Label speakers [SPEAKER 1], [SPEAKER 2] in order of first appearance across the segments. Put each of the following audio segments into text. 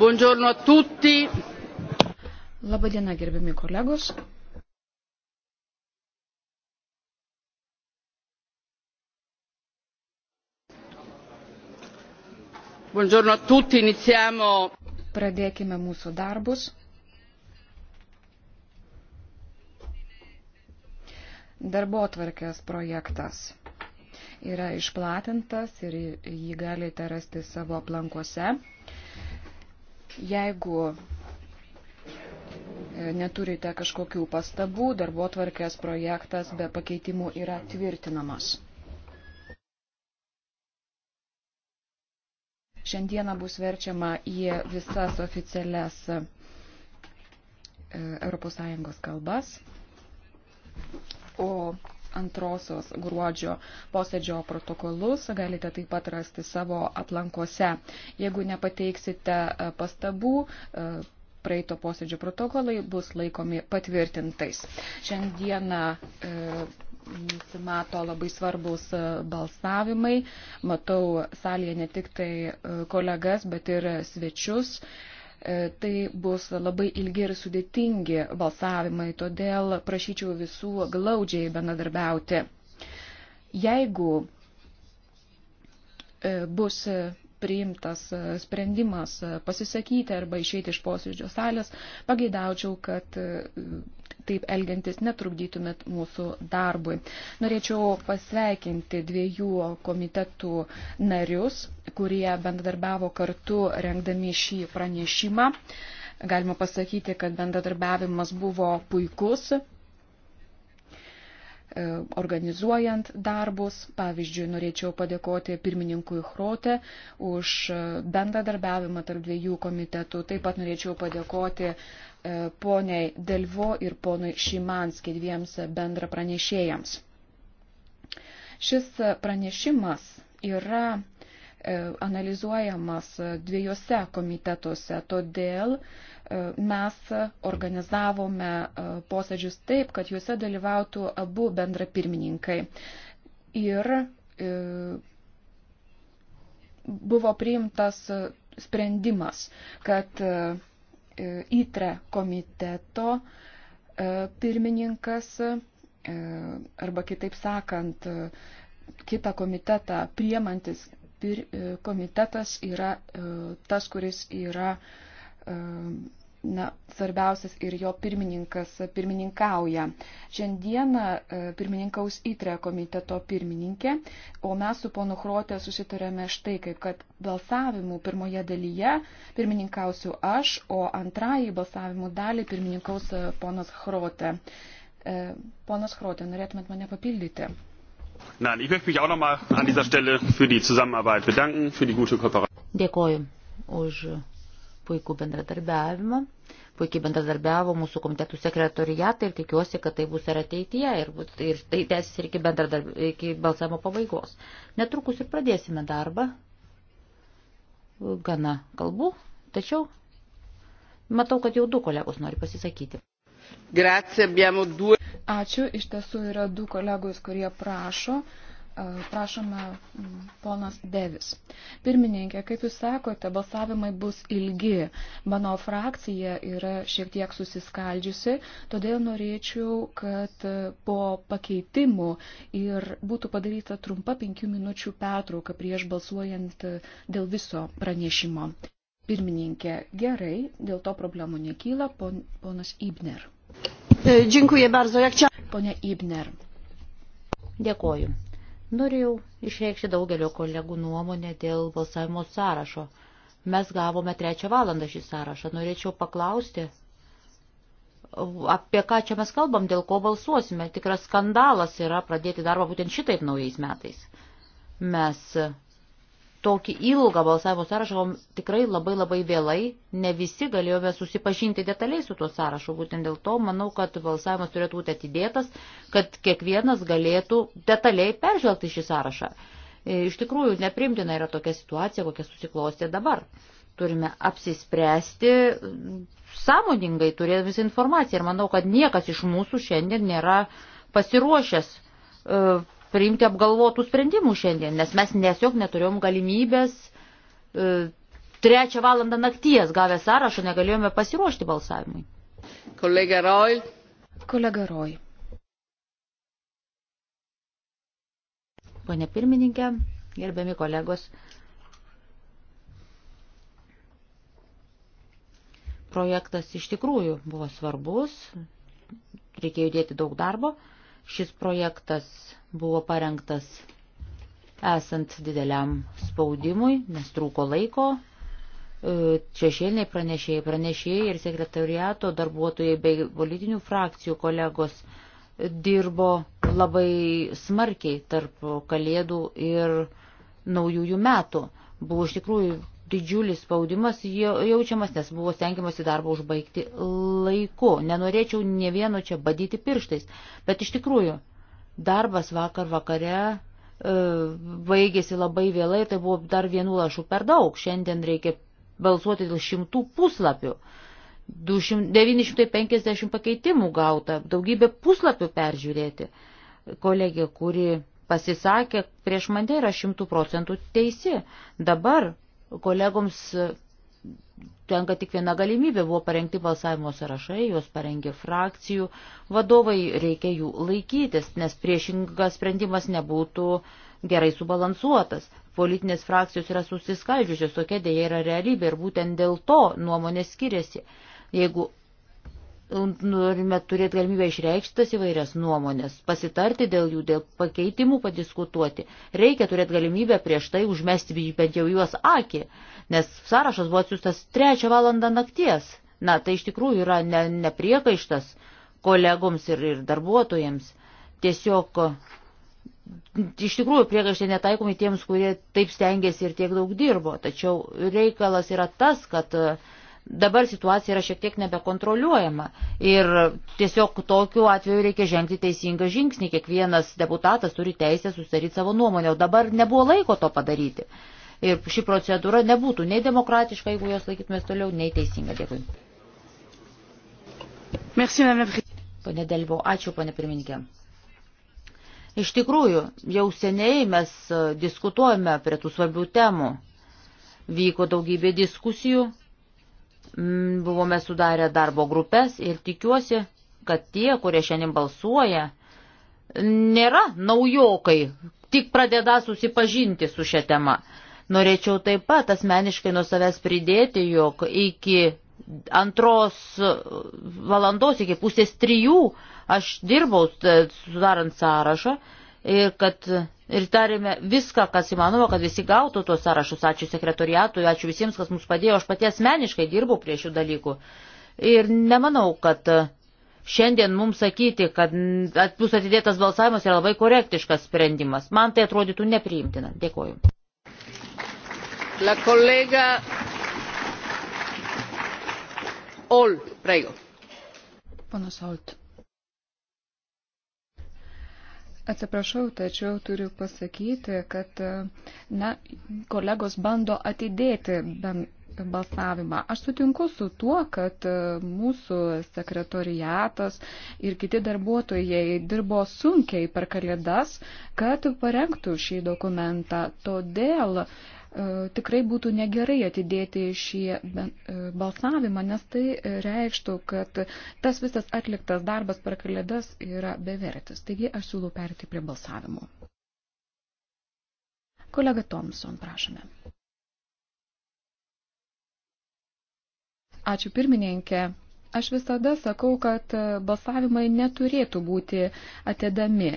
[SPEAKER 1] Buongiorno a tutti.
[SPEAKER 2] Labadiena, gerbiami kolegos.
[SPEAKER 1] Buongiorno a tutti, iniziamo.
[SPEAKER 2] Pradėkime mūsų darbus. Darbo tvarkės projektas yra išplatintas ir jį galite rasti savo aplankuose. Jeigu e, neturite kažkokių pastabų, darbo tvarkės projektas be pakeitimų yra tvirtinamas. Šiandieną bus verčiama į visas oficialias ES kalbas, o antrosios gruodžio posėdžio protokolus galite taip pat rasti savo aplankose. Jeigu nepateiksite e, pastabų, e, praeito posėdžio protokolai bus laikomi patvirtintais. Šiandieną e, mato labai svarbus e, balsavimai. Matau salėje ne tik tai kolegas, bet ir svečius. E, tai bus labai ilgi ir sudėtingi balsavimai, todėl prašyčiau visų glaudžiai bendradarbiauti. Jeigu e, bus priimtas sprendimas pasisakyti arba išeiti iš posėdžio salės, pageidaučiau, kad e, taip elgiantis netrukdytumėt mūsų darbui. Norėčiau pasveikinti dviejų komitetų narius, kurie bendradarbiavo kartu rengdami šį pranešimą. Galima pasakyti, kad bendradarbiavimas buvo puikus, e, organizuojant darbus. Pavyzdžiui, norėčiau padėkoti pirmininkui Hrote už bendradarbiavimą tarp dviejų komitetų. Taip pat norėčiau padėkoti E, poniai Delvo ir ponui Šimanskiai dviems bendra pranešėjams. Šis pranešimas yra e, analizuojamas dviejose komitetuose, todėl e, mes organizavome posėdžius taip, kad juose dalyvautų abu bendra pirmininkai. Ir buvo priimtas sprendimas, kad įtre e, komiteto e, pirmininkas e, arba kitaip sakant, kitą komitetą priemantis komitetas yra tas, kuris yra na, svarbiausias ir jo pirmininkas pirmininkauja. Šiandieną e, pirmininkaus įtrė komiteto pirmininkė, o mes su ponu Hruotė susitarėme štai kaip, kad balsavimų pirmoje dalyje pirmininkausiu aš, o antrajai balsavimų dalį pirmininkaus e, ponas Hruotė. E,
[SPEAKER 3] ponas Hruotė, norėtumėt mane papildyti?
[SPEAKER 4] Nein, ich möchte mich auch nochmal an dieser Stelle für die Zusammenarbeit bedanken, für die gute Kooperation.
[SPEAKER 3] Dėkoju už puikų bendradarbiavimą. Puikiai bendradarbiavo mūsų komitetų sekretoriatai ir tikiuosi, kad tai bus ir ateityje ir, ir tai tęsis ir iki, iki balsavimo pabaigos. Netrukus ir pradėsime darbą. Gana kalbų, tačiau matau, kad jau du kolegos nori pasisakyti. Grazie,
[SPEAKER 2] abbiamo due. Ačiū, iš tiesų yra du kolegos, kurie prašo. Uh, Prašome, ponas Devis. Pirmininkė, kaip jūs sakote, balsavimai bus ilgi. Mano frakcija yra šiek tiek susiskaldžiusi, todėl norėčiau, kad e, po pakeitimų ir būtų padaryta trumpa penkių minučių pertrauka prieš balsuojant e, dėl viso pranešimo. Pirmininkė, gerai, dėl to problemų nekyla, pon, ponas Ibner.
[SPEAKER 1] E, dziękuję
[SPEAKER 3] bardzo. Jak chciałam... Ponia Ibner. Dėkoju. Norėjau išreikšti daugelio kolegų nuomonę dėl balsavimo sąrašo. Mes gavome trečią valandą šį sąrašą. Norėčiau paklausti, apie ką čia mes kalbam, dėl ko balsuosime. Tikras skandalas yra pradėti darbą būtent šitaip naujais metais. Mes tokį ilgą balsavimo sąrašą tikrai labai labai vėlai, ne visi galėjome susipažinti detaliai su tuo sąrašu, būtent dėl to manau, kad balsavimas turėtų būti atidėtas, kad kiekvienas galėtų detaliai peržvelgti šį sąrašą. E, iš tikrųjų, neprimtina yra tokia situacija, kokia susiklostė dabar. Turime apsispręsti sąmoningai, turėti visą informaciją ir manau, kad niekas iš mūsų šiandien nėra pasiruošęs e, priimti apgalvotų sprendimų šiandien, nes mes tiesiog neturėjom galimybės e, trečią valandą nakties gavę sąrašą negalėjome pasiruošti balsavimui. Kolega Roy. Kolega Roy. Pane pirmininkė, gerbiami kolegos. Projektas iš tikrųjų buvo svarbus, reikėjo dėti daug darbo. Šis projektas buvo parengtas esant dideliam spaudimui, nes trūko laiko. E, Šešėliniai pranešėjai, pranešėjai ir sekretariato darbuotojai bei politinių frakcijų kolegos dirbo labai smarkiai tarp kalėdų ir naujųjų metų. Buvo iš tikrųjų didžiulis spaudimas jaučiamas, nes buvo stengiamasi darbą užbaigti laiku. Nenorėčiau ne vieno čia badyti pirštais, bet iš tikrųjų darbas vakar vakare e, baigėsi labai vėlai, tai buvo dar vienų lašų per daug. Šiandien reikia balsuoti dėl šimtų puslapių. 950 pakeitimų gauta, daugybė puslapių peržiūrėti. Kolegė, kuri pasisakė prieš mane yra šimtų procentų teisi. Dabar kolegoms e, tenka tik viena galimybė, buvo parengti balsavimo sąrašai, juos parengė frakcijų, vadovai reikia jų laikytis, nes priešingas sprendimas nebūtų gerai subalansuotas. Politinės frakcijos yra susiskaldžiusios, tokia dėja yra realybė ir būtent dėl to nuomonės skiriasi. Jeigu norime turėti galimybę išreikšti tas įvairias nuomonės, pasitarti dėl jų, dėl pakeitimų padiskutuoti. Reikia turėti galimybę prieš tai užmesti bent jau juos akį, nes sąrašas buvo atsiųstas trečią valandą nakties. Na, tai iš tikrųjų yra ne, nepriekaištas kolegoms ir, ir darbuotojams. Tiesiog iš tikrųjų priekaištai netaikomi tiems, kurie taip stengiasi ir tiek daug dirbo. Tačiau reikalas yra tas, kad uh, Dabar situacija yra šiek tiek nebekontroliuojama ir tiesiog tokiu atveju reikia žengti teisingą žingsnį. Kiekvienas deputatas turi teisę susidaryti savo nuomonę, o dabar nebuvo laiko to padaryti. Ir ši procedūra nebūtų nei demokratiška, jeigu jos laikytumės toliau, nei teisinga. Dėkui. Merci, Pane Delvo, ačiū, pane pirmininkė. Iš tikrųjų, jau seniai mes e, diskutuojame prie tų svarbių temų. Vyko daugybė diskusijų Mm, buvome sudarę darbo grupės ir tikiuosi, kad tie, kurie šiandien balsuoja, nėra naujokai, tik pradeda susipažinti su šia tema. Norėčiau taip pat asmeniškai nuo savęs pridėti, jog iki antros valandos, iki pusės trijų aš dirbau sudarant sąrašą ir kad ir tarėme viską, kas įmanoma, kad visi gautų tuos sąrašus. Ačiū sekretoriatui, ačiū visiems, kas mums padėjo. Aš pati asmeniškai dirbau prie šių dalykų. Ir nemanau, kad e, šiandien mums sakyti, kad bus atidėtas balsavimas yra labai korektiškas sprendimas. Man tai atrodytų nepriimtina. Dėkoju.
[SPEAKER 1] La kolega
[SPEAKER 2] Old, prego. Ponas Old. Atsiprašau, tačiau turiu pasakyti, kad na, kolegos bando atidėti balsavimą. Aš sutinku su tuo, kad mūsų sekretoriatas ir kiti darbuotojai dirbo sunkiai per kalėdas, kad parengtų šį dokumentą. Todėl uh, E, tikrai būtų negerai atidėti šį e, balsavimą, nes tai reikštų, kad tas visas atliktas darbas per kalėdas yra bevertis. Taigi aš siūlau perėti prie balsavimo. Kolega Thompson, prašome. Ačiū pirmininkė. Aš visada sakau, kad e, balsavimai neturėtų būti atidami,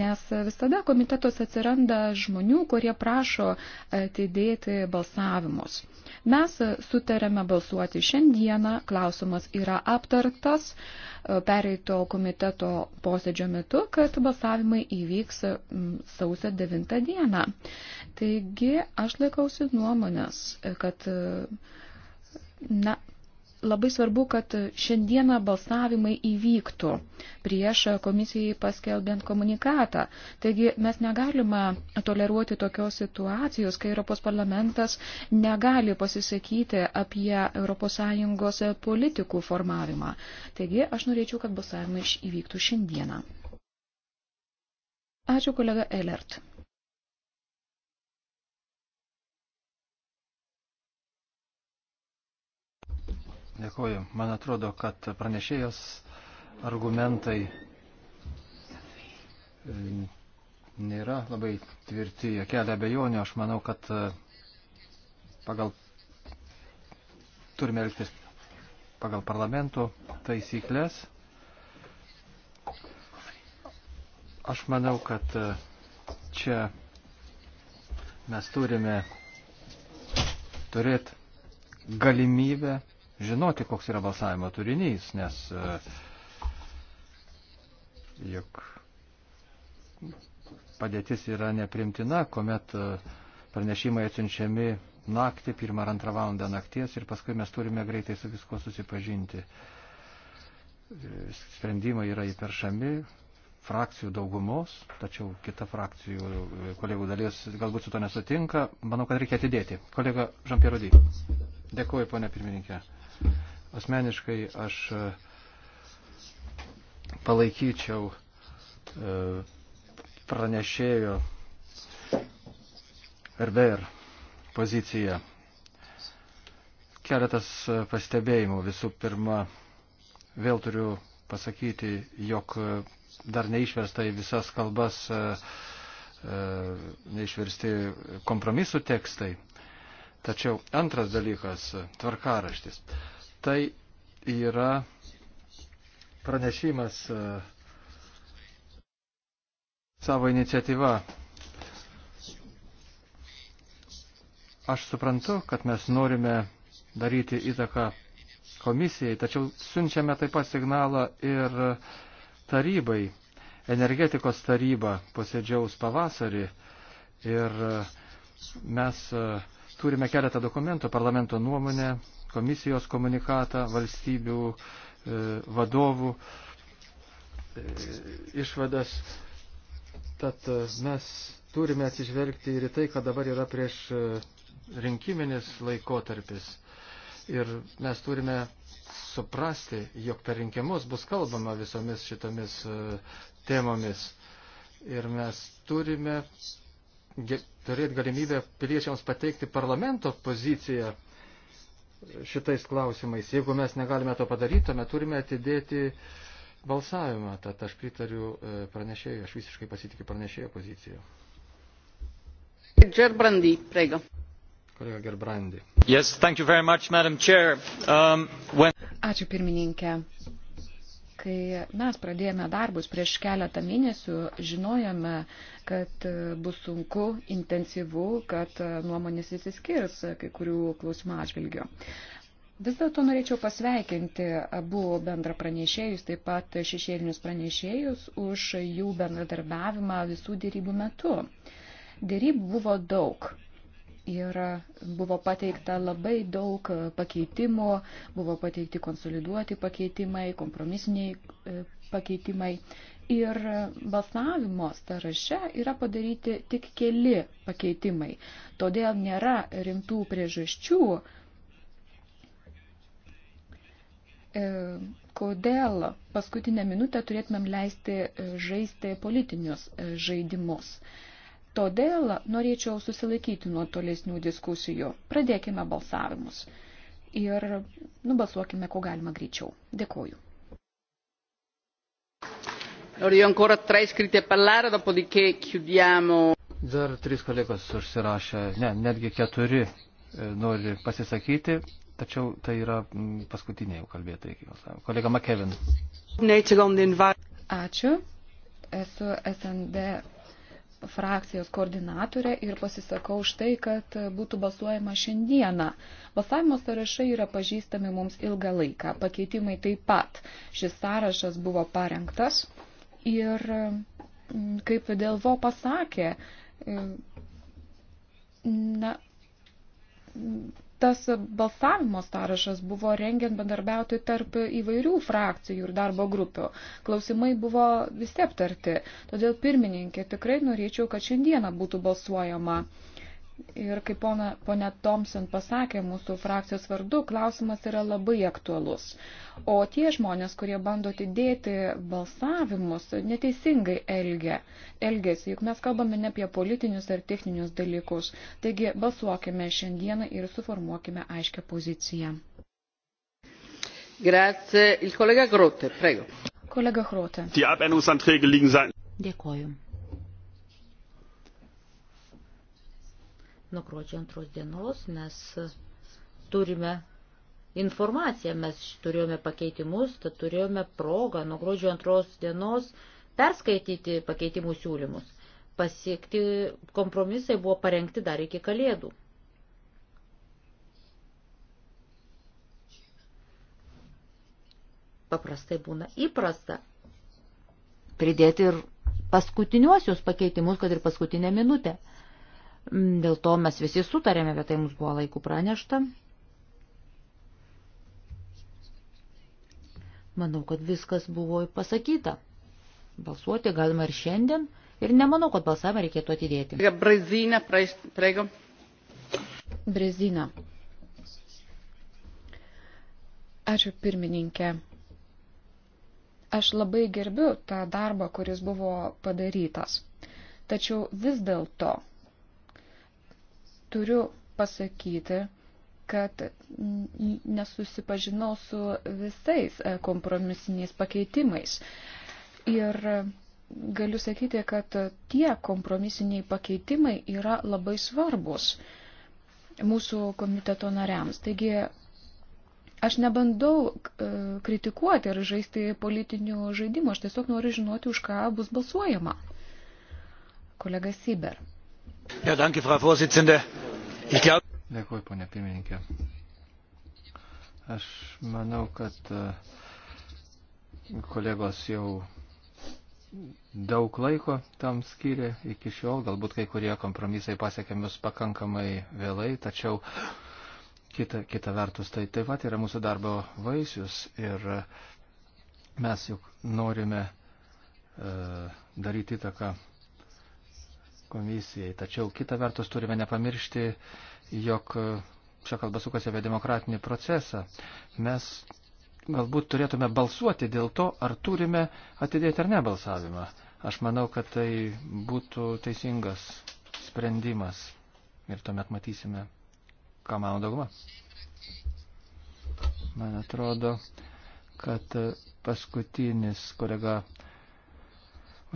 [SPEAKER 2] nes visada komitetos atsiranda žmonių, kurie prašo atidėti balsavimus. Mes sutarėme balsuoti šiandieną, klausimas yra aptartas e, pereito komiteto posėdžio metu, kad balsavimai įvyks sausio 9 dieną. Taigi aš laikausi nuomonės, kad e, na, labai svarbu, kad šiandieną balsavimai įvyktų prieš komisijai paskelbiant komunikatą. Taigi mes negalime toleruoti tokios situacijos, kai Europos parlamentas negali pasisakyti apie ES politikų formavimą. Taigi aš norėčiau, kad balsavimai įvyktų šiandieną. Ačiū kolega Elert.
[SPEAKER 5] Dėkuoju. Man atrodo, kad pranešėjos argumentai e, nėra labai tvirti, jie kelia abejonių. Aš manau, kad e, pagal turime elgtis pagal parlamento taisyklės. Aš manau, kad e, čia mes turime turėti galimybę žinoti, koks yra balsavimo turinys, nes e, juk padėtis yra neprimtina, kuomet e, pranešimai atsiunčiami naktį, pirmą ar antrą valandą nakties ir paskui mes turime greitai su visko susipažinti. E, sprendimai yra įperšami frakcijų daugumos, tačiau kita frakcijų kolegų dalis galbūt su to nesutinka. Manau, kad reikia atidėti. Kolega Žampierodį. Dėkuoju, ponė pirmininkė. Asmeniškai aš e, palaikyčiau e, pranešėjo Erber poziciją. Keletas pastebėjimų. Visų pirma, vėl turiu pasakyti, jog dar neišversta į visas kalbas, e, neišversti kompromisų tekstai. Tačiau antras dalykas - tvarkaraštis. Tai yra pranešimas e, savo iniciatyva. Aš suprantu, kad mes norime daryti įtaką komisijai, tačiau siunčiame taip pat signalą ir tarybai. Energetikos taryba posėdžiaus pavasarį ir mes uh, turime keletą dokumentų, parlamento nuomonę, komisijos komunikatą, valstybių e, vadovų e, išvadas. Tad e, mes turime atsižvelgti ir į tai, kad dabar yra prieš e, rinkiminis laikotarpis. Ir mes turime suprasti, jog per rinkimus bus kalbama visomis šitomis e, temomis. Ir mes turime turėti galimybę piliečiams pateikti parlamento poziciją šitais klausimais. Jeigu mes negalime to padaryti, tuomet turime atidėti balsavimą. Tad aš pritariu e, pranešėjui, aš visiškai pasitikiu pranešėjo poziciją.
[SPEAKER 1] Gerbrandi,
[SPEAKER 2] prego.
[SPEAKER 5] Kolega Gerbrandi.
[SPEAKER 6] Yes, thank you very much, Madam Chair. Um, when...
[SPEAKER 2] Ačiū pirmininkė. Kai mes pradėjome darbus prieš keletą mėnesių, žinojome, kad e, bus sunku, intensyvu, kad e, nuomonės įsiskirs kai kurių klausimų atžvilgių. Vis dėlto norėčiau pasveikinti abu bendra pranešėjus, taip pat šešėlinius pranešėjus už jų bendradarbiavimą visų dėrybų metu. Dėrybų buvo daug Ir buvo pateikta labai daug e, pakeitimų, buvo pateikti konsoliduoti pakeitimai, kompromisiniai e, pakeitimai. Ir balsavimo sąraše yra padaryti tik keli pakeitimai. Todėl nėra rimtų priežasčių, e, kodėl paskutinę minutę turėtumėm leisti žaisti politinius žaidimus. E, Todėl norėčiau susilaikyti nuo tolesnių diskusijų. Pradėkime balsavimus ir nubalsuokime, ko galima greičiau. Dėkoju.
[SPEAKER 5] Dar trys kolegos užsirašė, ne, netgi keturi e, nori pasisakyti, tačiau tai yra paskutiniai jau kalbėtojai. Kolega McKevin.
[SPEAKER 2] Ačiū. Esu SND frakcijos koordinatorė ir pasisakau už tai, kad būtų balsuojama šiandieną. Balsavimo sąrašai yra pažįstami mums ilgą laiką, pakeitimai taip pat. Šis sąrašas buvo parengtas ir, mm, kaip dėl vo pasakė, mm, na, tas balsavimo sąrašas buvo rengiant bendarbiauti tarp įvairių frakcijų ir darbo grupių. Klausimai buvo visi aptarti. Todėl pirmininkė tikrai norėčiau, kad šiandieną būtų balsuojama. Ir kaip pona, ponia Thompson pasakė mūsų frakcijos vardu, klausimas yra labai aktualus. O tie žmonės, kurie bando atidėti balsavimus, neteisingai elgia, elgiasi, juk mes kalbame ne apie politinius ar techninius dalykus. Taigi balsuokime šiandieną ir suformuokime aiškę poziciją.
[SPEAKER 1] Grazie. Il collega Grote, prego. Kolega Grote.
[SPEAKER 3] Dėkoju. Nuo gruodžio antros dienos mes turime informaciją, mes turėjome pakeitimus, tad turėjome progą nuo gruodžio antros dienos perskaityti pakeitimų siūlymus. Pasiekti kompromisai buvo parengti dar iki kalėdų. Paprastai būna įprasta pridėti ir paskutiniuosius pakeitimus, kad ir paskutinę minutę. Dėl to mes visi sutarėme, bet tai mums buvo laikų pranešta. Manau, kad viskas buvo pasakyta. Balsuoti galima ir šiandien ir nemanau, kad balsavimą reikėtų atidėti. Brezina, prego. Brezina. Ačiū
[SPEAKER 2] pirmininkė. Aš labai gerbiu tą darbą, kuris buvo padarytas. Tačiau vis dėlto Turiu pasakyti, kad nesusipažinau su visais e, kompromisiniais pakeitimais. Ir galiu sakyti, kad tie kompromisiniai pakeitimai yra labai svarbus mūsų komiteto nariams. Taigi aš nebandau e, kritikuoti ar žaisti politinių žaidimų, aš tiesiog noriu žinoti, už ką bus balsuojama. Kolega Siber.
[SPEAKER 6] Ja, danke, Frau Vorsitzende.
[SPEAKER 5] Ich glaub... Dėkuoju, ponia pirmininkė. Aš manau, kad e, kolegos jau daug laiko tam skiria iki šiol, galbūt kai kurie kompromisai pasiekėmius pakankamai vėlai, tačiau kita, kita vertus tai taip pat yra mūsų darbo vaisius ir e, mes juk norime e, daryti įtaką komisijai. Tačiau kita vertus turime nepamiršti, jog čia kalba sukasi apie demokratinį procesą. Mes galbūt turėtume balsuoti dėl to, ar turime atidėti ar ne balsavimą. Aš manau, kad tai būtų teisingas sprendimas ir tuomet matysime, ką mano dauguma. Man atrodo, kad paskutinis kolega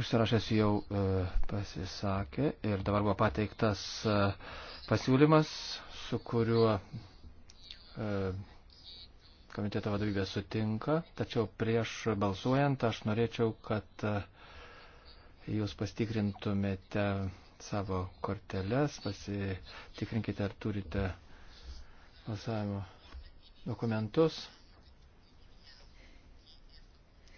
[SPEAKER 5] Užsirašęs jau e, pasisakė ir dabar buvo pateiktas e, pasiūlymas, su kuriuo e, komiteto vadovybė sutinka, tačiau prieš balsuojant aš norėčiau, kad e, jūs pastikrintumėte savo korteles, pasitikrinkite, ar turite balsavimo dokumentus.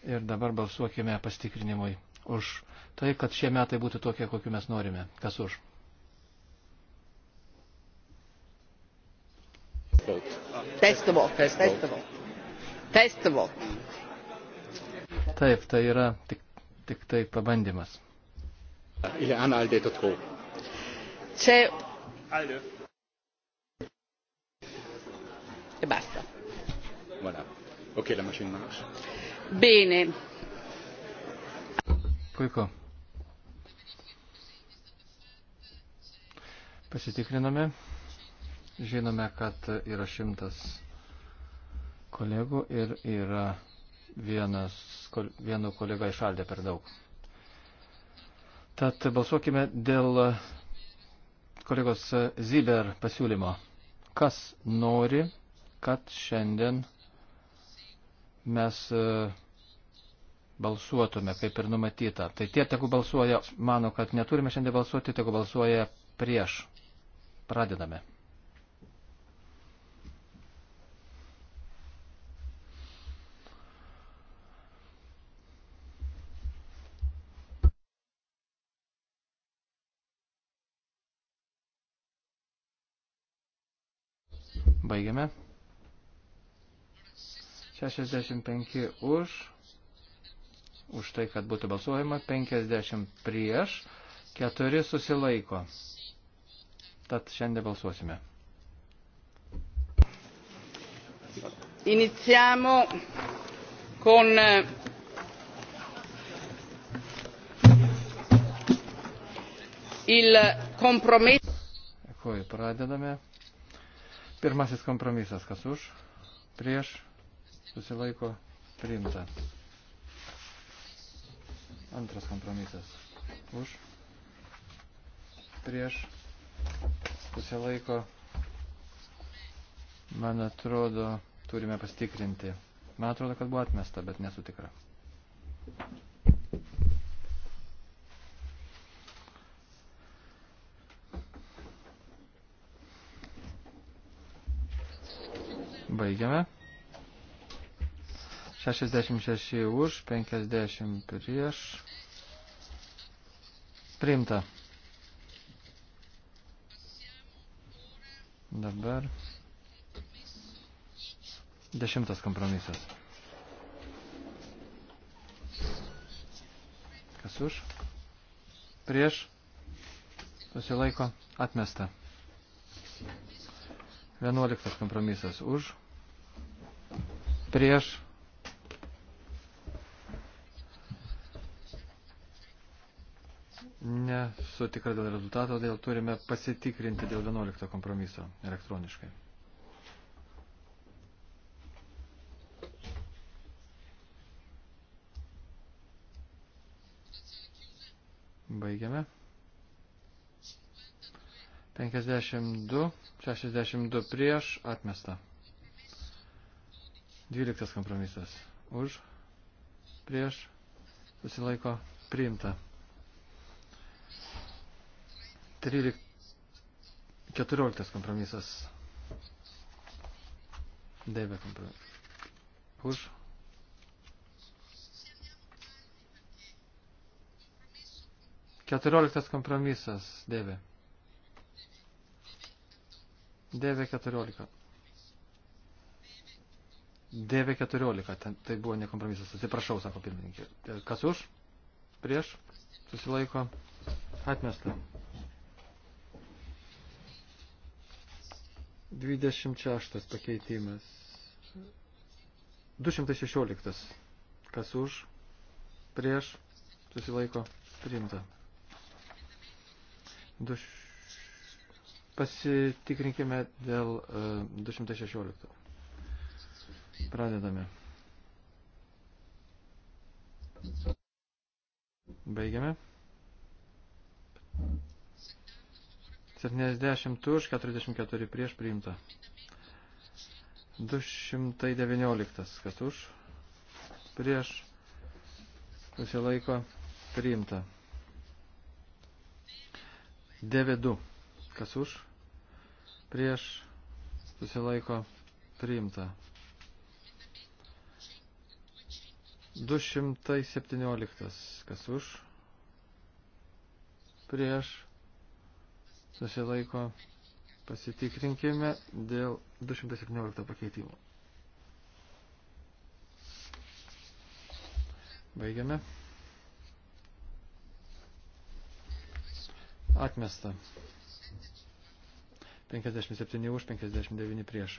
[SPEAKER 5] Ir dabar balsuokime pastikrinimui už tai, kad šie metai būtų tokie, kokiu mes norime. Kas už?
[SPEAKER 6] Testavo. Testavo.
[SPEAKER 1] Testavo.
[SPEAKER 5] Taip, tai yra tik, tik tai pabandymas.
[SPEAKER 6] Ileana Alde Totko.
[SPEAKER 1] Čia. Alde.
[SPEAKER 6] E basta. Voilà. Ok, la machine marche.
[SPEAKER 1] Bene.
[SPEAKER 5] Puiku. Pasitikriname. Žinome, kad yra šimtas kolegų ir yra vienas, vienu kolega išaldė per daug. Tad balsuokime dėl kolegos Ziber pasiūlymo. Kas nori, kad šiandien mes uh, balsuotume, kaip ir numatyta. Tai tie, tegu balsuoja, mano, kad neturime šiandien balsuoti, tegu balsuoja prieš. Pradedame. Baigiame. 65 už, už tai, kad būtų balsuojama, 50 prieš, 4 susilaiko. Tad šiandien balsuosime.
[SPEAKER 1] Iniziamo con eh, il compromesso.
[SPEAKER 5] Dėkui, pradedame. Pirmasis kompromisas, kas už, prieš, susilaiko, priimta. Antras kompromisas. Už. Prieš. Susilaiko. Man atrodo, turime pastikrinti. Man atrodo, kad buvo atmesta, bet nesu tikra. Baigiame. 66 už, 50 prieš. Priimta. Dabar. Dešimtas kompromisas. Kas už? Prieš. Susilaiko. Atmesta. Vienuoliktas kompromisas. Už. Prieš Nesu tikra dėl rezultato, dėl turime pasitikrinti dėl 11 kompromiso elektroniškai. Baigiame. 52, 62 prieš atmesta. 12 kompromisas. Už, prieš, susilaiko, priimta. 13, 14 kompromisas. Dėbė kompromisas. Už. Keturioliktas kompromisas, dėvė. Dėvė keturiolika. Dėvė keturiolika, tai buvo ne kompromisas, atsiprašau, sako pirmininkė. Kas už? Prieš? Susilaiko? Atmesta. Atmesta. 26 pakeitimas. 216. Kas už, prieš, susilaiko, priimta. Duš... Pasitikrinkime dėl e, uh, 216. Pradedame. Baigiame. 70 už, 44 prieš priimta. 219 kas už, prieš, susilaiko priimta. 92 kas už, prieš, susilaiko priimta. 217 kas už, prieš, susilaiko pasitikrinkime dėl 217 pakeitimo. Baigiame. Atmesta. 57 už, 59 prieš.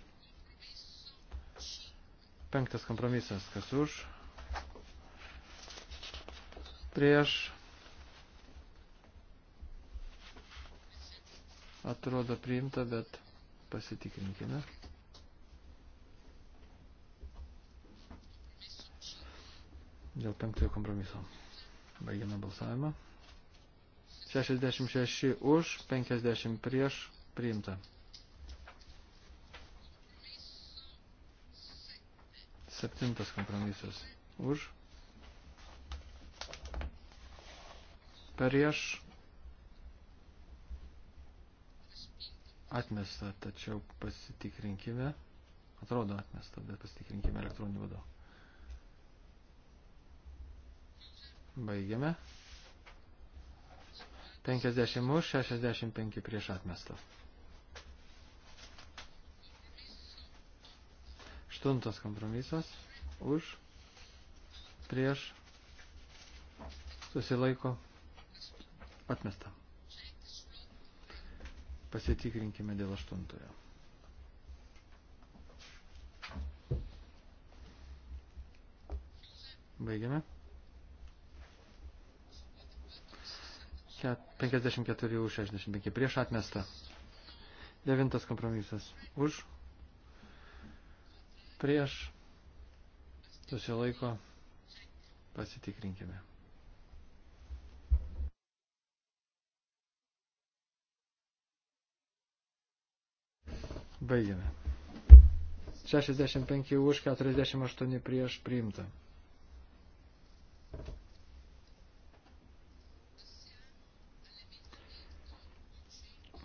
[SPEAKER 5] Penktas kompromisas. Kas už? Prieš Atrodo priimta, bet pasitikrinkime. Dėl penktojo kompromiso. Baigiame balsavimą. 66 už, 50 prieš, priimta. Septintas kompromisas. Už. Prieš atmesta, tačiau pasitikrinkime. Atrodo atmesta, bet pasitikrinkime elektroninį vadą. Baigiame. 50 už, 65 prieš atmestą. Aštuntas kompromisas už, prieš, susilaiko, atmestą. Pasitikrinkime dėl aštuntojo. Baigiame. 54 už 65 prieš atmestą. Devintas kompromisas už. Prieš. Susilaiko. Pasitikrinkime. Baigiame. 65 už, 48 prieš priimta.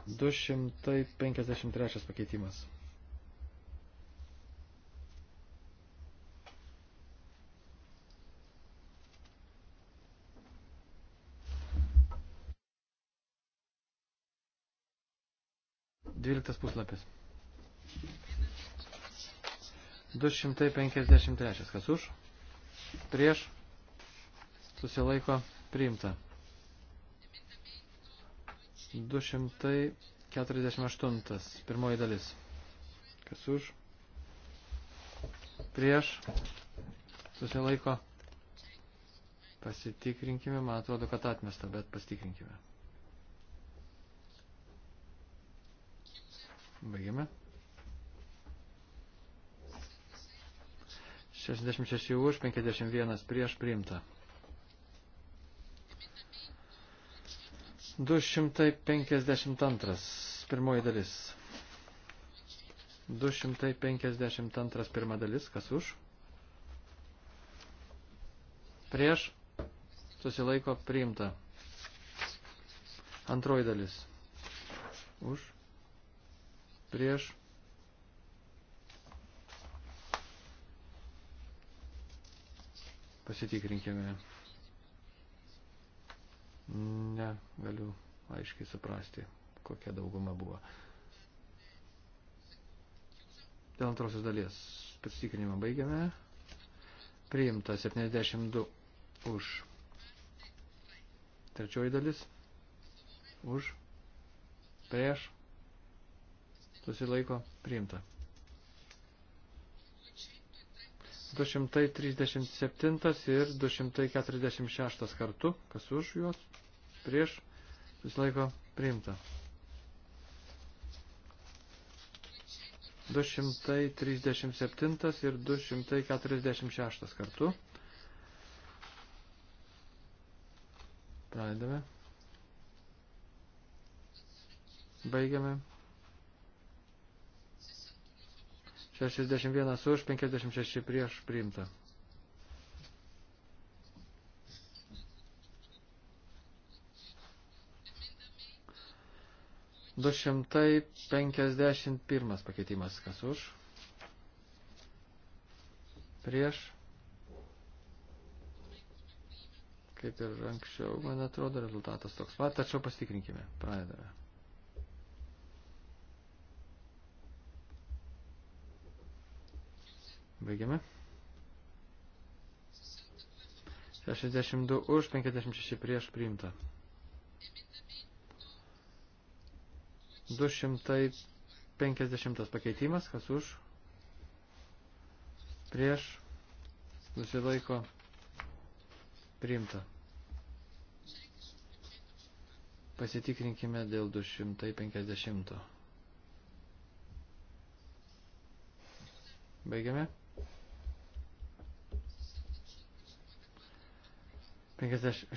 [SPEAKER 5] Du šimtai penkiasdešimt trečias pakeitimas. Dvyliktas puslapis. 253. Kas už? Prieš? Susilaiko priimta. 248. Pirmoji dalis. Kas už? Prieš? Susilaiko. Pasitikrinkime. Man atrodo, kad atmesta, bet pasitikrinkime. Baigime. 66 už, 51 prieš priimta. 252. Pirmoji dalis. 252 pirma dalis. Kas už? Prieš. Susilaiko priimta. Antroji dalis. Už. Prieš Pasitikrinkime. Ne, galiu aiškiai suprasti, kokia dauguma buvo. Dėl antrosios dalies pasitikrinimą baigiame. Priimta 72 už. Trečioji dalis. Už. Prieš. Susilaiko. Priimta. 237 ir 246 kartu, kas už juos, prieš, vis laiko priimta. 237 ir 246 kartu. Pradedame. Baigiame. 61 už, 56 prieš priimta. Du šimtai penkiasdešimt pirmas pakeitimas. Kas už? Prieš? Kaip ir anksčiau, man atrodo, rezultatas toks pat, tačiau pasitikrinkime. Pradedame. Baigiame. 62 už, 56 prieš priimta. 250 pakeitimas, kas už, prieš, nusilaiko, priimta. Pasitikrinkime dėl 250. Baigiame. 65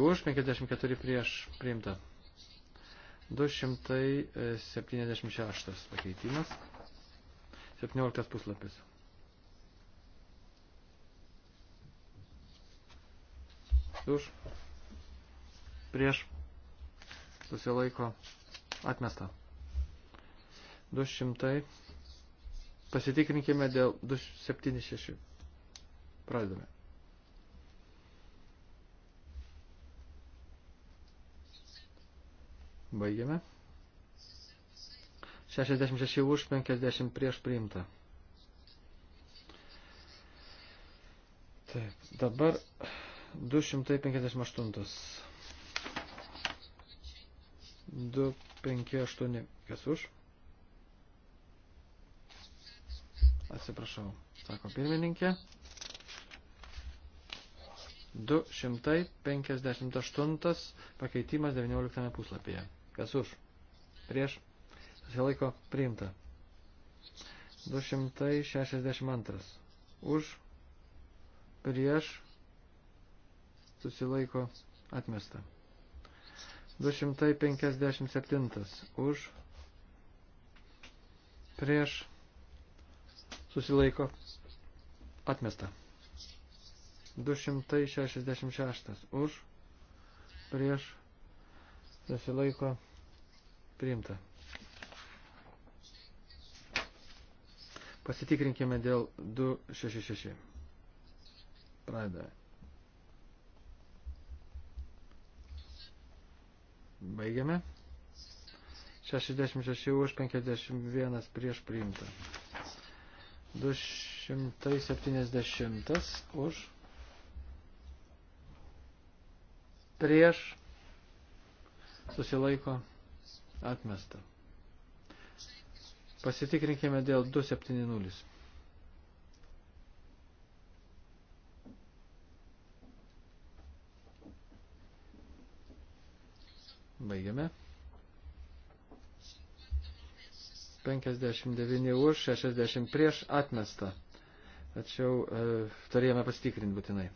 [SPEAKER 5] už, 54 prieš priimta. 276 e, pakeitimas. 17 puslapis. Už. Prieš. Susilaiko. Atmesta. 200. Pasitikrinkime dėl 276. Pradedame. Baigiame. 66 už, 50 prieš priimta. Taip, dabar 258. 258. Kas už? Atsiprašau, sako pirmininkė. 258 pakeitimas 19 puslapyje. Kas už? Prieš? Susilaiko priimta. 262. Už? Prieš? Susilaiko atmesta. 257. Už? Prieš? Susilaiko atmesta. 266. Už? Prieš? susilaiko priimta. Pasitikrinkime dėl 266. Pradedame. Baigiame. 66 už 51 prieš priimtą. 270 už prieš susilaiko atmesta. Pasitikrinkime dėl 270. Baigiame. 59 už, 60 prieš atmestą. Tačiau e, turėjome pasitikrinti būtinai.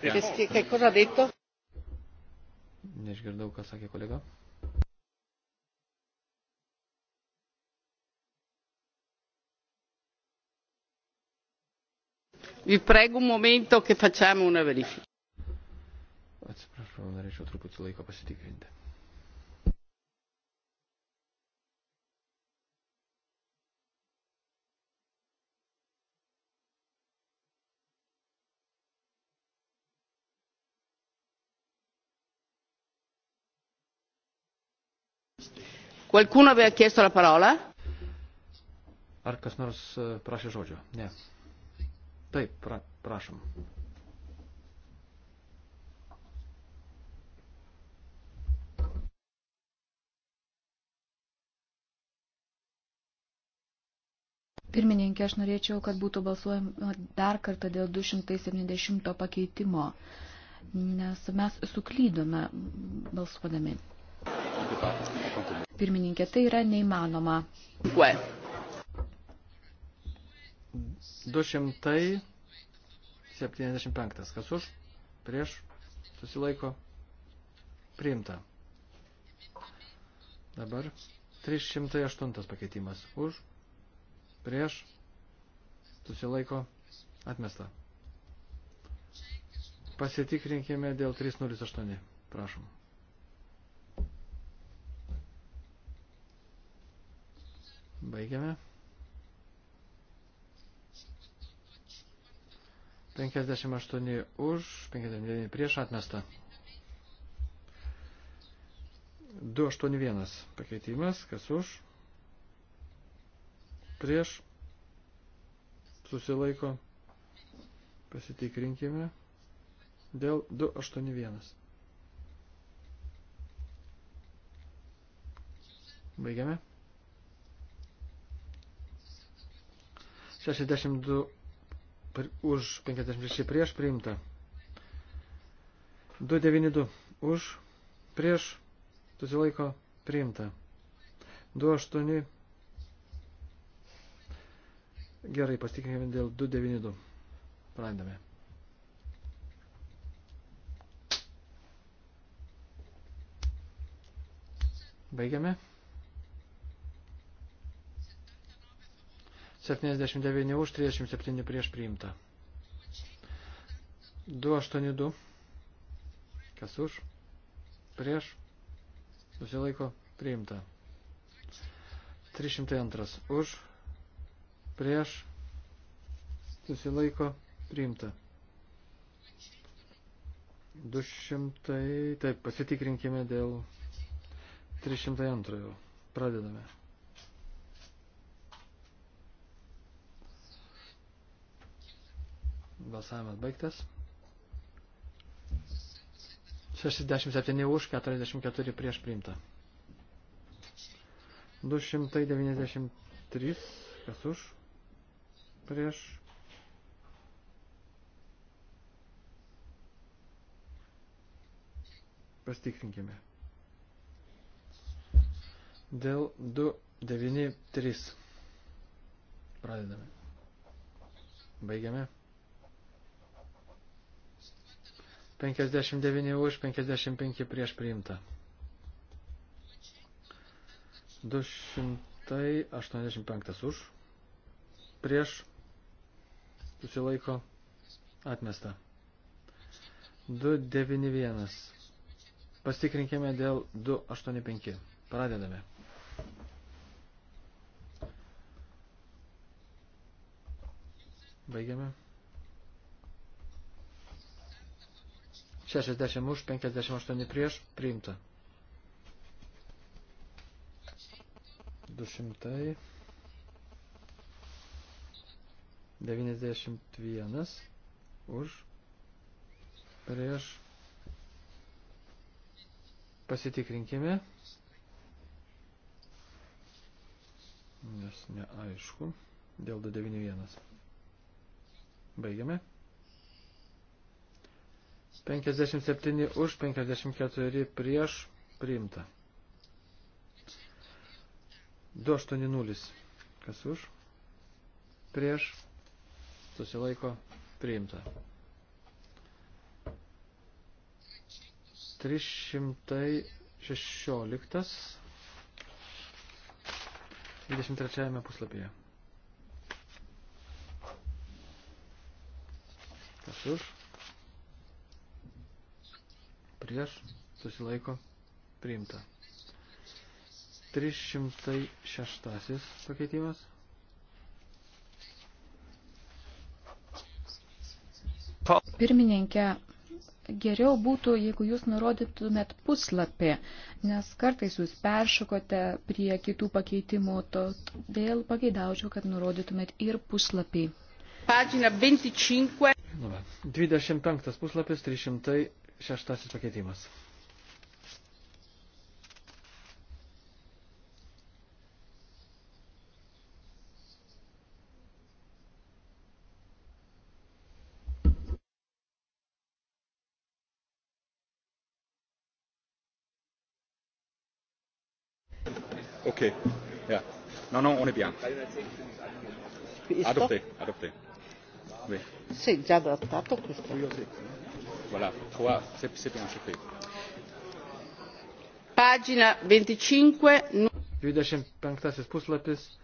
[SPEAKER 1] Che cosa ha detto?
[SPEAKER 5] Neišgirdau, ką sakė kolega.
[SPEAKER 1] Vi prego un momento che facciamo una verifica.
[SPEAKER 5] Atsiprašau, norėčiau truputį laiko pasitikrinti.
[SPEAKER 1] Qualcuno aveva chiesto la parola?
[SPEAKER 5] Ar kas nors e, prašė žodžio? Ne. Taip, pra, prašom.
[SPEAKER 2] Pirmininkė, aš norėčiau, kad būtų balsuojama dar kartą dėl 270 pakeitimo, nes mes suklydome balsuodami. Pirmininkė, tai yra neįmanoma. Kue.
[SPEAKER 5] 275. Kas už? Prieš? Susilaiko? Priimta. Dabar 308 pakeitimas. Už? Prieš? Susilaiko? Atmesta. Pasitikrinkime dėl 308. Prašom. Baigiame. 58 už, 59 prieš atmestą. 281 pakeitimas, kas už, prieš, susilaiko, pasitikrinkime dėl 281. Baigiame. 62 per, už 56 prieš priimta. 292 už prieš susilaiko priimta. 28 Gerai, pasitikinkime dėl 292. Pradame. Baigiame. 79 už 37 prieš priimta. 282. Kas už? Prieš. Susilaiko priimta. 302. Už. Prieš. Susilaiko priimta. 200. Taip, pasitikrinkime dėl 302. Pradedame. Balsavimas baigtas. 67 už, 44 prieš priimta. 293, kas už, prieš. Pastikrinkime. Dėl 293 pradedame. Baigiame. 59 už, 55 prieš priimta. 285 už, prieš, susilaiko, atmesta. 291. Pastikrinkime dėl 285. Pradedame. Baigiame. 60 už, 58 prieš, priimta. 291. Už. Prieš. Pasitikrinkime. Nes neaišku. Dėl 291. Baigiame. 57 už, 54 prieš, priimta. 280. Kas už? Prieš. Susilaiko. Priimta. 316. 23 puslapyje. Kas už? prieš, susilaiko, priimta. 306 pakeitimas.
[SPEAKER 2] Pirmininkė, geriau būtų, jeigu jūs nurodytumėt puslapį, nes kartais jūs peršokote prie kitų pakeitimų, todėl pageidaučiau, kad nurodytumėt ir puslapį. Pagina 25.
[SPEAKER 5] 25 puslapis 306 Šeštasis pakeitimas.
[SPEAKER 6] Ok. Yeah. Non, non, on est bien. Adopté, adopté. Oui.
[SPEAKER 1] Sì, già adottato questo.
[SPEAKER 6] Voilà, trois, c'est bien, je fais.
[SPEAKER 1] Pagina
[SPEAKER 5] 25. 25 nu- puslapis,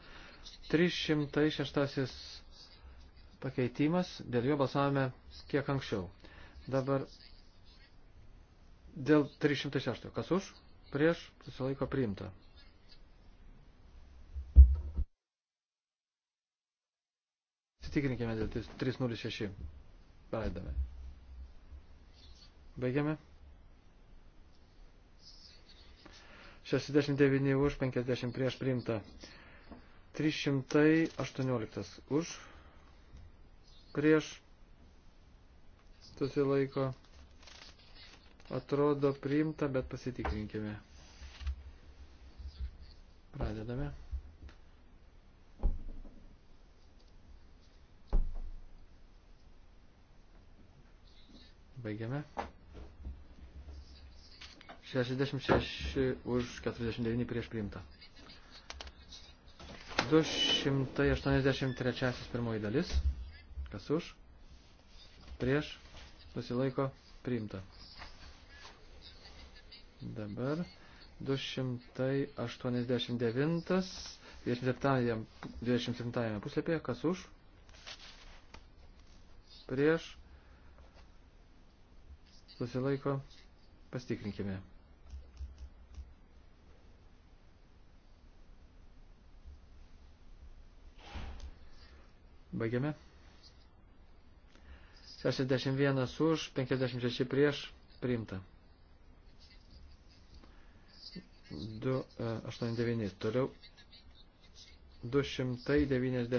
[SPEAKER 5] 306 pakeitimas, dėl jo balsavome kiek anksčiau. Dabar dėl 306. Kas už? Prieš susilaiko priimta. Sitikrinkime dėl 306. Pradedame. Baigiame. 69 už, 50 prieš priimta. 318 už, prieš, susilaiko. Atrodo priimta, bet pasitikrinkime. Pradedame. Baigiame. 66 už 49 prieš priimta. 283 pirmoji dalis. Kas už? Prieš. Susilaiko. Priimta. Dabar 289 27, 27 puslapyje. Kas už? Prieš. Susilaiko. Pastikrinkime. Baigiame. 61 už, 56 prieš, priimta. 289. E, toliau 296.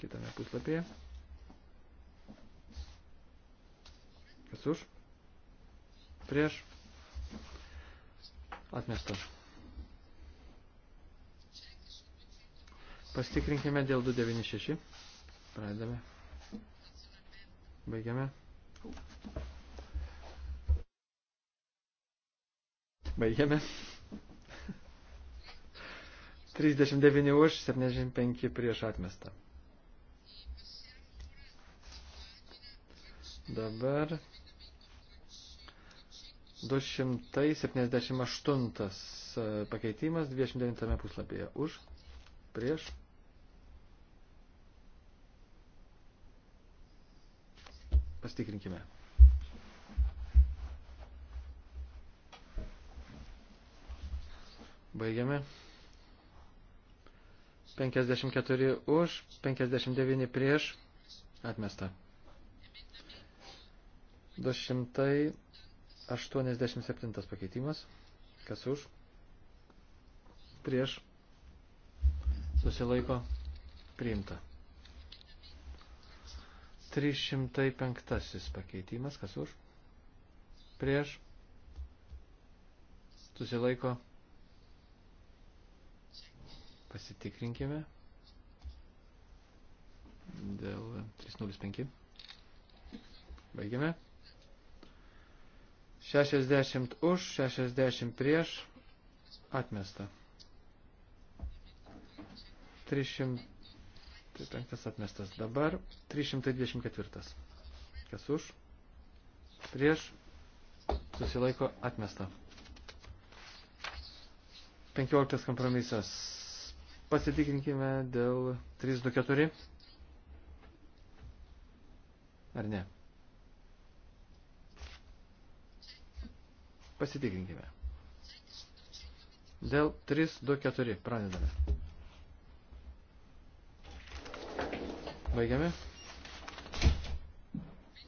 [SPEAKER 5] Kitame puslapyje. Kas už? Prieš. Atmestas. Pastikrinkime dėl 296. Pradedame. Baigiame. Baigiame. 39 už, 75 prieš atmestą. Dabar 278 e, pakeitimas 29 puslapyje. Už, prieš, Pastikrinkime. Baigiame. 54 už, 59 prieš. Atmesta. 287 pakeitimas. Kas už? Prieš. Susilaiko. Priimta. 305 pakeitimas, kas už, prieš, susilaiko, pasitikrinkime dėl 305. Baigiame. 60 už, 60 prieš, atmesta. 300. Tai penktas atmestas. Dabar 324. Kas už? Prieš susilaiko atmesta. 15 kompromisas. Pasitikinkime dėl 324. Ar ne? Pasitikrinkime. Dėl 3, 2, 4 pradedame. Baigiame.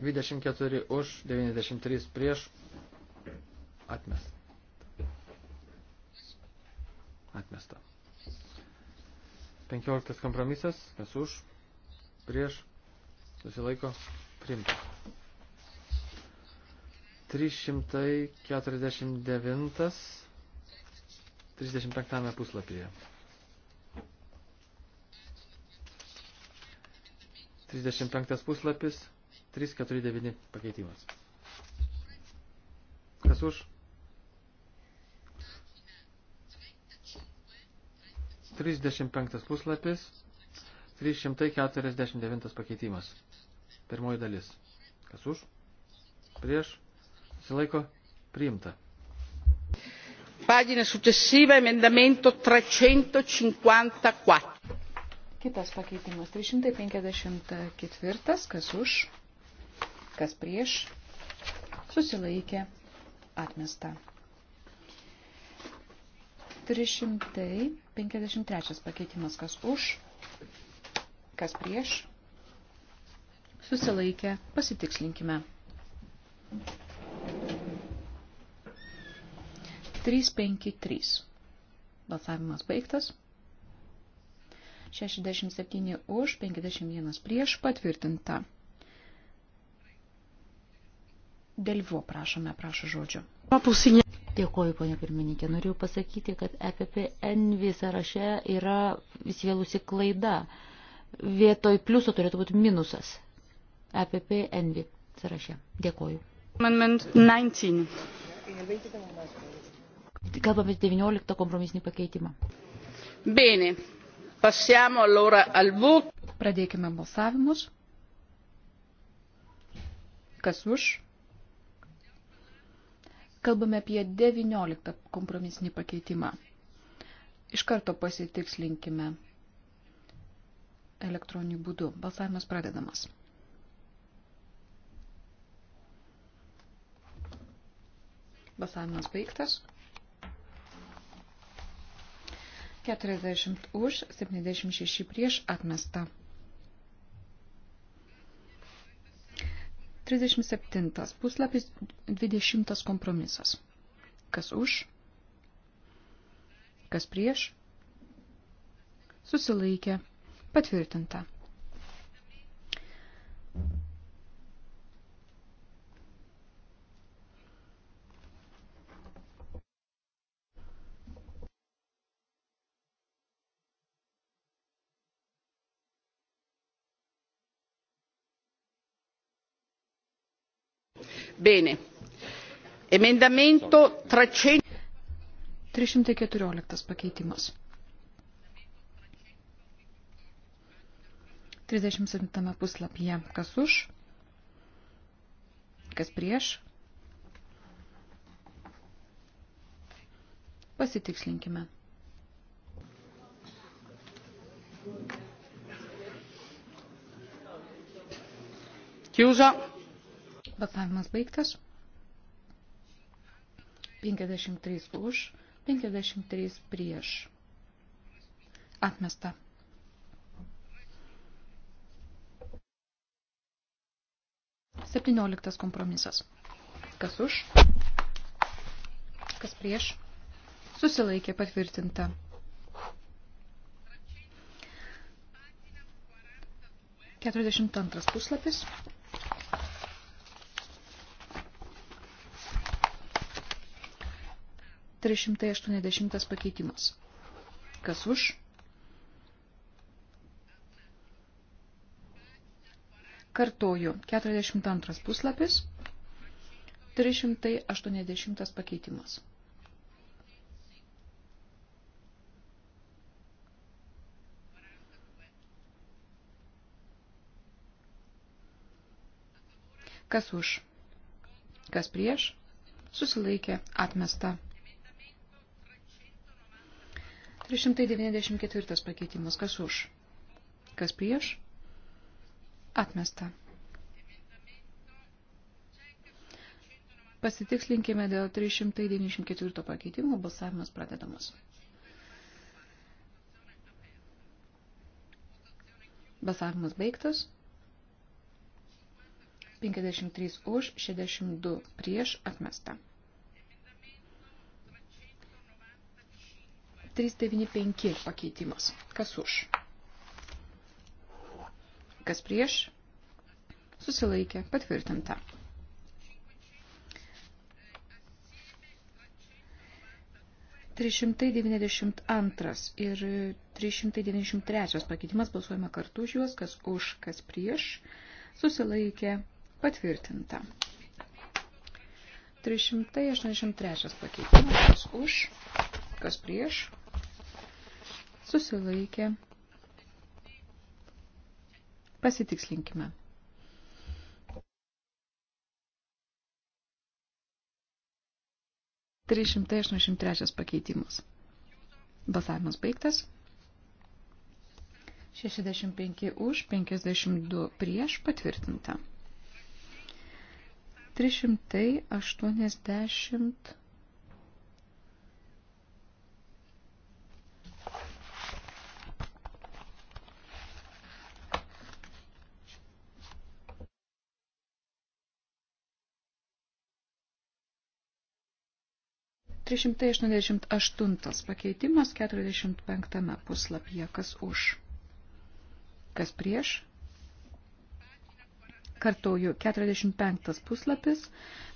[SPEAKER 5] 24 už, 93 prieš. Atmes. Atmesta. 15 kompromisas. Kas už? Prieš. Susilaiko. Primta. 349. 35 puslapyje. 35 puslapis, 349 pakeitimas. Kas už? 35 puslapis, 349 pakeitimas. Pirmoji dalis. Kas už? Prieš? Silaiko? Priimta.
[SPEAKER 1] Pagina successiva, emendamento 354.
[SPEAKER 2] Kitas pakeitimas 354, kas už, kas prieš, susilaikė, atmesta. 353 pakeitimas, kas už, kas prieš, susilaikė, pasitikslinkime. 353. Balsavimas baigtas. 67 už, 51 prieš patvirtinta.
[SPEAKER 3] Delvo prašome, prašo žodžio. Papusinė. Dėkoju, ponė pirmininkė. Norėjau pasakyti, kad EPPNV sąraše yra įsivėlusi klaida. Vietoj pliuso turėtų būti minusas. EPPNV sąraše. Dėkoju. Amendment 19. Kalbame 19 kompromisinį pakeitimą. Bene.
[SPEAKER 1] Passiamo allora al
[SPEAKER 2] voto. Pradėkime balsavimus. Kas už? Kalbame apie 19 kompromisinį pakeitimą. Iš karto pasitikslinkime elektroniniu būdu. Balsavimas pradedamas. Balsavimas baigtas. 40 už, 76 prieš atmesta. 37 puslapis 20 kompromisas. Kas už? Kas prieš? Susilaikė. Patvirtinta.
[SPEAKER 1] bene emendamento tris
[SPEAKER 2] šimtai keturioliktas pakeitimas trisdešimt septintame puslapyje kas už kas prieš pasitikslinkime chiusa Balsavimas baigtas. 53 už, 53 prieš. Atmesta. Septynioliktas kompromisas. Kas už? Kas prieš? Susilaikė patvirtinta. Keturiasdešimt antras puslapis. 380 pakeitimas. Kas už? Kartoju, 42 puslapis, 380 pakeitimas. Kas už? Kas prieš? Susilaikė atmesta. 394 pakeitimas. Kas už? Kas prieš? Atmesta. Pasitikslinkime dėl 394 pakeitimo, balsavimas pradedamas. Balsavimas baigtas. 53 už, 62 prieš atmestą. 395 pakeitimas. Kas už? Kas prieš? Susilaikė. Patvirtinta. Trišimtai devyniasdešimt antras ir 393 pakeitimas balsuojame kartu už juos, kas už, kas prieš, susilaikė patvirtinta. 383 pakeitimas, kas už, kas prieš, susilaikė. Pasitikslinkime. Trys šimtai aštuoniasdešimt trečias pakeitimas. Balsavimas baigtas. 65 už, 52 prieš patvirtinta. 380 388 pakeitimas 45 puslapyje. Kas už? Kas prieš? Kartoju, 45 puslapis,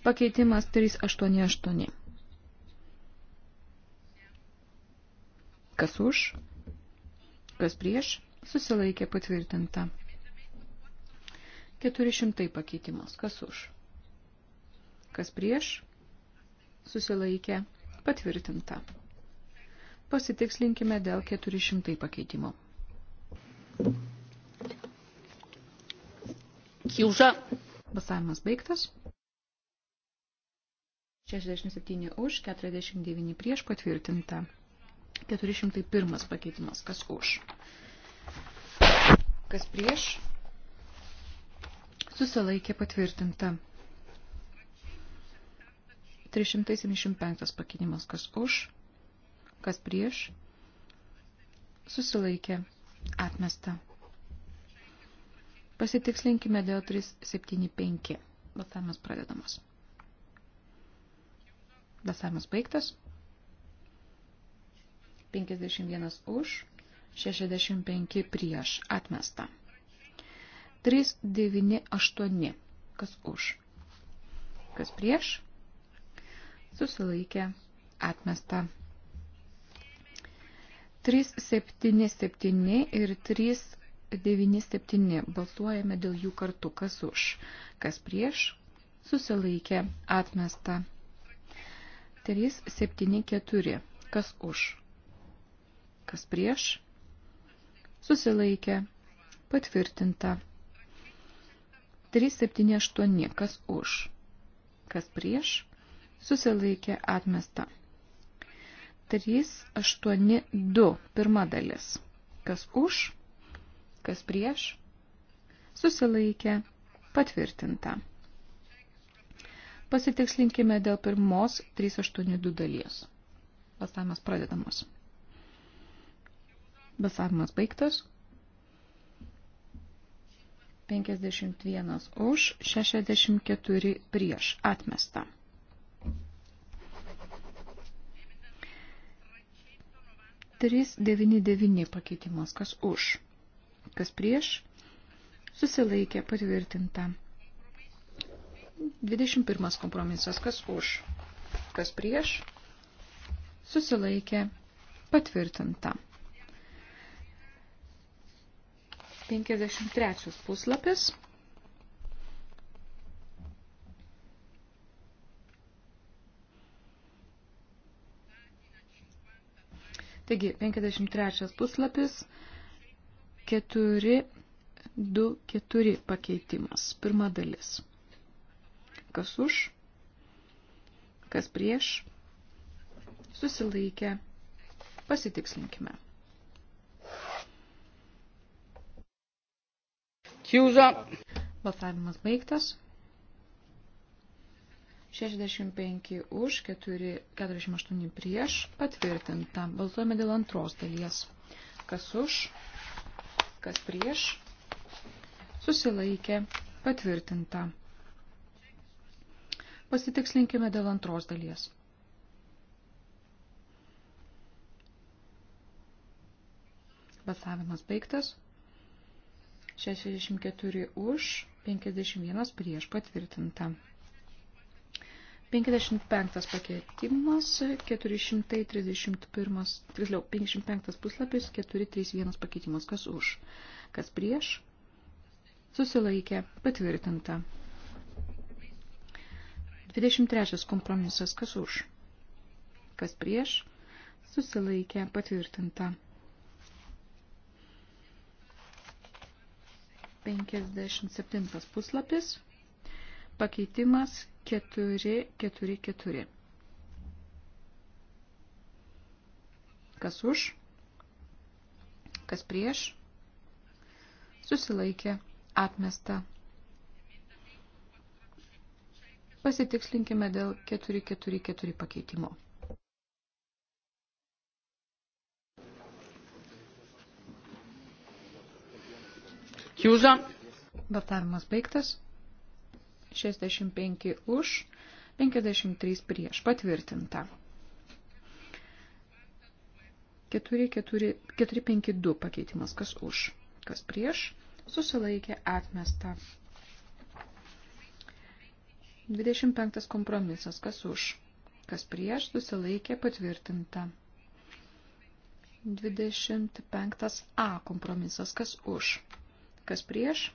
[SPEAKER 2] pakeitimas 388. Kas už? Kas prieš? Susilaikė patvirtinta. 400 pakeitimas. Kas už? Kas prieš? Susilaikė patvirtinta Patvirtinta. Pasitikslinkime dėl 400 pakeitimo. Kiuža. Balsavimas baigtas. 67 už, 49 prieš patvirtinta. 401 pakeitimas. Kas už? Kas prieš? Susilaikė patvirtinta. 375 pakinimas kas už, kas prieš, susilaikė, atmesta. Pasitikslinkime dėl 375. Balsavimas pradedamas. Balsavimas baigtas. 51 už, 65 prieš, atmesta. 398. Kas už? Kas prieš? susilaikė atmesta. 377 ir 397 balsuojame dėl jų kartu, kas už, kas prieš, susilaikė atmesta. 374, kas už, kas prieš, susilaikė patvirtinta. 378, kas už, kas prieš, susilaikė atmesta. 3, 8, 2, pirma dalis. Kas už, kas prieš, susilaikė patvirtinta. Pasitikslinkime dėl pirmos 382 dalies. Balsavimas pradedamas. Balsavimas baigtas. 51 už, 64 prieš atmestą. 399 pakeitimas, kas už, kas prieš, susilaikė patvirtinta. 21 kompromisas, kas už, kas prieš, susilaikė patvirtinta. 53 puslapis. Taigi, 53 puslapis, 4, 2, 4 pakeitimas, pirma dalis. Kas už, kas prieš, susilaikę, pasitikslinkime. Kiuza. Balsavimas baigtas. 65 už, 4, 48 prieš, patvirtinta. Balsuojame dėl antros dalies. Kas už, kas prieš, susilaikė, patvirtinta. Pasitikslinkime dėl antros dalies. Balsavimas baigtas. 64 už, 51 prieš patvirtinta. 55 pakeitimas, 431, tiksliau, 55 puslapis, 431 pakeitimas, kas už, kas prieš, susilaikė, patvirtinta. 23 kompromisas, kas už, kas prieš, susilaikė, patvirtinta. 57 puslapis, pakeitimas 444. Kas už? Kas prieš? Susilaikė. Atmesta. Pasitikslinkime dėl 444 pakeitimo. Chiusa. Vartavimas baigtas. 65 už, 53 prieš. Patvirtinta. 452 pakeitimas. Kas už? Kas prieš? Susilaikė atmesta. 25 kompromisas. Kas už? Kas prieš? Susilaikė patvirtinta. 25a kompromisas. Kas už? Kas prieš?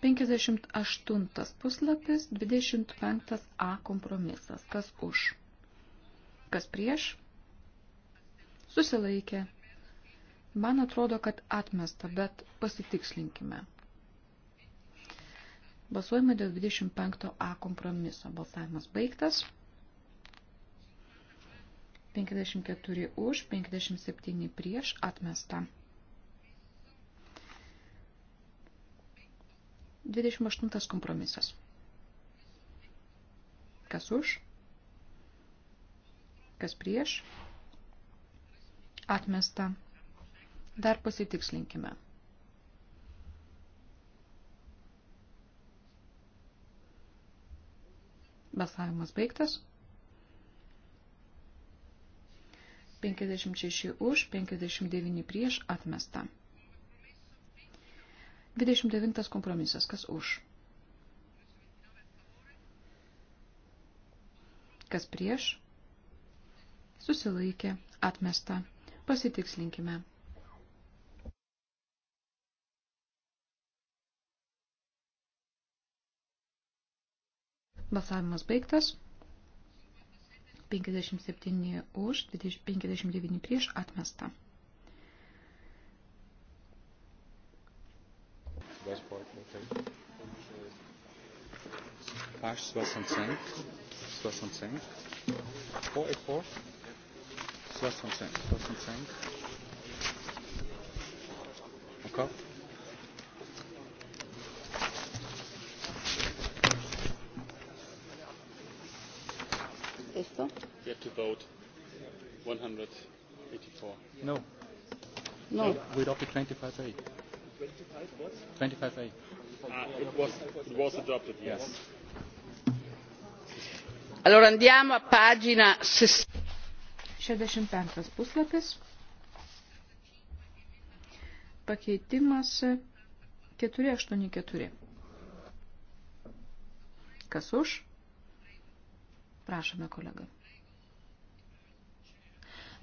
[SPEAKER 2] 58 puslapis, 25a kompromisas. Kas už? Kas prieš? Susilaikė. Man atrodo, kad atmesta, bet pasitikslinkime. Balsuojame dėl 25a kompromiso. Balsavimas baigtas. 54 už, 57 prieš atmesta. 28 kompromisas. Kas už? Kas prieš? Atmesta. Dar pasitikslinkime. Balsavimas baigtas. 56 už, 59 prieš atmesta. 29 kompromisas. Kas už? Kas prieš? Susilaikė. Atmesta. Pasitikslinkime. Balsavimas baigtas. 57 už, 59 prieš atmestą.
[SPEAKER 6] Page 65. 65. 4 et 4. 65. 65. Encore.
[SPEAKER 4] Esto. You have to vote 184.
[SPEAKER 6] No.
[SPEAKER 5] No. Without the 25A.
[SPEAKER 6] 25 what? 25A. Ah,
[SPEAKER 1] it was, it was
[SPEAKER 4] adopted, yes.
[SPEAKER 1] Allora andiamo a
[SPEAKER 2] pagina 65 puslapis. Pakeitimas 484. Kas už? Prašome, kolega.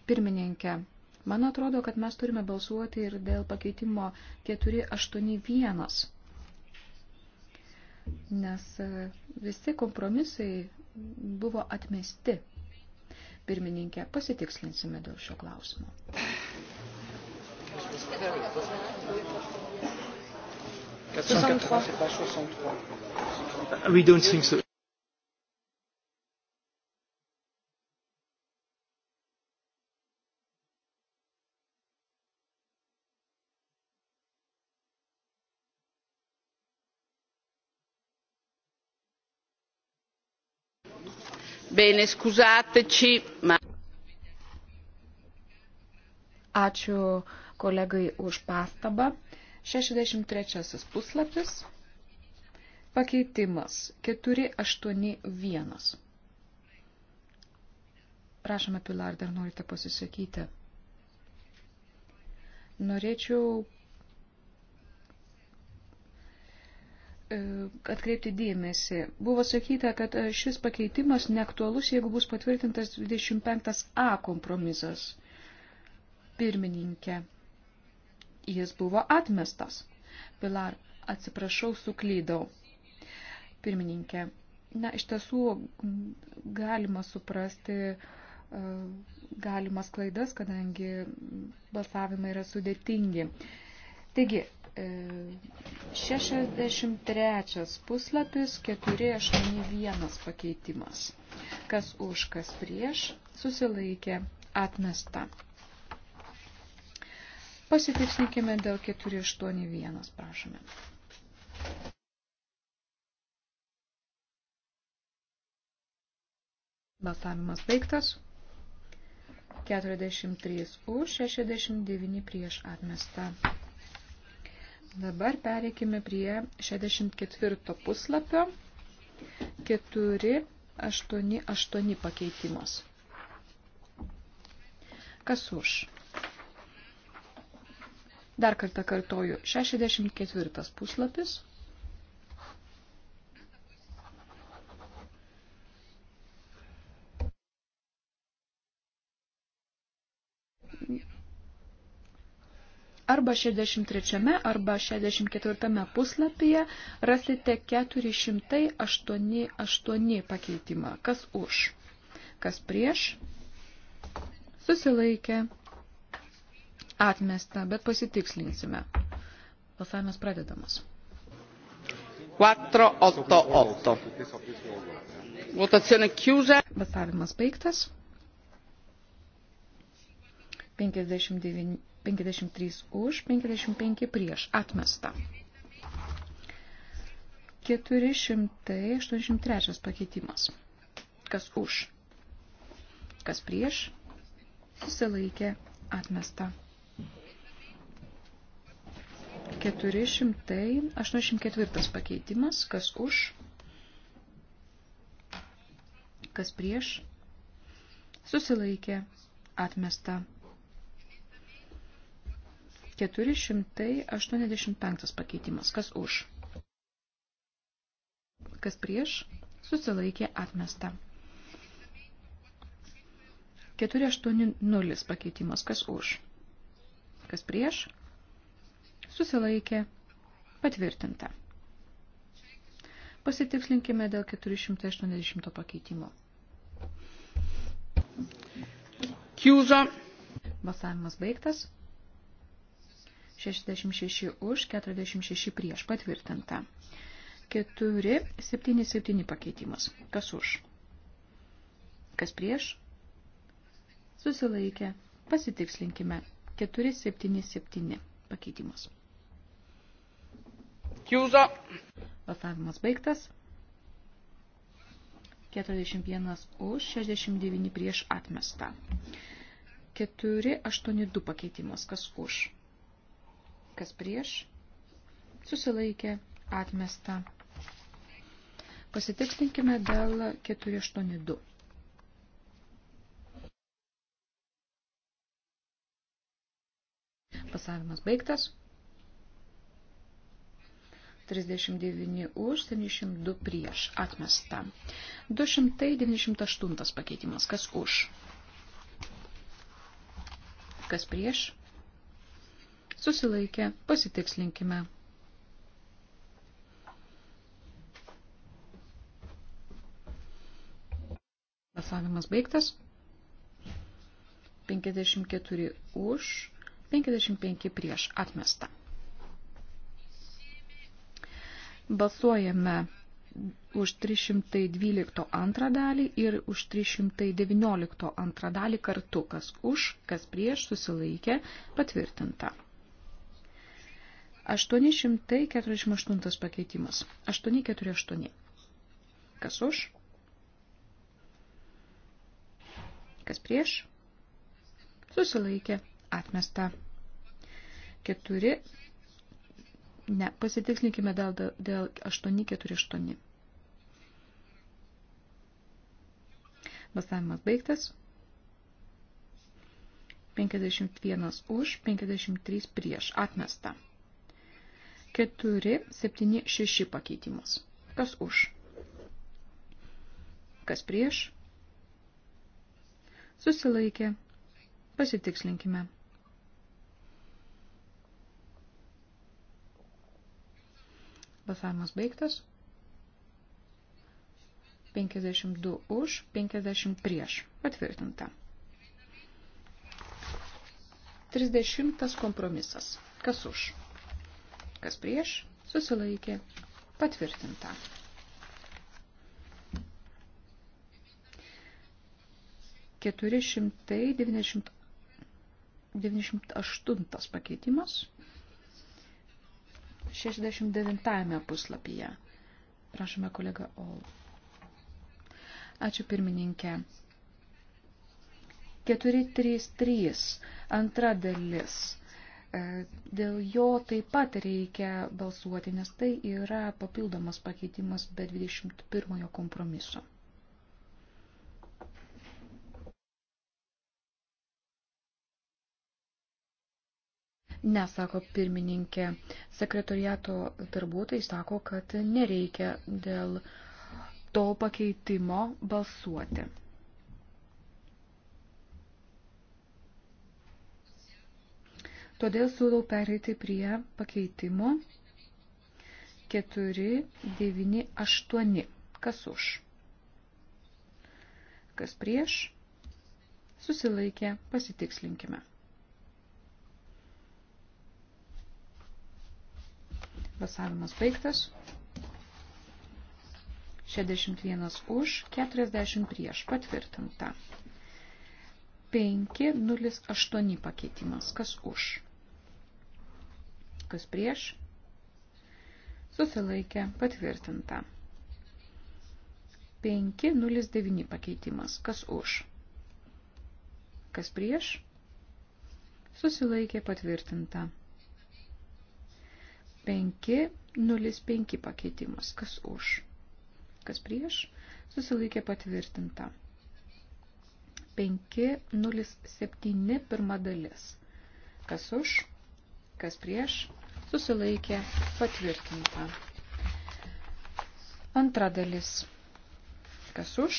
[SPEAKER 2] Pirmininkė, man atrodo, kad mes turime balsuoti ir dėl pakeitimo 481 nes e, visi kompromisai buvo atmesti. Pirmininkė, pasitikslinsime dėl šio klausimo.
[SPEAKER 6] Ah, we don't think so.
[SPEAKER 1] Bene,
[SPEAKER 2] scusateci, ma. Ačiū kolegai už pastabą. 63 puslapis. Pakeitimas 481. Prašome, Pilar, dar norite pasisakyti. Norėčiau E, atkreipti dėmesį. Buvo sakyta, kad e, šis pakeitimas neaktualus, jeigu bus patvirtintas 25a kompromisas. Pirmininkė. Jis buvo atmestas. Pilar, atsiprašau, suklydau. Pirmininkė. Na, iš tiesų galima suprasti e, galimas klaidas, kadangi balsavimai yra sudėtingi. Taigi, 63 e, puslapis 481 pakeitimas. Kas už, kas prieš, susilaikė atmesta. Pasitiksnikime dėl 481, prašome. Balsavimas baigtas. 43 už, 69 prieš atmestą. Dabar pereikime prie 64 puslapio 488 pakeitimas. Kas už? Dar kartą kartoju, 64 puslapis 488. Arba 63 arba 64 puslapyje rasite 488 pakeitimą. Kas už? Kas prieš? Susilaikė. Atmesta, bet pasitikslinsime. Balsavimas pradedamas.
[SPEAKER 1] 488. Votazione
[SPEAKER 2] chiusa. Balsavimas baigtas. 59 53 už, 55 prieš, atmesta. 483 pakeitimas. Kas už? Kas prieš? Susilaikė, atmesta. 484 pakeitimas. Kas už? Kas prieš? Susilaikė, atmesta. 485 pakeitimas. Kas už? Kas prieš? Susilaikė atmesta. 480 pakeitimas. Kas už? Kas prieš? Susilaikė patvirtinta. Pasitikslinkime dėl 480 pakeitimo. Kiuza. Balsavimas baigtas. 66 už, 46 prieš patvirtinta. 4, 7, 7 pakeitimas. Kas už? Kas prieš? Susilaikė. Pasitikslinkime. 4, 7, 7 pakeitimas. Kiuzo. Balsavimas baigtas. 41 už, 69 prieš atmestą. 4, 8, 2 pakeitimas. Kas už? kas prieš, susilaikė, atmesta. Pasitikslinkime dėl 482. Pasavimas baigtas. 39 už, 72 prieš, atmesta. 298 pakeitimas, kas už, kas prieš, susilaikė, pasitikslinkime. Balsavimas baigtas. 54 už, 55 prieš atmesta. Balsuojame už 312 antrą dalį ir už 319 antrą dalį kartu, kas už, kas prieš susilaikė, patvirtinta. 848 pakeitimas. 848. Kas už? Kas prieš? Susilaikė. Atmesta. 4. Ne, pasitikslinkime dėl, dėl 848. Balsavimas baigtas. 51 už, 53 prieš. Atmesta. 4, 7, 6 pakeitimus. Kas už? Kas prieš? Susilaikė. Pasitikslinkime. Balsavimas baigtas. 52 už, 50 prieš. Patvirtinta. 30 kompromisas. Kas už? kas prieš, susilaikė, patvirtinta. Keturi šimtai devyniasdešimt aštuntas pakeitimas. 69 puslapyje. Prašome kolega Ol. Ačiū pirmininkė. 433. Antra dalis. E, dėl jo taip pat reikia balsuoti, nes tai yra papildomas pakeitimas be 21 kompromiso. Nesako pirmininkė, sekretoriato darbuotojai sako, kad nereikia dėl to pakeitimo balsuoti. Todėl siūlau pereiti prie pakeitimo 498. Kas už? Kas prieš? Susilaikė, pasitikslinkime. Basavimas baigtas. 61 už, 40 prieš patvirtinta. 508 pakeitimas. Kas už? kas prieš, susilaikė patvirtinta. 509 pakeitimas, kas už, kas prieš, susilaikė patvirtinta. 505 pakeitimas, kas už, kas prieš, susilaikė patvirtinta. 507 pirma dalis. Kas už, kas prieš, susilaikė patvirtinta. Antra dalis. Kas už,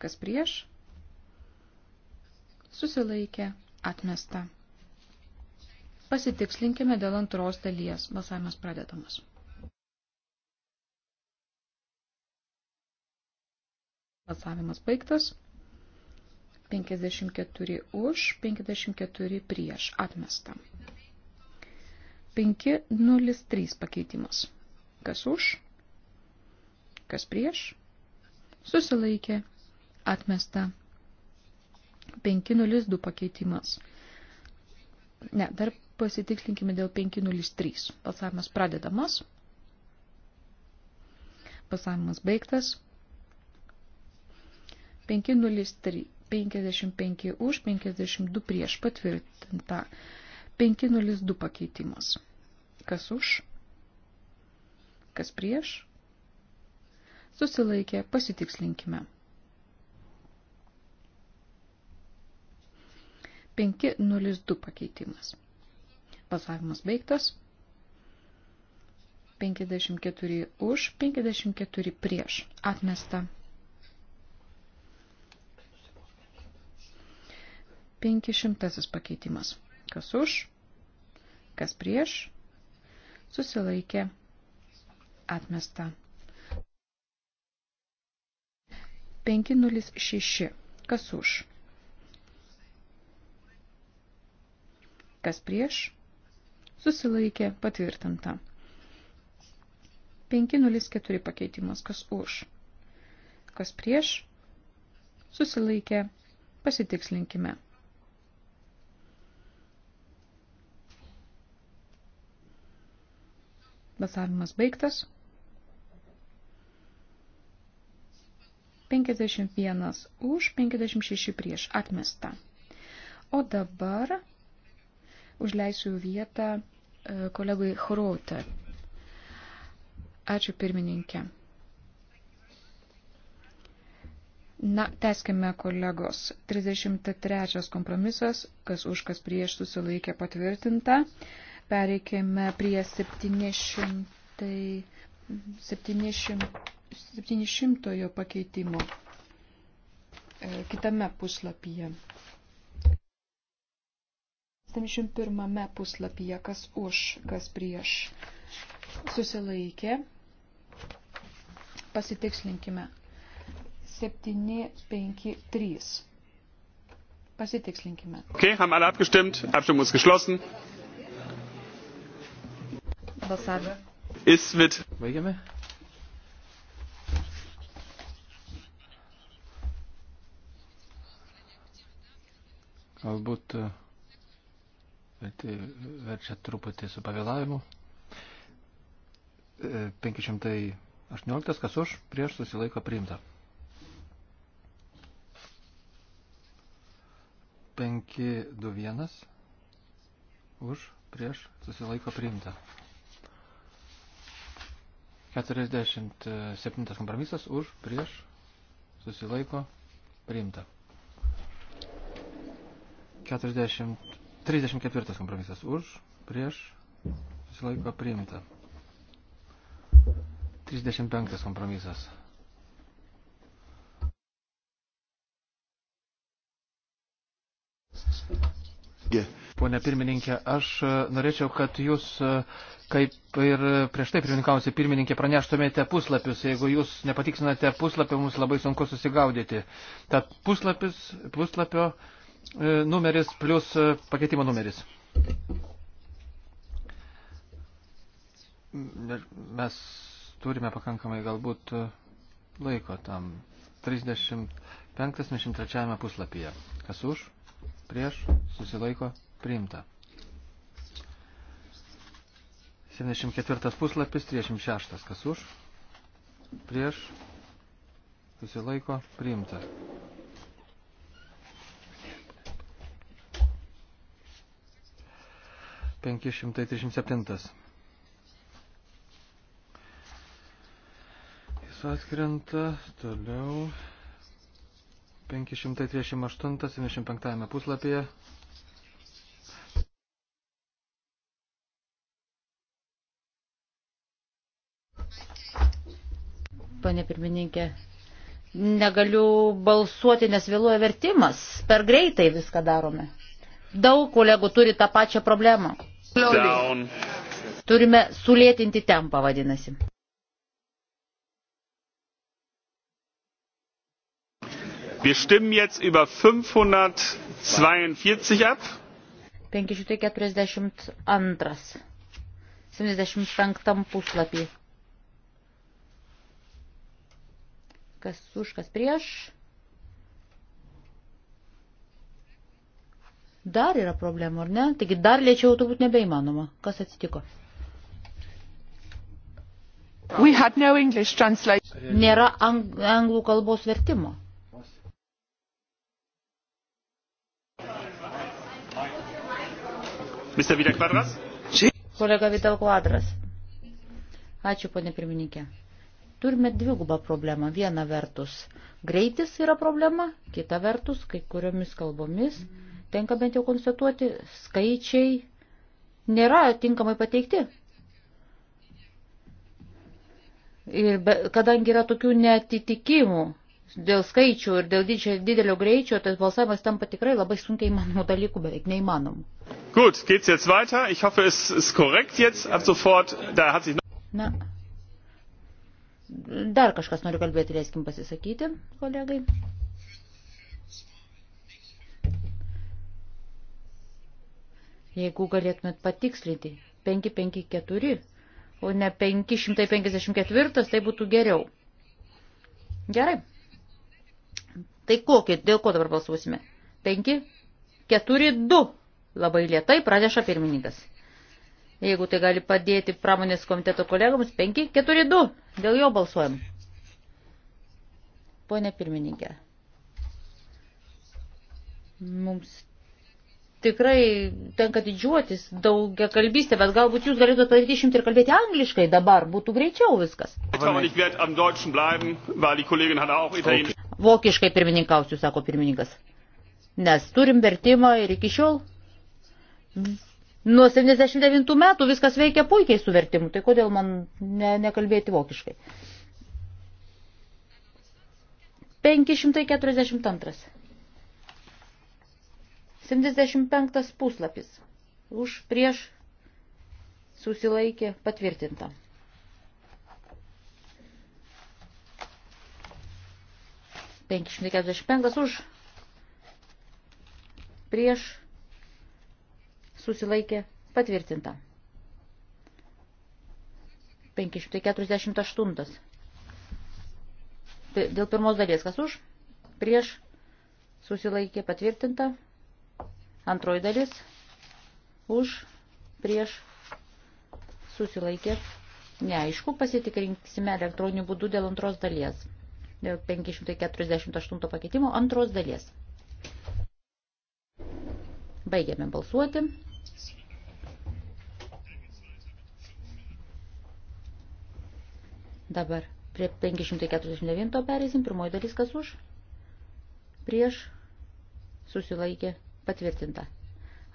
[SPEAKER 2] kas prieš, susilaikė atmesta. Pasitikslinkime dėl antros dalies. Balsavimas pradedamas. Balsavimas baigtas. 54 už, 54 prieš atmestą. 503 pakeitimas. Kas už? Kas prieš? Susilaikė. Atmesta. 502 pakeitimas. Ne, dar pasitikslinkime dėl 503. Balsavimas pradedamas. Balsavimas baigtas. 503. 55 už, 52 prieš patvirtinta. 502 pakeitimas. Kas už? Kas prieš? Susilaikė, pasitikslinkime. 502 pakeitimas. Balsavimas baigtas. 54 už, 54 prieš. Atmesta. 500 pakeitimas. Kas už, kas prieš, susilaikė, atmesta. 506. Kas už, kas prieš, susilaikė, patvirtinta. 504 pakeitimas, kas už, kas prieš, susilaikė, pasitikslinkime. Balsavimas baigtas. 51 už, 56 prieš atmesta. O dabar užleisiu vietą e, kolegui Chrote. Ačiū pirmininkė. Na, teskime kolegos. 33 kompromisas, kas už kas prieš susilaikė patvirtinta. Pereikime prie 700, 700, 700 pakeitimo e, kitame puslapyje. 71 puslapyje, kas už, kas prieš. Susilaikė. Pasitikslinkime. 753. Pasitikslinkime.
[SPEAKER 4] Okay, haben alle abgestimmt. Abstimmung ist geschlossen balsavimą. Isvit. Baigiame.
[SPEAKER 5] Galbūt tai verčia truputį su pavėlavimu. 518, e, kas už, prieš susilaiko priimta. 521, už, prieš susilaiko priimta. 47 kompromisas už, prieš, susilaiko, priimta. 40, 34 kompromisas už, prieš, susilaiko, priimta. 35 kompromisas. Yeah. Pone pirmininkė, aš e, norėčiau, kad jūs, e, kaip ir prieš tai pirmininkausi pirmininkė, praneštumėte puslapius. Jeigu jūs nepatiksinate puslapio, mums labai sunku susigaudyti. Tad puslapis, puslapio e, numeris plus pakeitimo numeris. Mes turime pakankamai galbūt laiko tam 35-23 puslapyje. Kas už? Prieš? Susilaiko? priimta. 74 puslapis, 36 kas už, prieš, susilaiko, priimta. Penki šimtai trisdešimt septintas. Jis atkrenta toliau. 538-75 puslapyje
[SPEAKER 3] pane pirmininkė. Negaliu balsuoti, nes vėluoja vertimas. Per greitai viską darome. Daug kolegų turi tą pačią problemą. Down. Turime sulėtinti tempą,
[SPEAKER 4] vadinasi. Wir stimmen jetzt über 542 ab.
[SPEAKER 3] 542. 75 puslapį. Kas už, kas prieš. Dar yra problemų, ar ne? Taigi dar lėčiau turbūt nebeįmanoma. Kas atsitiko? No Nėra ang anglų kalbos vertimo.
[SPEAKER 4] Mr. Vidal Quadras?
[SPEAKER 3] Kolega Vidal Quadras. Ačiū, ponė pirmininkė. Turime dvigubą problemą. Viena vertus greitis yra problema, kita vertus, kai kuriomis kalbomis, tenka bent jau konstatuoti, skaičiai nėra tinkamai pateikti. Ir be, kadangi yra tokių netitikimų dėl skaičių ir dėl didžio, didelio greičio, tas balsavimas tampa tikrai labai sunkiai įmanomų dalykų, beveik neįmanomų.
[SPEAKER 4] Gut, geht's jetzt weiter. Ich hoffe, es ist korrekt jetzt. Ab sofort, da hat sich...
[SPEAKER 3] Na, Dar kažkas noriu kalbėti, leiskim pasisakyti, kolegai. Jeigu galėtumėt patikslinti, 554, o ne 554, tai būtų geriau. Gerai. Tai kokį, dėl ko dabar balsuosime? 5, 4, 2. Labai lietai praneša pirmininkas. Jeigu tai gali padėti pramonės komiteto kolegams, 5, 4, 2. Dėl jo balsuojam. Pone pirmininkė, mums tikrai tenka didžiuotis daugia kalbystė, bet galbūt jūs galėtumėte padaryti išimti ir kalbėti angliškai dabar, būtų greičiau viskas. Vokiškai pirmininkausiu, sako pirmininkas. Nes turim vertimą ir iki šiol Nuo 79 metų viskas veikia puikiai su vertimu, tai kodėl man ne, nekalbėti vokiškai? 542. 75 puslapis. Už prieš susilaikė patvirtinta. Penkišimtai keturiasdešimt penktas už prieš susilaikė patvirtinta. 548. Dėl pirmos dalies kas už, prieš susilaikė patvirtinta. Antroji dalis už, prieš susilaikė. Neaišku, pasitikrinksime elektroniniu būdu dėl antros dalies. Dėl 548 pakeitimo antros dalies. Baigiame balsuoti. Dabar prie 549 perėsim, pirmoji dalis kas už, prieš, susilaikė, patvirtinta.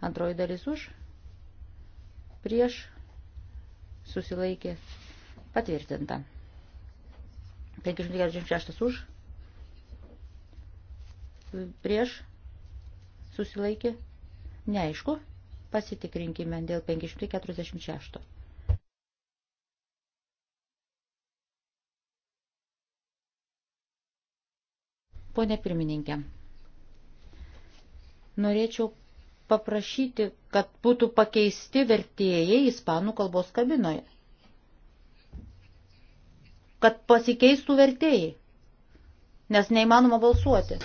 [SPEAKER 3] Antroji dalis už, prieš, susilaikė, patvirtinta. 546 už, prieš, susilaikė, neaišku, Pasitikrinkime dėl 546. Pone pirmininkė, norėčiau paprašyti, kad būtų pakeisti vertėjai ispanų kalbos kabinoje. Kad pasikeistų vertėjai, nes neįmanoma
[SPEAKER 4] balsuoti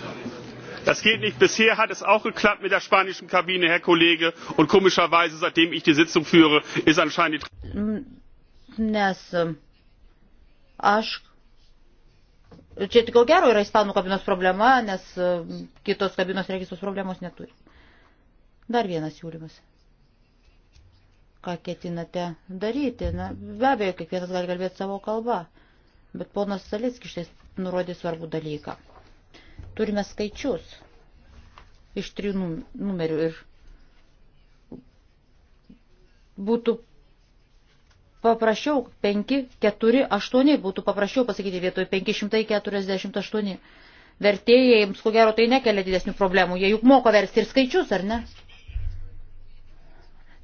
[SPEAKER 4] das geht nicht. bisher hat es auch geklappt mit der spanischen kabine herr kollege und komischerweise seitdem ich die sitzung führe ist anscheinend.
[SPEAKER 3] nes ähm, aš čia tik ko gero yra ispanų kabinos problema nes ähm, kitos kabinos registros problemos neturi. Dar vienas siūlymas ką ketinate daryti. Na, be abejo, kiekvienas gali kalbėti savo kalbą, bet ponas Salickis nurodė svarbų dalyką. Turime skaičius iš trijų numerių ir būtų paprašiau 5, 4, 8, būtų paprašiau pasakyti vietoj 548. Vertėjams, ko gero, tai nekelia didesnių problemų. Jie juk moko versti ir skaičius, ar ne?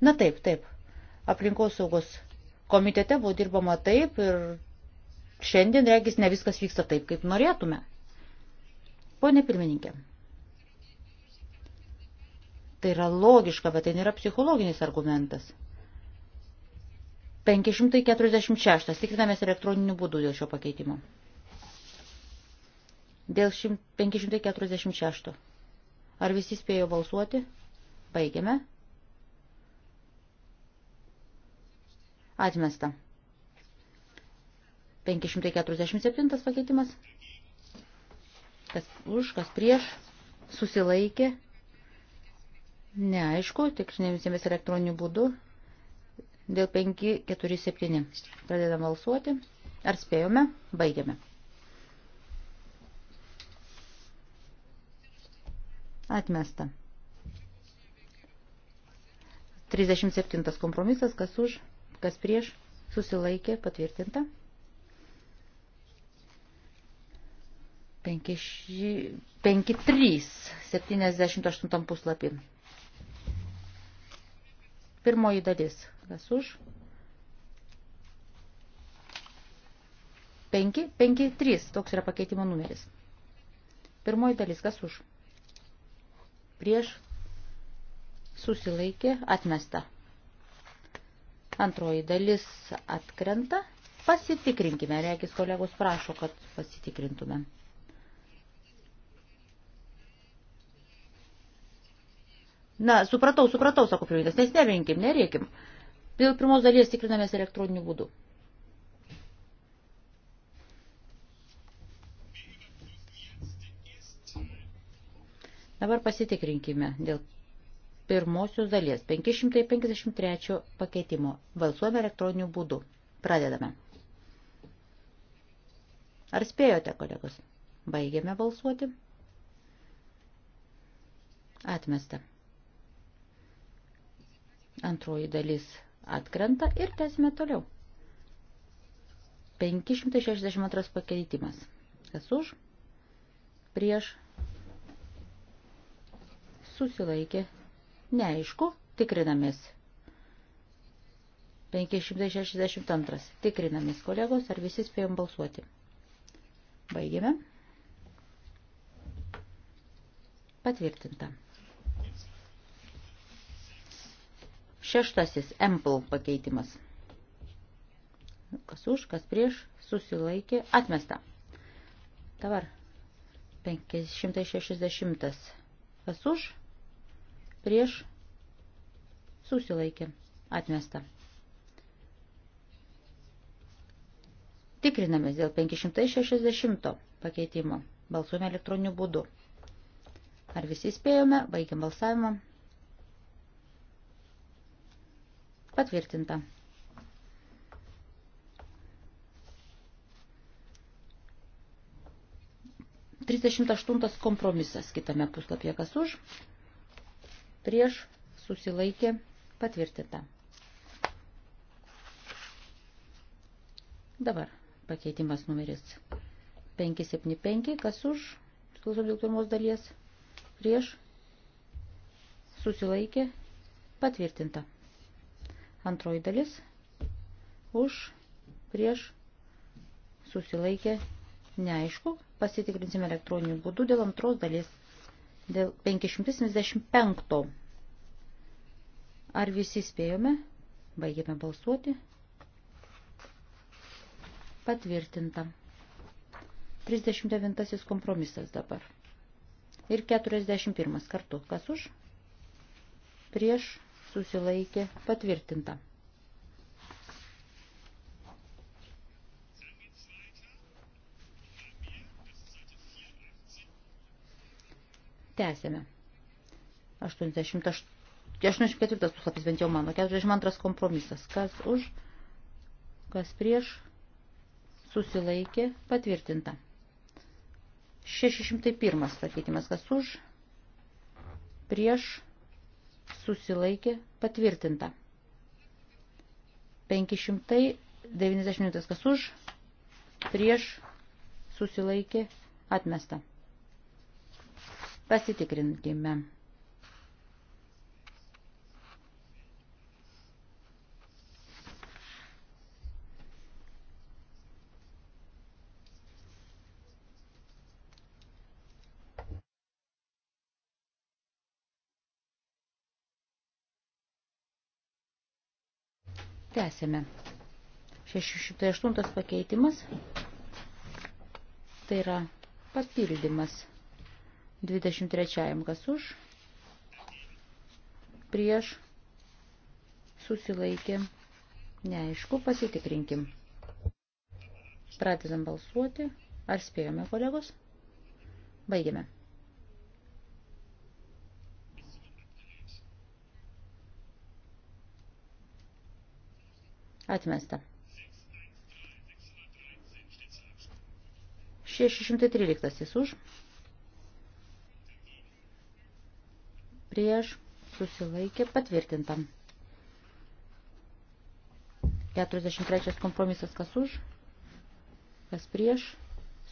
[SPEAKER 3] Na taip, taip. Aplinkos saugos komitete buvo dirbama taip ir šiandien, regis, ne viskas vyksta taip, kaip norėtume. Pone pirmininkė. Tai yra logiška, bet tai nėra psichologinis argumentas. 546. Tikrinamės elektroniniu būdu dėl šio pakeitimo. Dėl 546. Ar visi spėjo balsuoti? Baigiame. Atmesta. 547 pakeitimas kas už, kas prieš, susilaikė, neaišku, tik žinėmis elektroniniu būdu, dėl 547. Pradedam valsuoti, ar spėjome, baigiame. Atmesta. 37 kompromisas, kas už, kas prieš, susilaikė, patvirtinta. 5.3, 78 puslapį. Pirmoji dalis. Kas už? 5, 5, 3. Toks yra pakeitimo numeris. Pirmoji dalis. Kas už? Prieš susilaikė atmesta. Antroji dalis atkrenta. Pasitikrinkime. Reikis kolegos prašo, kad pasitikrintume. Na, supratau, supratau, sako pirmininkas, nes nevinkim, nereikim. Dėl pirmos dalies tikrinamės elektroniniu būdu. Dabar pasitikrinkime dėl pirmosios dalies 553 pakeitimo. Balsuojame elektroniniu būdu. Pradedame. Ar spėjote, kolegos? Baigiame balsuoti. Atmesta. Antroji dalis atkrenta ir tęsime toliau. 562 pakeitimas. Kas už? Prieš. Susilaikė. Neaišku. Tikrinamės. 562. Tikrinamės, kolegos, ar visi spėjom balsuoti. Baigėme. Patvirtinta. Šeštasis Ample pakeitimas. Kas už, kas prieš, susilaikė, atmesta. Dabar 560. Kas už, prieš, susilaikė, atmesta. Tikrinamės dėl 560 pakeitimo. Balsuojame elektroniniu būdu. Ar visi spėjome? Baigiam balsavimą. Patvirtinta. Trisdešimt aštuntas kompromisas kitame puslapyje kas už. Prieš susilaikė patvirtinta. Dabar pakeitimas numeris 575, kas už, klausom dėl pirmos dalies, prieš, susilaikė, patvirtinta. Antroji dalis. Už, prieš, susilaikė, neaišku. Pasitikrinsime elektroniniu būdu dėl antros dalies. Dėl 575. Ar visi spėjome? Baigėme balsuoti. Patvirtinta. 39 kompromisas dabar. Ir 41 kartu. Kas už? Prieš susilaikė patvirtinta. Tęsėme. 84 puslapis bent jau mano, 42 kompromisas. Kas už, kas prieš, susilaikė, patvirtinta. 601 pakeitimas, kas už, prieš, susilaikė patvirtinta. 590 kas už, prieš susilaikė atmesta. Pasitikrinkime. Tęsėme. 608 pakeitimas. Tai yra papildymas 23 kas už. Prieš susilaikė. Neaišku, pasitikrinkim. Pradedam balsuoti. Ar spėjome, kolegos? Baigiame. Atmesta. 613 už. Prieš susilaikė patvirtintam. 43 kompromisas kas už, kas prieš,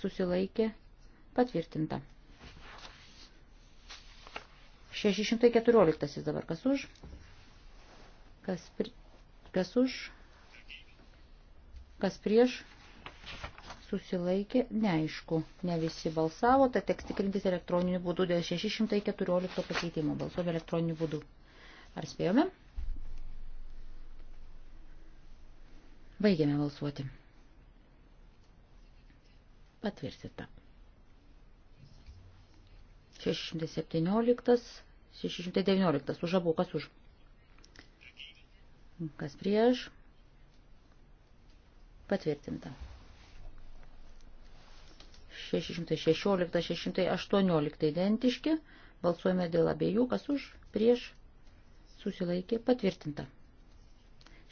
[SPEAKER 3] susilaikė patvirtinta. 614 dabar kas už, kas, pri, kas už, kas prieš susilaikė, neaišku, ne visi balsavo, tai teks tikrintis elektroniniu būdu dėl 614 pakeitimo, balsuoja elektroniniu būdu. Ar spėjome? Baigėme balsuoti. Patvirtinta. 617, 619, už abu, kas už? Kas prieš? Patvirtinta. 616-618 identiški. Balsuojame dėl abiejų, kas už, prieš, susilaikė, patvirtinta.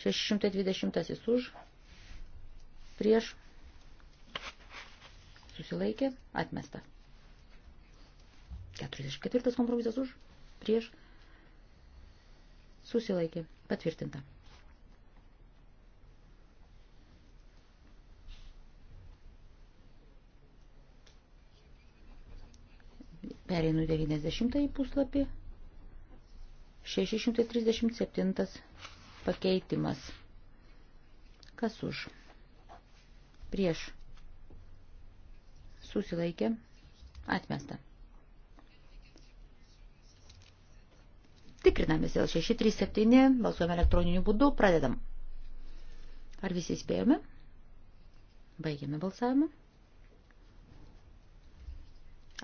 [SPEAKER 3] 620 už, prieš, susilaikė, atmesta. 44 kompromisas už, prieš, susilaikė, patvirtinta. Pereinu 90 puslapį. 637 pakeitimas. Kas už? Prieš. Susilaikė. Atmesta. Tikrinamės dėl 637, balsuojame elektroniniu būdu, pradedam. Ar visi spėjome? Baigėme balsavimą.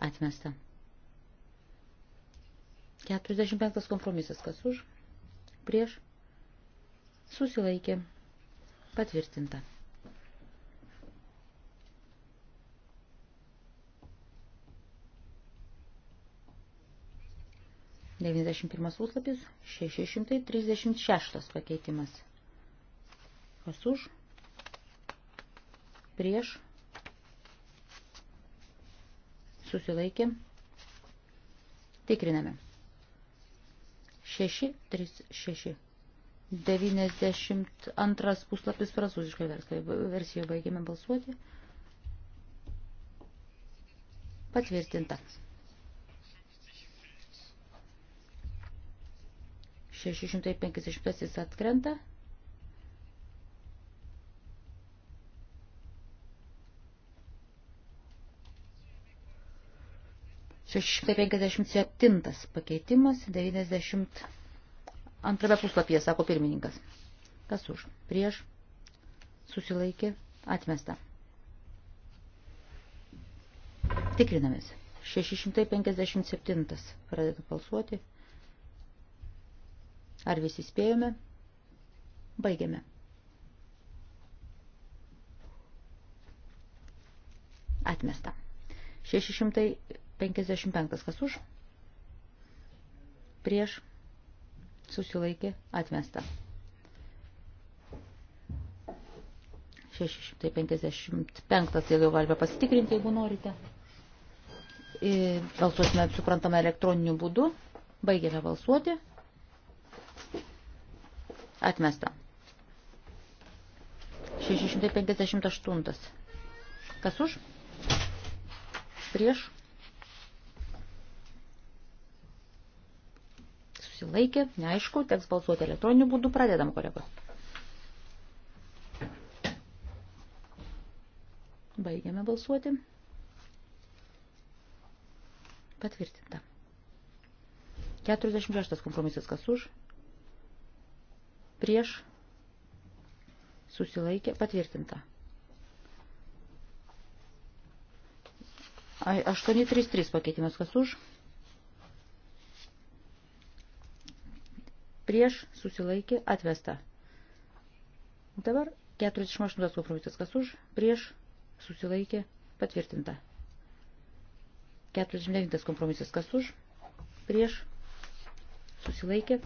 [SPEAKER 3] Atmesta. 45 kompromisas kas už, prieš, susilaikė, patvirtinta. Devyniasdešimt pirmas puslapis, šešišimtai trisdešimt šeštas pakeitimas. Kas už, prieš, susilaikė, tikriname. 636. 92 puslapis prancūziškai versijoje baigėme balsuoti. Patvirtinta. 650 atkrenta. 657 pakeitimas, 92 puslapyje, sako pirmininkas. Kas už? Prieš? Susilaikė? Atmesta. Tikrinamės. 657 pradeda balsuoti. Ar visi spėjome? Baigiame. Atmesta. 600 55. Kas už? Prieš. Susilaikė. Atmesta. 655. Tai jau galime pasitikrinti, jeigu norite. E, balsuosime, suprantame, elektroniniu būdu. Baigėme balsuoti. Atmesta. 658. Kas už? Prieš susilaikė, neaišku, teks balsuoti elektroniniu būdu, pradedam, kolegos. Baigiame balsuoti. Patvirtinta. 46 kompromisas kas už. Prieš. Susilaikė. Patvirtinta. 833 pakeitimas kas už. prieš susilaikė atvesta. Dabar 48 kompromisas kas už, prieš susilaikė patvirtinta. 49 kompromisas kas už, prieš susilaikė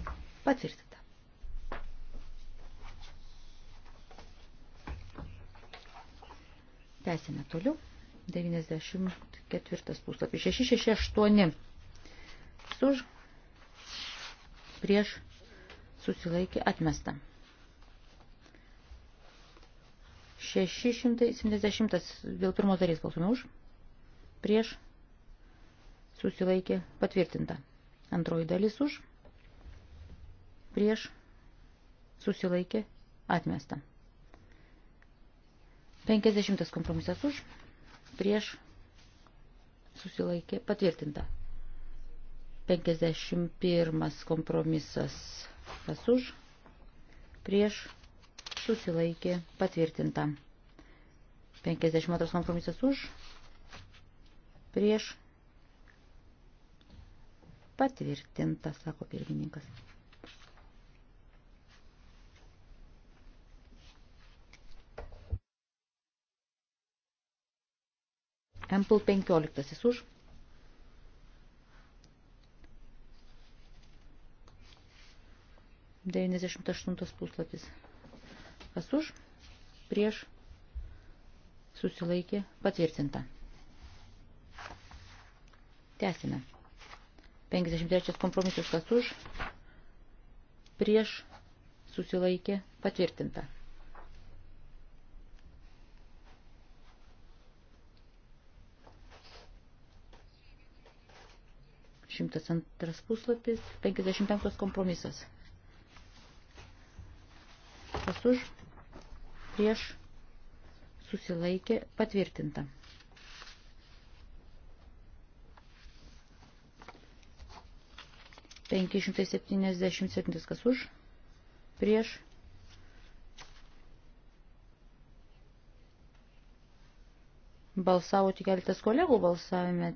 [SPEAKER 3] patvirtinta. Tęsime toliau. 94 puslapis. 668. Už prieš susilaikė atmesta. 670 dėl pirmos dalies balsume už, prieš susilaikė patvirtinta. Antroji dalis už, prieš susilaikė atmesta. 50 kompromisas už, prieš susilaikė patvirtinta. 51 kompromisas Kas už? Prieš susilaikė patvirtinta. 52 kompromisas už. Prieš patvirtinta, sako pirmininkas. Ample 15 už 98 puslapis. Kas už, prieš, susilaikė, patvirtinta. Tęsime. 53 kompromisas kas už, prieš, susilaikė, patvirtinta. Šimtas antras puslapis, 55 kompromisas. Kas už? Prieš susilaikė patvirtinta. Penki šimtai septyniasdešimt septintas kas už, prieš. Balsavo tik keletas kolegų balsavime.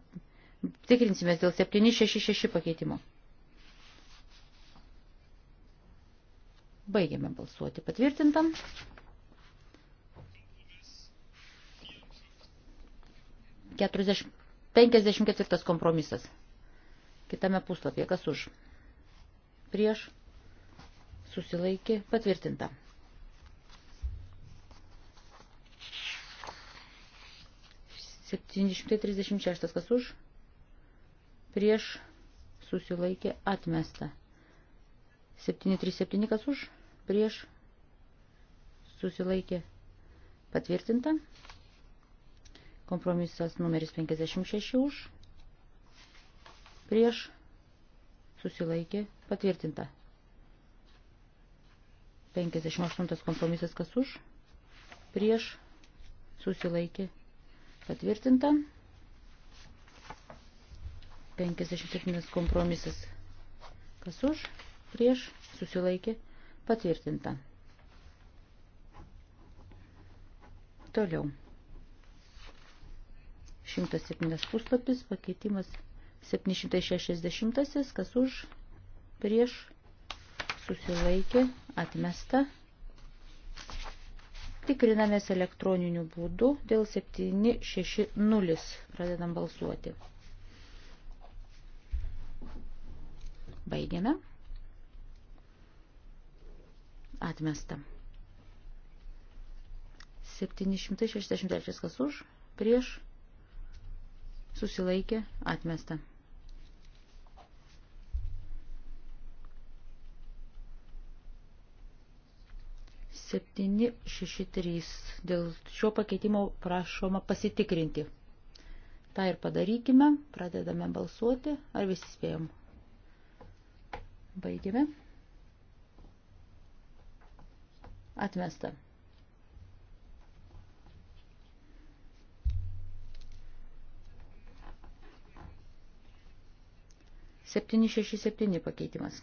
[SPEAKER 3] Tikrinsimės dėl 766 pakeitimo. Baigiame balsuoti patvirtintam. Keturiasdešimt 54 kompromisas. Kitame puslapyje, kas už? Prieš susilaikė patvirtinta. Septynišimtai trisdešimt šeštas kas už, prieš susilaikė atmesta. Septyni trys septyni kas už, prieš susilaikė patvirtinta. Kompromisas numeris 56 už prieš susilaikė patvirtinta. 58 kompromisas kas už prieš susilaikė patvirtinta. 57 kompromisas kas už prieš susilaikė patvirtinta Patvirtinta. Toliau. 107 puslapis, pakeitimas 760, kas už, prieš, susilaikė, atmesta. Tikrinamės elektroniniu būdu dėl 760. Pradedam balsuoti. Baigiame. Atmesta. 763 kas už, prieš, susilaikė, atmesta. Septyni šeši trys. Dėl šio pakeitimo prašoma pasitikrinti. Ta ir padarykime. Pradedame balsuoti. Ar visi spėjom? Baigėme. Atmesta. Septyni šeši septyni pakeitimas.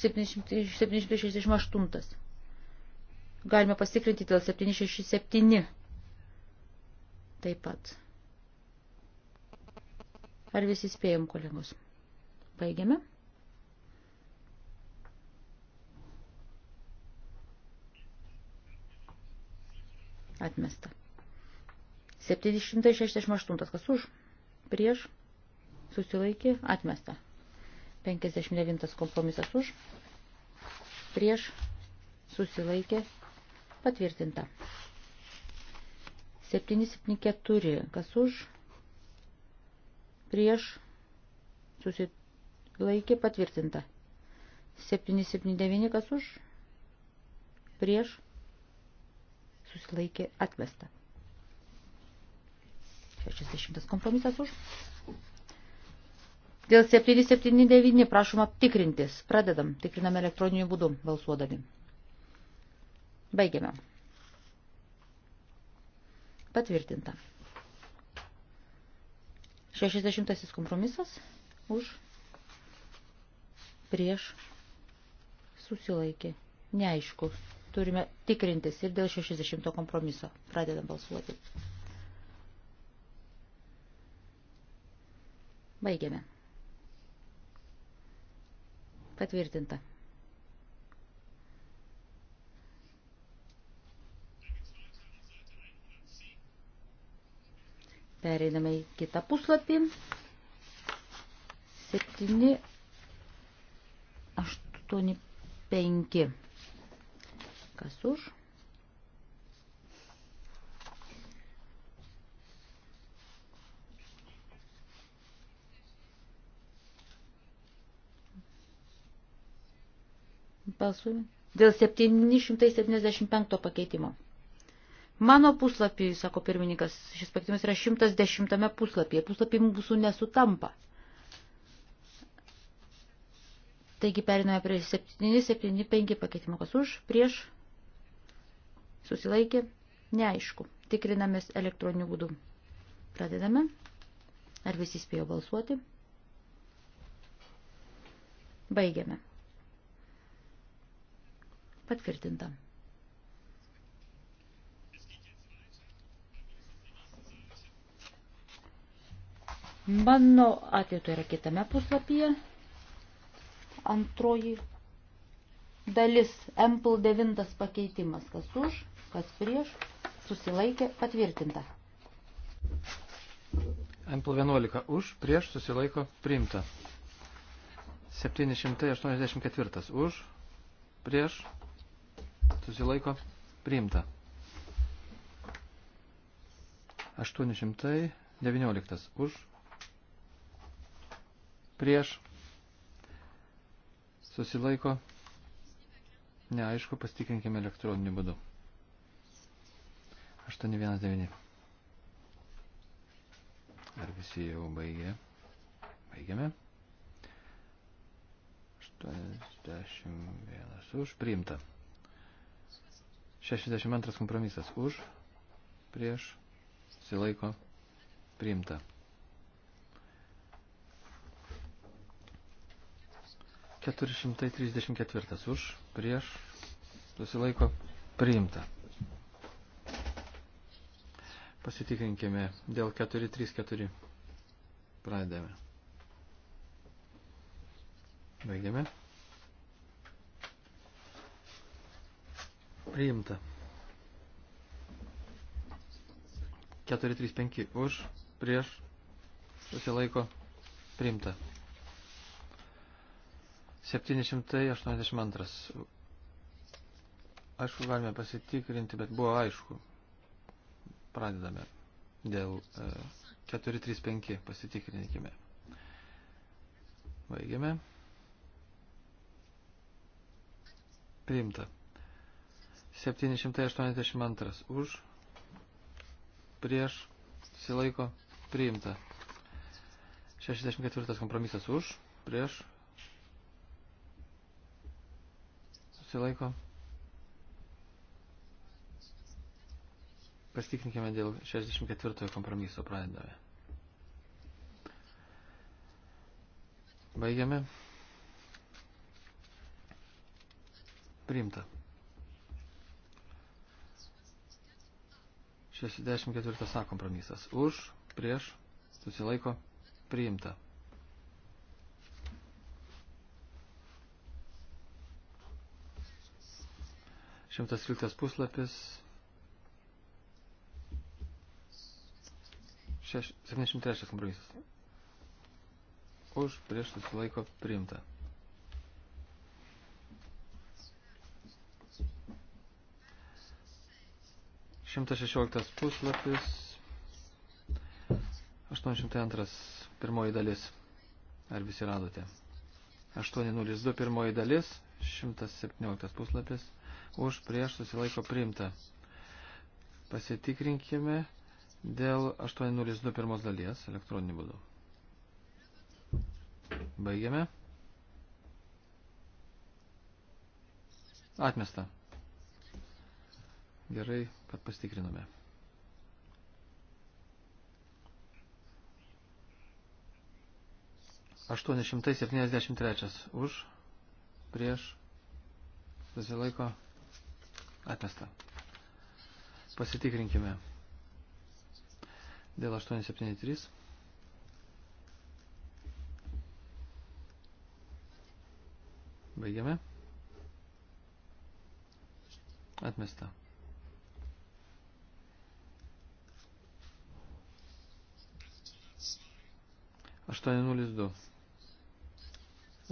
[SPEAKER 3] 768. Galime pasikrinti dėl 767. Taip pat. Ar visi spėjom, kolegos? Baigiame. Atmesta. 768 kas už, prieš, susilaikė, atmesta. 59 kompromisas už, prieš, susilaikė, patvirtinta. 774 kas už, prieš, susilaikė, patvirtinta. 779 kas už, prieš, susilaikė atmesta. 60 kompromisas už. Dėl 779 prašoma tikrintis. Pradedam. Tikriname elektroniniu būdu balsuodami. Baigiame. Patvirtinta. 60 kompromisas už. Prieš. Susilaikė. Neaišku turime tikrintis ir dėl 60 kompromiso. Pradedam balsuoti. Baigiame. Patvirtinta. Pereiname į kitą puslapį. 7, 8, 5. Kas už? Balsui. Dėl 775 pakeitimo. Mano puslapį, sako pirmininkas, šis pakeitimas yra 110 puslapyje. Puslapį mūsų nesutampa. Taigi periname prie 775 pakeitimo, kas už, prieš, Susilaikė? Neaišku. Tikrinamės elektroniniu būdu. Pradedame. Ar visi spėjo balsuoti? Baigiame. Patvirtinta. Mano atveju tai yra kitame puslapyje. Antroji dalis, Ample 9 pakeitimas, kas už, kas prieš, susilaikė patvirtinta.
[SPEAKER 5] MPL 11 už, prieš susilaiko priimta. 784 už, prieš susilaiko priimta. 819 už, prieš susilaiko neaišku, pastikrinkime elektroniniu būdu. 819. Ar visi jau baigė? Baigiame. 81 už priimta. 62 kompromisas už, prieš, silaiko, priimta. 434 už, prieš, susilaiko, priimta. Pasitikrinkime dėl 434. Pradedame. Baigiame. Priimta. 435 už, prieš, susilaiko, priimta. 782. Aišku, galime pasitikrinti, bet buvo aišku. Pradedame. Dėl 435 e, pasitikrinkime. Baigiame. Priimta. 782 už. Prieš. Silaiko. Priimta. 64 kompromisas už. Prieš. Silaiko. Priimta Pastikrinkime dėl 64 kompromiso pradedame. Baigiame. Priimta. 64 A kompromisas. Už, prieš, susilaiko, priimta. Šimtas viltas puslapis. Šeš, 73 kompromisas. Už prieš susilaiko priimta. Šimtas šešioliktas puslapis, 802 pirmoji dalis, ar visi radote? 802 pirmoji dalis, 117 puslapis, už prieš susilaiko priimta. Pasitikrinkime dėl 802 pirmos dalies elektroniniu būdu. Baigiame. Atmesta. Gerai, kad pastikrinome. Aštuoni šimtai septyniasdešimt trečias už, prieš, susilaiko, atmesta. Pasitikrinkime dėl 873. Baigiame. Atmesta. Aštuoni nulis du.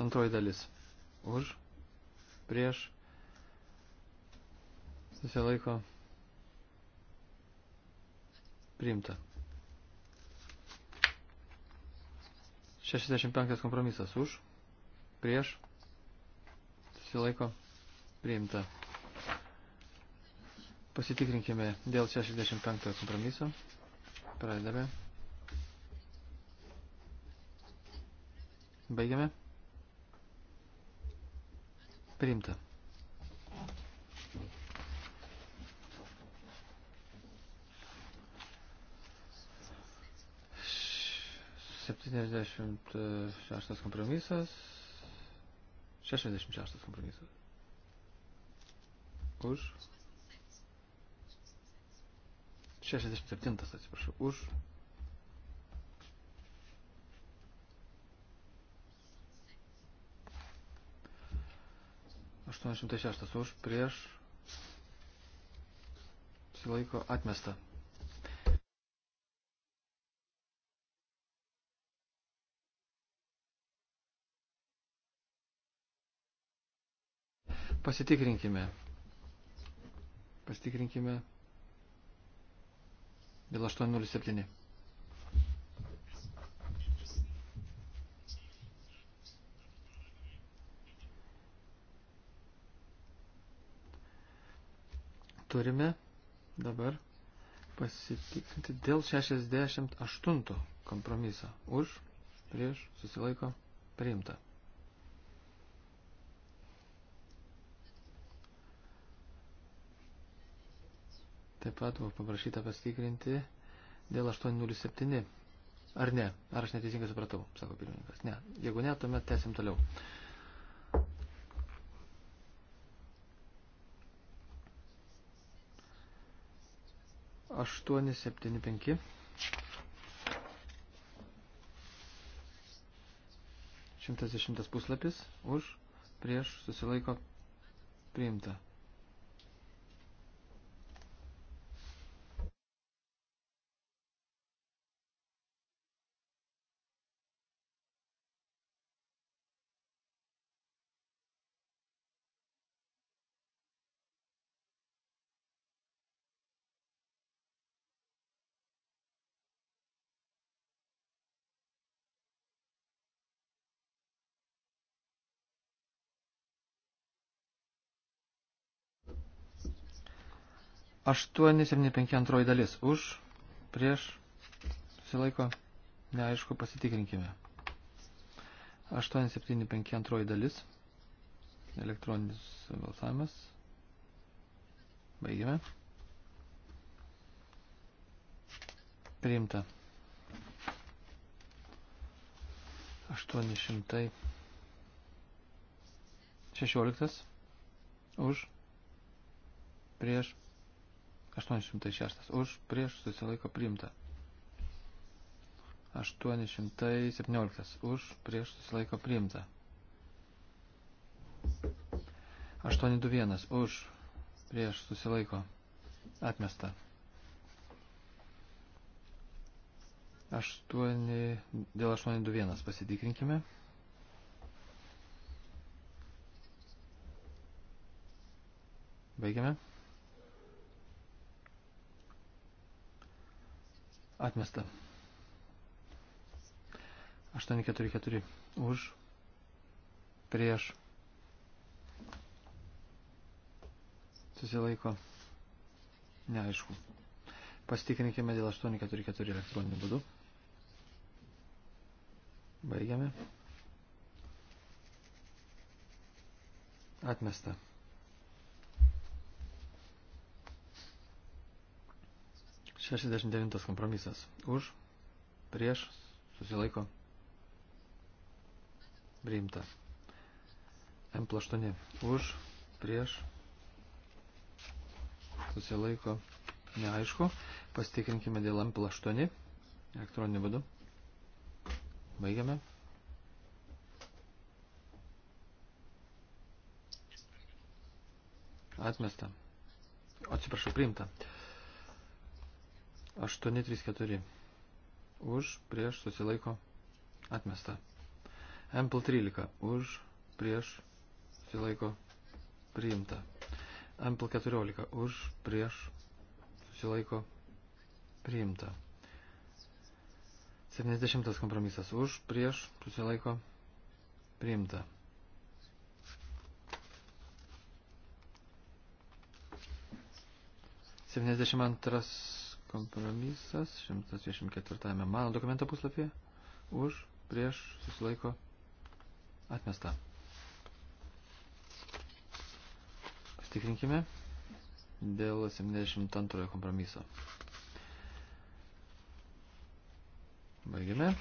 [SPEAKER 5] Antroji dalis. Už. Prieš. Susilaiko. Priimta. 65 kompromisas už, prieš, susilaiko, priimta. Pasitikrinkime dėl 65 kompromiso. Pradedame. Baigiame. Priimta. 76 kompromisas. 66 kompromisas. Už. 67, atsiprašau. Už. Aštuoniasdešimt šeštas už prieš. Silaiko atmesta. Pasitikrinkime. Pasitikrinkime. Dėl 807. Turime dabar pasitikrinti dėl 68 kompromiso. Už, prieš, susilaiko, priimta. Taip pat buvo paprašyta pasitikrinti dėl 807. Ar ne? Ar aš neteisingai supratau, sako pirmininkas. Ne. Jeigu ne, tuomet tęsim toliau. Aštuoni, septyni, penki. Šimtas dešimtas puslapis už prieš susilaiko priimta. 875 antroji dalis. Už, prieš, susilaiko, neaišku, pasitikrinkime. 875 antroji dalis. Elektroninis balsavimas. Baigime. Priimta. 800. 16. Už. Prieš. 806 už, prieš susilaiko priimta. 817 už, prieš susilaiko priimta. 821 už, prieš susilaiko atmesta. 8, dėl 821 pasitikrinkime. Baigiame. Atmesta. 844 už. Prieš. Susilaiko. Neaišku. Pastikrinkime dėl 844 elektroninių būdų. Baigiame. Atmesta. 69 kompromisas. Už, prieš, susilaiko. Priimta. M8. Už, prieš, susilaiko. Neaišku. Pastikrinkime dėl M8 elektroniniu būdu. Baigiame. Atmesta. Atsiprašau, priimta. 834. Už, prieš, susilaiko, atmesta. Ample 13. Už, prieš, susilaiko, priimta. Ample 14. Už, prieš, susilaiko, priimta. 70 kompromisas. Už, prieš, susilaiko, priimta. Septyniasdešimt antras kompromisas 124 mano dokumento puslapyje už, prieš, susilaiko atmesta. Pastikrinkime dėl 72 kompromiso. Baigime.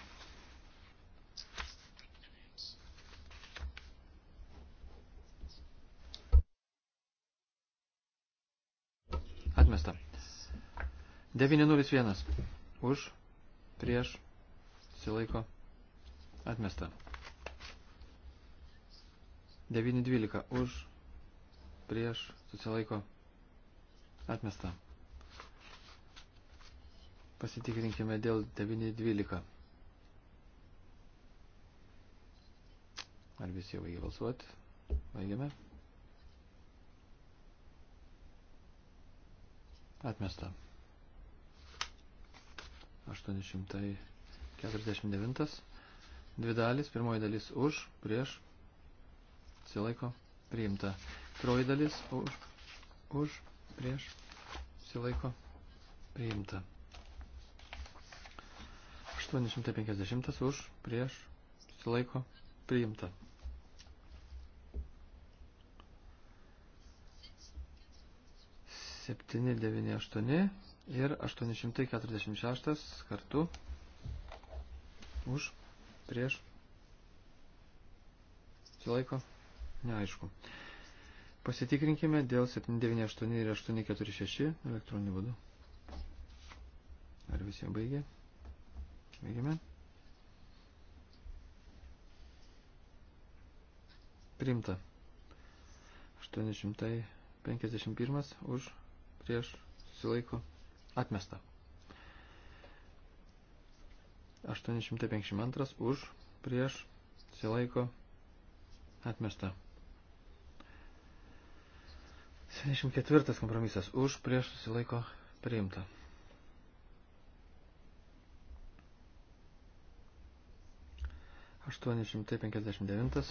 [SPEAKER 5] 901. Už, prieš, silaiko, atmesta. 912. Už, prieš, susilaiko, atmesta. Pasitikrinkime dėl 912. Ar visi jau baigė balsuoti? Baigėme. Atmesta. 849. Dvi dalis, pirmoji dalis už, prieš, silaiko, priimta. Troji dalis už, už, prieš, silaiko, priimta. 850 už, prieš, silaiko, priimta. 798 ir 846 kartu už prieš silaiko neaišku. Pasitikrinkime dėl 798 ir 846 elektroniniu būdu. Ar visi baigė? Baigėme. Primta. 851 už prieš susilaiko Atmesta. 852 už, prieš, silaiko, atmesta. 74 kompromisas už, prieš, susilaiko, priimta. Aštuoni šimtai penkiasdešimt devintas.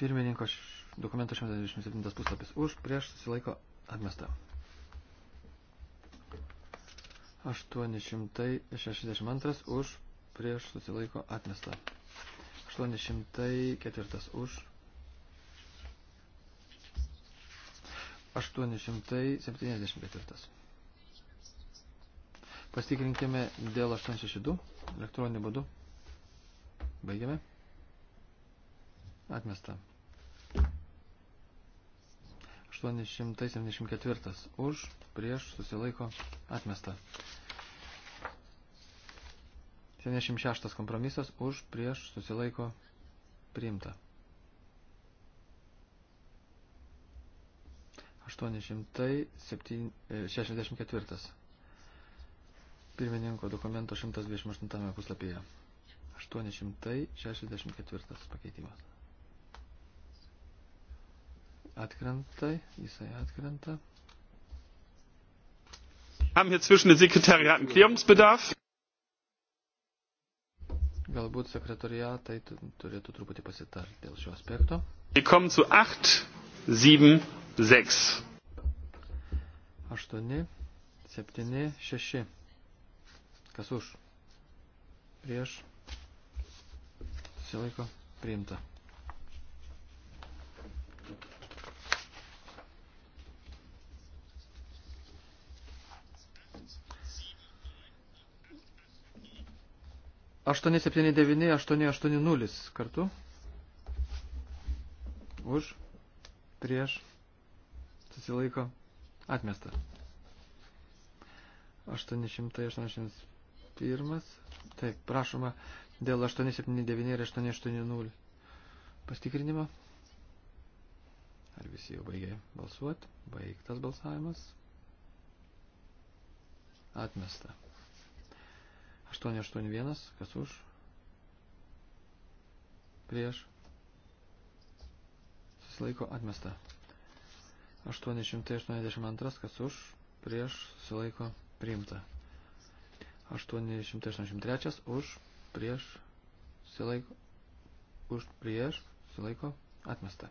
[SPEAKER 5] Pirmininko dokumento 127 puslapis už, prieš susilaiko Atmesta. 862 už prieš susilaiko atmesta. 804 už. 874. Pasitikrinkime dėl 862 elektroniniu būdu. Baigiame. Atmesta. 874 už, prieš, susilaiko, atmesta. 76 kompromisas už, prieš, susilaiko, priimta. 864. E, Pirmininko dokumento 128 puslapyje. 864 pakeitimas. Atkrenta,
[SPEAKER 4] jisai atkrenta. Haben hier zwischen den Sekretariaten Klärungsbedarf? Galbūt sekretariatai
[SPEAKER 5] turėtų truputį pasitarti dėl šio aspekto.
[SPEAKER 4] Wir kommen zu 8, 7, 6.
[SPEAKER 5] 8, 7, 6. Kas už? Prieš. Silaiko. Priimta. 879, 880 kartu. Už, prieš, susilaiko, atmesta. 881. Taip, prašoma dėl 879 ir 880 pastikrinimo. Ar visi jau baigė balsuoti? Baigtas balsavimas. Atmesta. 881, kas už, prieš, susilaiko atmesta. 882, kas už, prieš, susilaiko priimta. 883, už, prieš, susilaiko, už, prieš, susilaiko atmesta.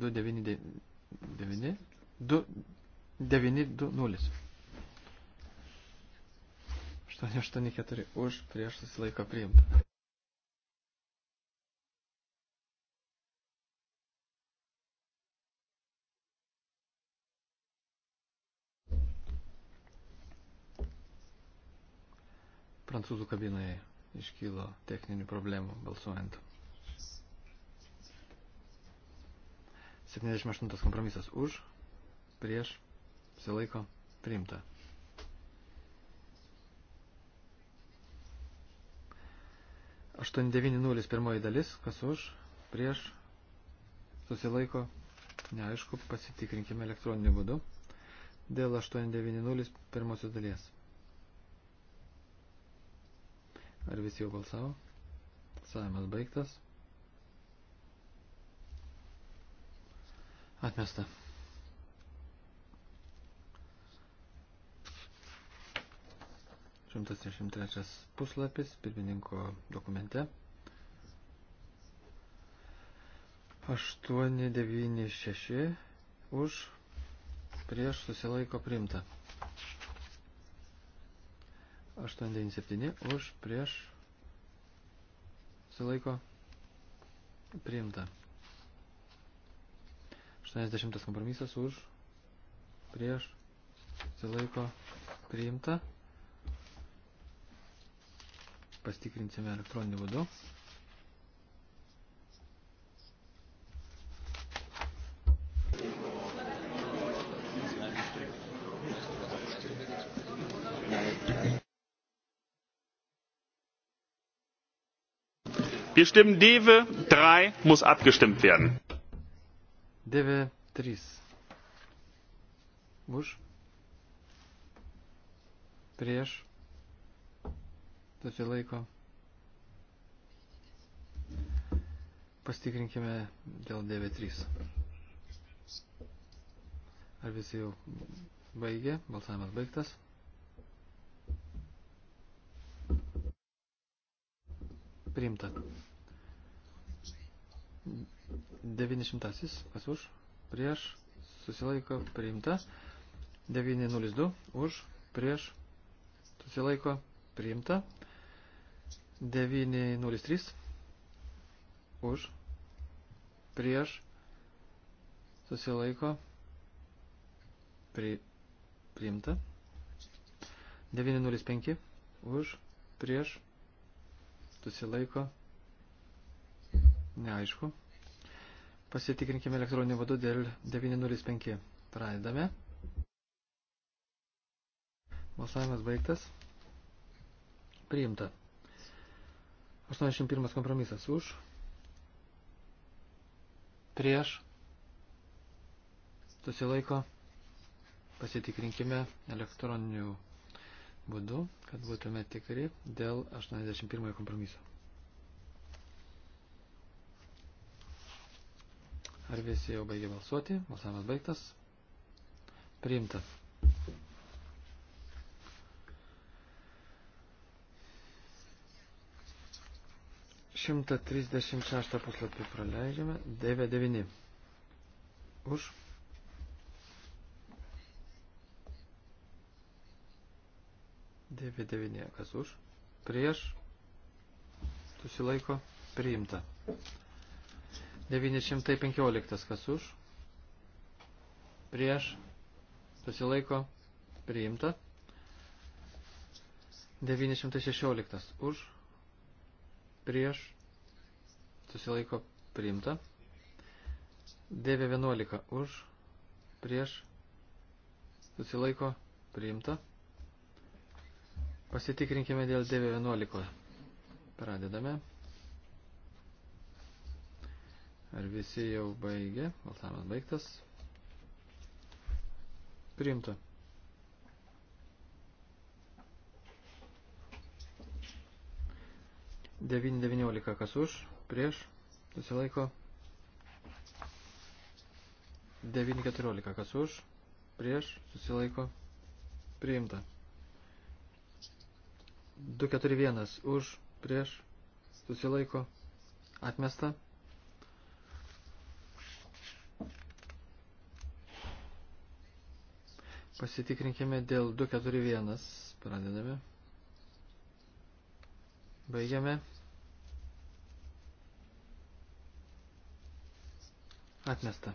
[SPEAKER 5] 299, 2 920. 884 už prieš susilaiko priimta. Prancūzų kabinoje iškylo techninių problemų balsuojant. 78 kompromisas už, prieš susilaiko priimta. Aštuoni devyni nulis pirmoji dalis, kas už, prieš, susilaiko, neaišku, pasitikrinkime elektroniniu būdu dėl 890 pirmosios dalies. Ar visi jau balsavo? Savimas baigtas. Atmesta. 133 puslapis pirmininko dokumente. 896 už prieš susilaiko primta. 897 už prieš susilaiko primta. 80 kompromisas už prieš susilaiko primta pastikrinsime elektroniniu būdu.
[SPEAKER 4] Wir stimmen DEWE 3 muss abgestimmt werden.
[SPEAKER 5] DEWE 3. Už. Prieš susilaiko. Pastikrinkime dėl 9.3. Ar visi jau baigė? Balsavimas baigtas. Priimta. 900. Kas už? Prieš. Susilaiko. Priimta. 902. Už. Prieš. Susilaiko. Priimta. 903 už prieš susilaiko pri, priimta 905 už prieš susilaiko neaišku pasitikrinkime elektroniniu vadu dėl 905 pradedame balsavimas baigtas priimta 81 kompromisas už. Prieš. Susilaiko. Pasitikrinkime elektroniniu būdu, kad būtume tikri dėl 81 kompromiso. Ar visi jau baigė balsuoti? Balsavimas baigtas. Priimtas. 136 puslapį praleidžiame. 99. Už. Dėvė devinė, kas už? Prieš. Susilaiko. Priimta. 915, kas už? Prieš. Susilaiko. Priimta. 916, už? Prieš susilaiko priimta. DV11 už, prieš, susilaiko priimta. Pasitikrinkime dėl DV11. Pradedame. Ar visi jau baigė? Balsavimas baigtas. Priimta. Devin devyniolika kas už? prieš, susilaiko. 9.14, kas už, prieš, susilaiko, priimta. 2.41, už, prieš, susilaiko, atmesta. Pasitikrinkime dėl 2.41, pradedame. Baigiame. Atmesta.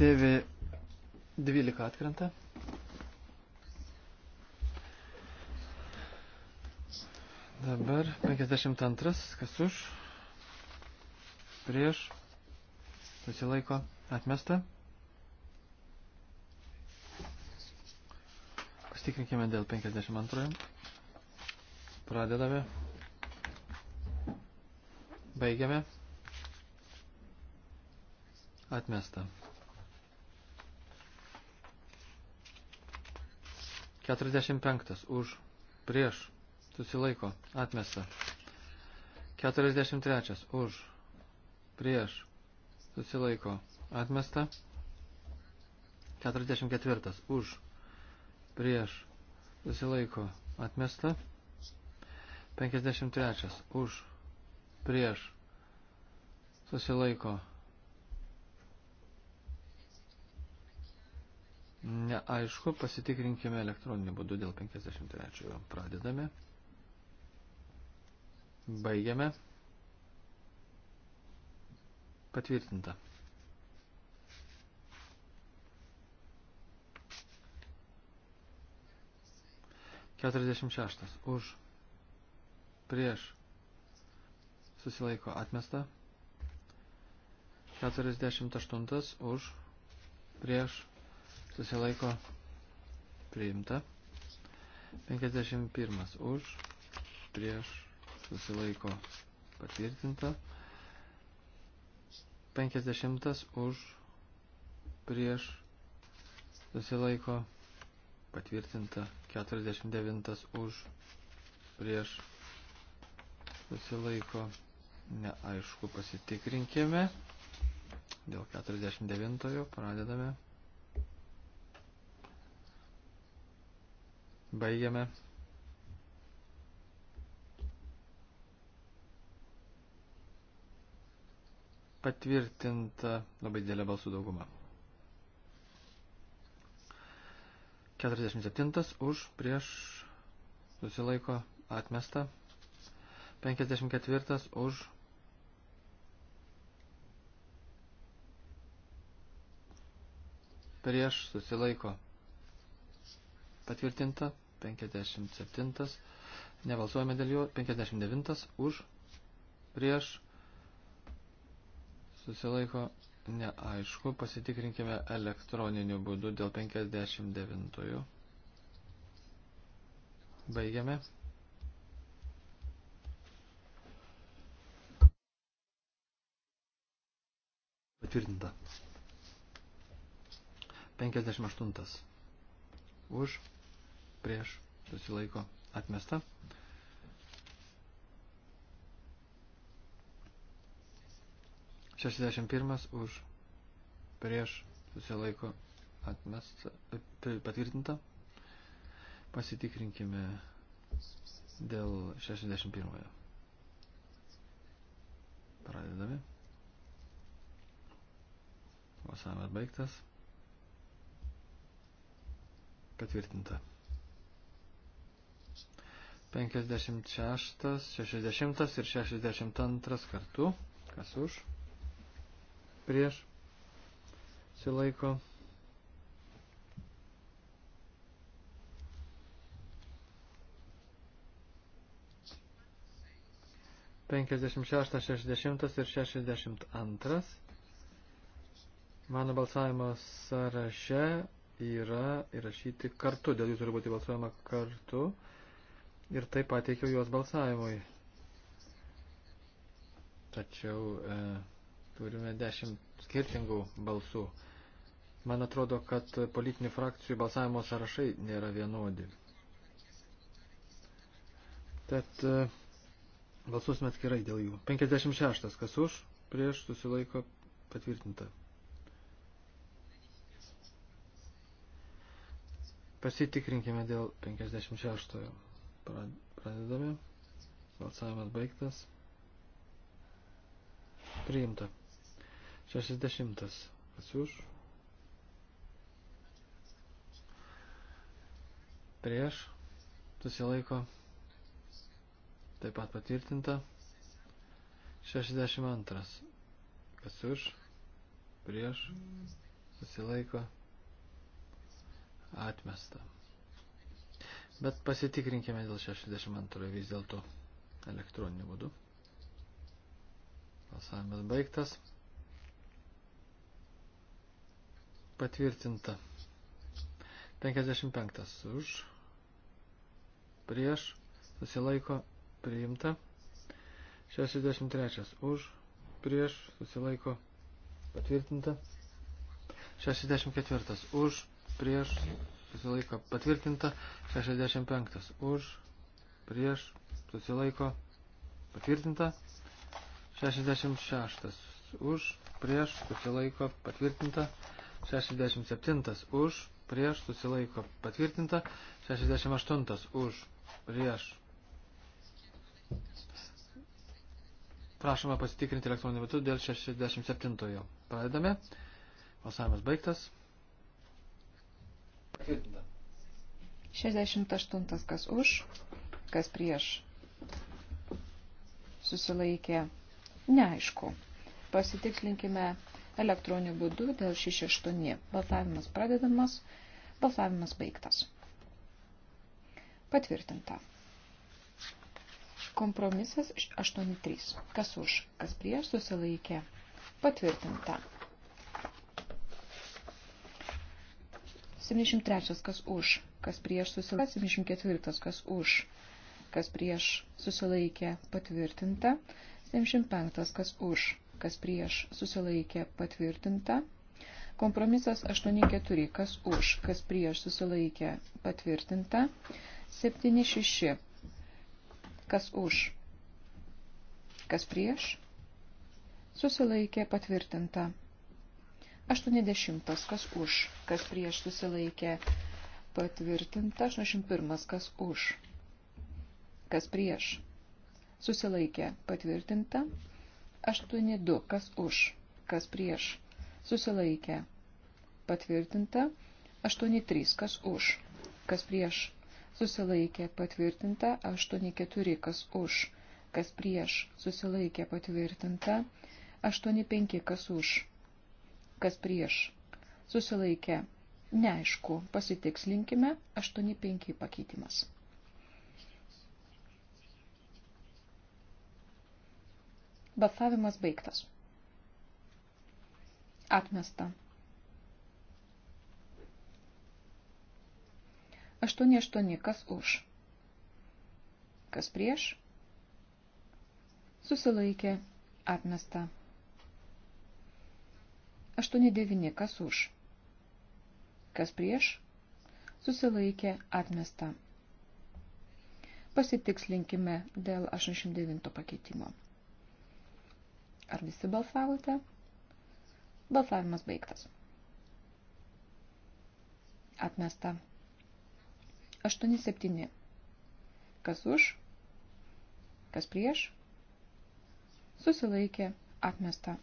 [SPEAKER 5] Dėvi 12 atkrenta. Dabar 52, kas už, prieš, pasilaiko, atmesta. Pastikrinkime dėl 52. Pradedame. Baigiame. Atmesta. 45. Už. Prieš. Susilaiko. Atmesta. 43. Už. Prieš. Susilaiko. Atmesta. 44. Už. Prieš. Susilaiko. Atmesta. 53. Už prieš susilaiko. Neaišku, pasitikrinkime elektroninį būdų dėl 53. Pradedame. Baigiame. Patvirtinta. Keturiasdešimt šeštas. Už. Prieš susilaiko atmesta. 48 už, prieš, susilaiko priimta. 51 už, prieš, susilaiko patvirtinta. 50 už, prieš, susilaiko patvirtinta. 49 už, prieš, susilaiko patvirtinta Neaišku, pasitikrinkime. Dėl 49 pradedame. Baigiame. Patvirtinta labai didelė balsų dauguma. 47 už prieš susilaiko atmesta. 54 už prieš susilaiko patvirtinta, 57, nevalsuojame dėl jo, 59 už, prieš susilaiko neaišku, pasitikrinkime elektroniniu būdu dėl 59. Baigiame. Patvirtinta. 58. Už, prieš, susilaiko, atmesta. 61 už prieš susilaiko atmesta, tai patvirtinta. Pasitikrinkime dėl 61. Pradedame. Balsavimas baigtas. Patvirtinta. 56, 60 ir 62 kartu. Kas už? Prieš. Silaiko. Penkiasdešimt šeštas, šešdešimtas ir šešdešimt antras. Mano balsavimo sąraše yra įrašyti kartu, dėl jų turi būti balsuojama kartu ir taip pateikiau juos balsavimui. Tačiau e, turime dešimt skirtingų balsų. Man atrodo, kad politinių frakcijų balsavimo sąrašai nėra vienodi. Tad e, balsusime atskirai dėl jų. 56. Kas už? Prieš susilaiko patvirtinta. Pasitikrinkime dėl 56. Pradedame. Balsavimas baigtas. Priimta. 60. Kas už? Prieš. Susilaiko. Taip pat patvirtinta. 62. Kas už? Prieš. Susilaiko. Atmesta. Bet pasitikrinkime dėl 62 vis dėlto elektroniniu būdu. Balsavimas baigtas. Patvirtinta. 55 už. Prieš. Susilaiko. Priimta. 63 už. Prieš. Susilaiko. Patvirtinta. 64 už prieš, susilaiko patvirtinta, 65 už, prieš, susilaiko patvirtinta, 66 už, prieš, susilaiko patvirtinta, 67 už, prieš, susilaiko patvirtinta, 68 už, prieš. Prašome pasitikrinti elektroninį metu dėl 67. Pradedame. Balsavimas baigtas.
[SPEAKER 2] Patvirtinta. 68. Kas už, kas prieš. Susilaikė. Neaišku. Pasitikslinkime elektroniniu būdu dėl 68. Balsavimas pradedamas, balsavimas baigtas. Patvirtinta. Kompromisas 8.3. Kas už, kas prieš susilaikė. Patvirtinta. 73 kas už, kas prieš susilaikė, 74 kas už, kas prieš susilaikė patvirtinta, 75 kas už, kas prieš susilaikė patvirtinta, kompromisas 84 kas už, kas prieš susilaikė patvirtinta, 76 kas už, kas prieš susilaikė patvirtinta. 80. Kas už, kas prieš susilaikė patvirtinta. 81. Kas už, kas prieš susilaikė patvirtinta. 82. Kas už, kas prieš susilaikė patvirtinta. 83. Kas už, kas prieš susilaikė patvirtinta. 84. Kas už, kas prieš susilaikė patvirtinta. 85. Kas už kas prieš, susilaikė, neaišku, pasitikslinkime, 8-5 pakeitimas. Balsavimas baigtas. Atmesta. 8-8 kas už. Kas prieš? Susilaikė. Atmesta. 89 kas už. Kas prieš? Susilaikė atmesta. Pasitikslinkime dėl 89 pakeitimo. Ar visi balsavote? Balsavimas baigtas. Atmesta. 87. Kas už? Kas prieš? Susilaikė atmesta.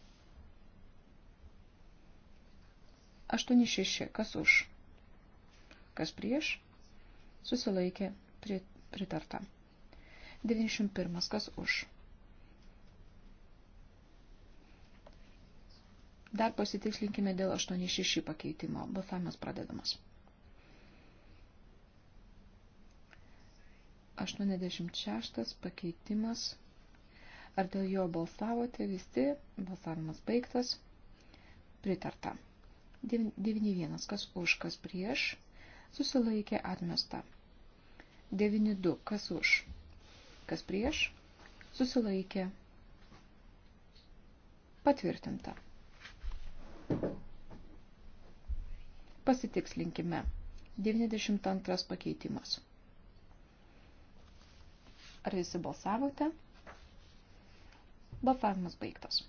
[SPEAKER 2] 86. Kas už? Kas prieš? Susilaikė pritarta. 91. Kas už? Dar pasitikslinkime dėl 86 pakeitimo. Balsavimas pradedamas. 86 pakeitimas. Ar dėl jo balsavote visi? Balsavimas baigtas. Pritarta. 91, kas už, kas prieš, susilaikė atmesta. 92, kas už, kas prieš, susilaikė patvirtinta. Pasitikslinkime. 92 pakeitimas. Ar visi balsavote? Balsavimas baigtas.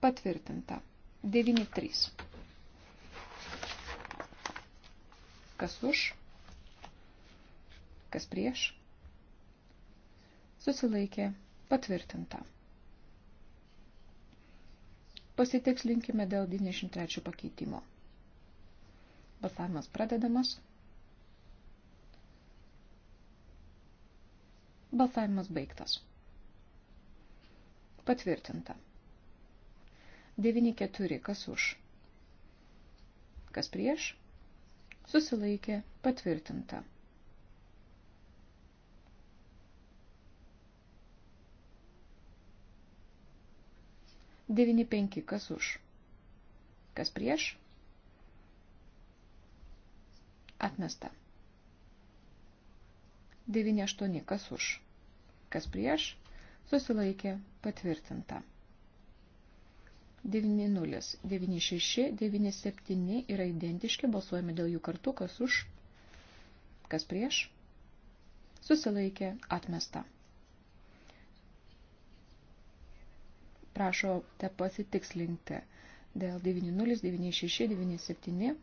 [SPEAKER 2] Patvirtinta. 9.3. Kas už? Kas prieš? Susilaikė. Patvirtinta. Pasitikslinkime dėl 93 pakeitimo. Balsavimas pradedamas. Balsavimas baigtas. Patvirtinta. 94. Kas už? Kas prieš? Susilaikė patvirtinta. Devini penki, kas už? Kas prieš? Atmesta. Devini aštuoni, kas už? Kas prieš? Susilaikė patvirtinta. 90, 96, 97 yra identiški, balsuojame dėl jų kartu, kas už, kas prieš, susilaikė, atmesta. Prašote pasitikslinti dėl 90, 96, 97.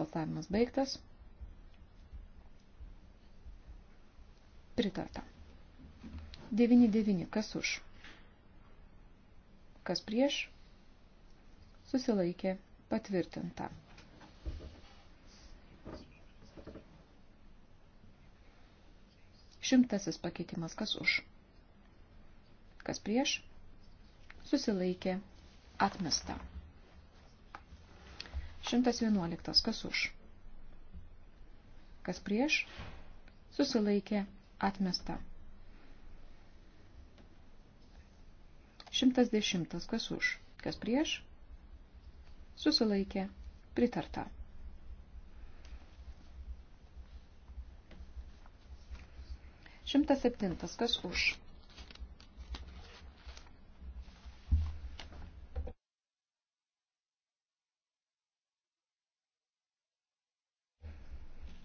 [SPEAKER 2] Balsavimas baigtas. Pritarta. 99. Kas už? Kas prieš? Susilaikė. Patvirtinta. Šimtasis pakeitimas. Kas už? Kas prieš? Susilaikė. Atmesta. 111. Kas už? Kas prieš? Susilaikė. Atmesta. 110. Kas už? Kas prieš? Susilaikė. Pritarta. Šimtas septintas. Kas už?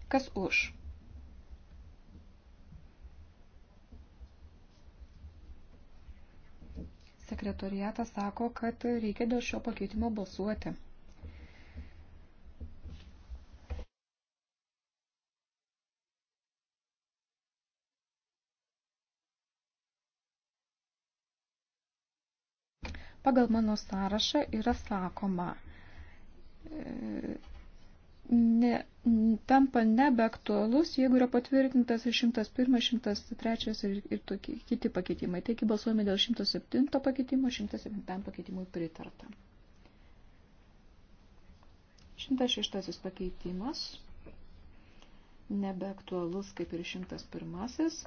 [SPEAKER 2] Kas už? Sekretoriatas sako, kad reikia dėl šio pakeitimo balsuoti. Pagal mano sąrašą yra sakoma, ne, tampa nebeaktualus, jeigu yra patvirtintas 101, 103 ir, ir tokie, kiti pakeitimai. Taigi balsuojame dėl 107 pakeitimo, 107 pakeitimui pritarta. 106 pakeitimas nebeaktualus kaip ir 101.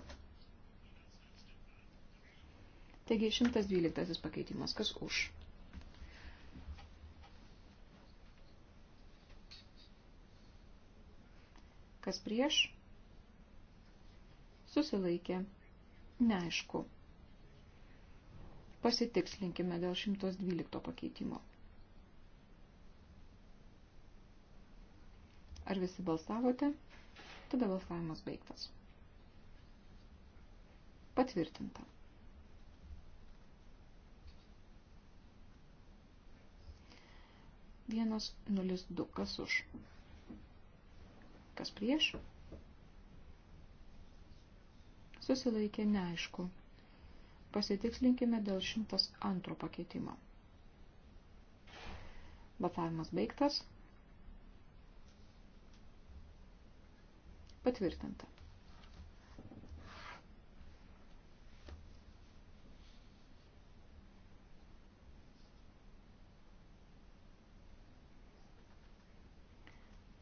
[SPEAKER 2] Taigi 112 pakeitimas, kas už? kas prieš, susilaikė, neaišku. Pasitikslinkime dėl 112 pakeitimo. Ar visi balsavote? Tada balsavimas baigtas. Patvirtinta. Vienas nulis du kas už kas prieš. Susilaikė neaišku. Pasitikslinkime dėl 102 pakeitimo. Batavimas baigtas. Patvirtinta.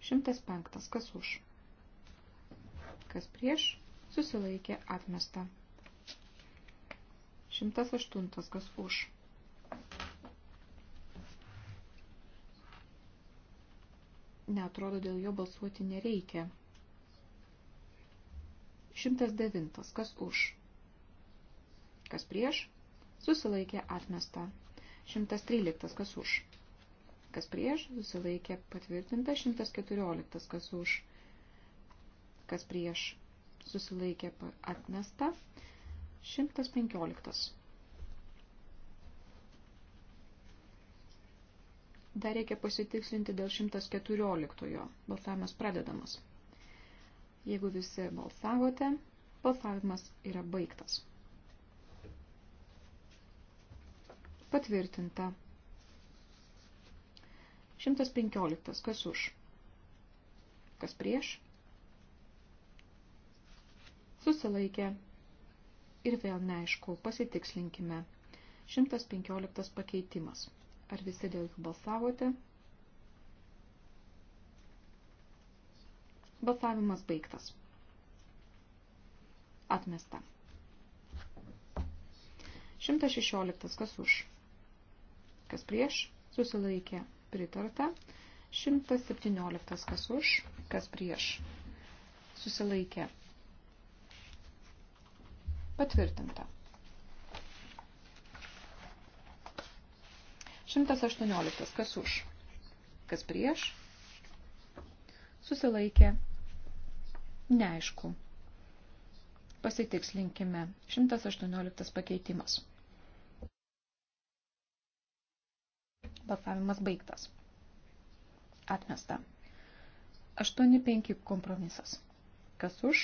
[SPEAKER 2] 105. Kas už? Kas prieš? Susilaikė atmesta. 108. Kas už? Neatrodo, dėl jo balsuoti nereikia. 109. Kas už? Kas prieš? Susilaikė atmesta. 113. Kas už? kas prieš, susilaikė patvirtinta, 114 kas už, kas prieš, susilaikė atmesta, 115. Dar reikia pasitikslinti dėl 114. Balsavimas pradedamas. Jeigu visi balsavote, balsavimas yra baigtas. Patvirtinta 115. Kas už? Kas prieš? Susilaikė. Ir vėl neaišku, pasitikslinkime. 115 pakeitimas. Ar visi dėl jų balsavote? Balsavimas baigtas. Atmesta. 116. Kas už? Kas prieš? Susilaikė pritarta. 117 kas už, kas prieš. Susilaikė. Patvirtinta. 118 kas už, kas prieš. Susilaikė. Neaišku. Pasitikslinkime. 118 pakeitimas. Balsavimas baigtas. Atmesta. 8-5 kompromisas. Kas už,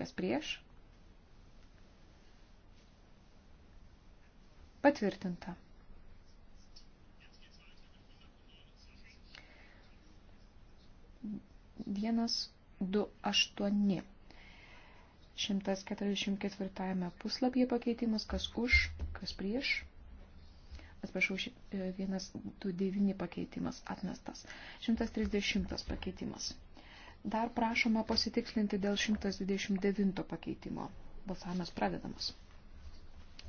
[SPEAKER 2] kas prieš. Patvirtinta. Vienas, du, aštuoni. 144 puslapyje pakeitimas, kas už, kas prieš atsiprašau, 129 e, pakeitimas atmestas, 130 pakeitimas. Dar prašoma pasitikslinti dėl 129 pakeitimo. Balsavimas pradedamas.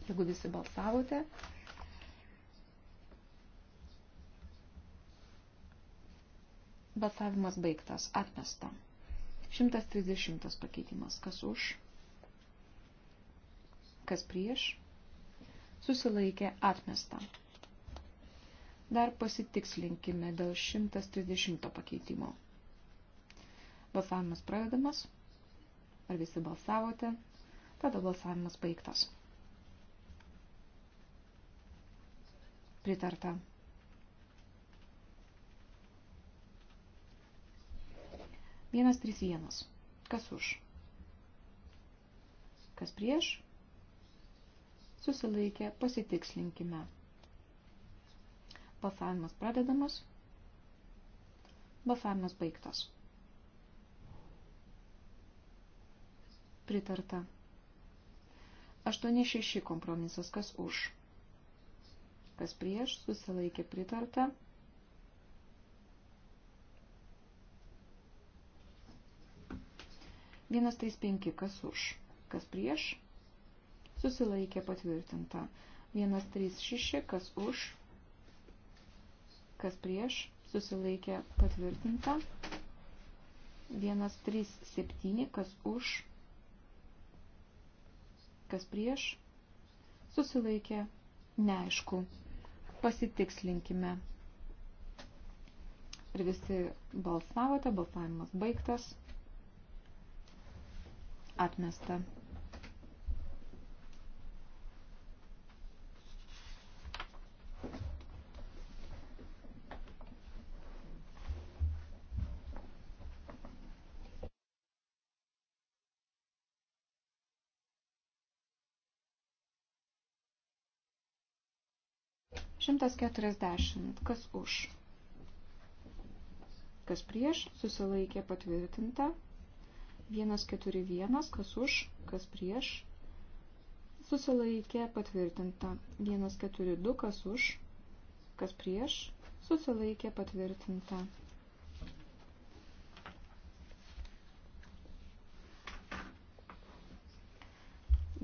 [SPEAKER 2] Jeigu visi balsavote, balsavimas baigtas, atmesta. 130 pakeitimas. Kas už? Kas prieš? Susilaikė atmesta. Dar pasitikslinkime dėl 130 pakeitimo. Balsavimas pradedamas. Ar visi balsavote? Tada balsavimas baigtas. Pritarta. Vienas, trys, vienas. Kas už? Kas prieš? Susilaikė, pasitikslinkime. Balsavimas pradedamas. Balsavimas baigtas. Pritarta. 8-6 kompromisas. Kas už? Kas prieš? Susilaikė pritarta. Vienas tais penki, kas už, kas prieš, susilaikė patvirtinta. Vienas trys šeši, kas už, kas prieš, susilaikė patvirtinta. 137, kas už, kas prieš, susilaikė neaišku. Pasitikslinkime. Ir visi balsavote, balsavimas baigtas, atmesta. 140. Kas už? Kas prieš? Susilaikė patvirtinta. 141. Kas už? Kas prieš? Susilaikė patvirtinta. 142. Kas už? Kas prieš? Susilaikė patvirtinta.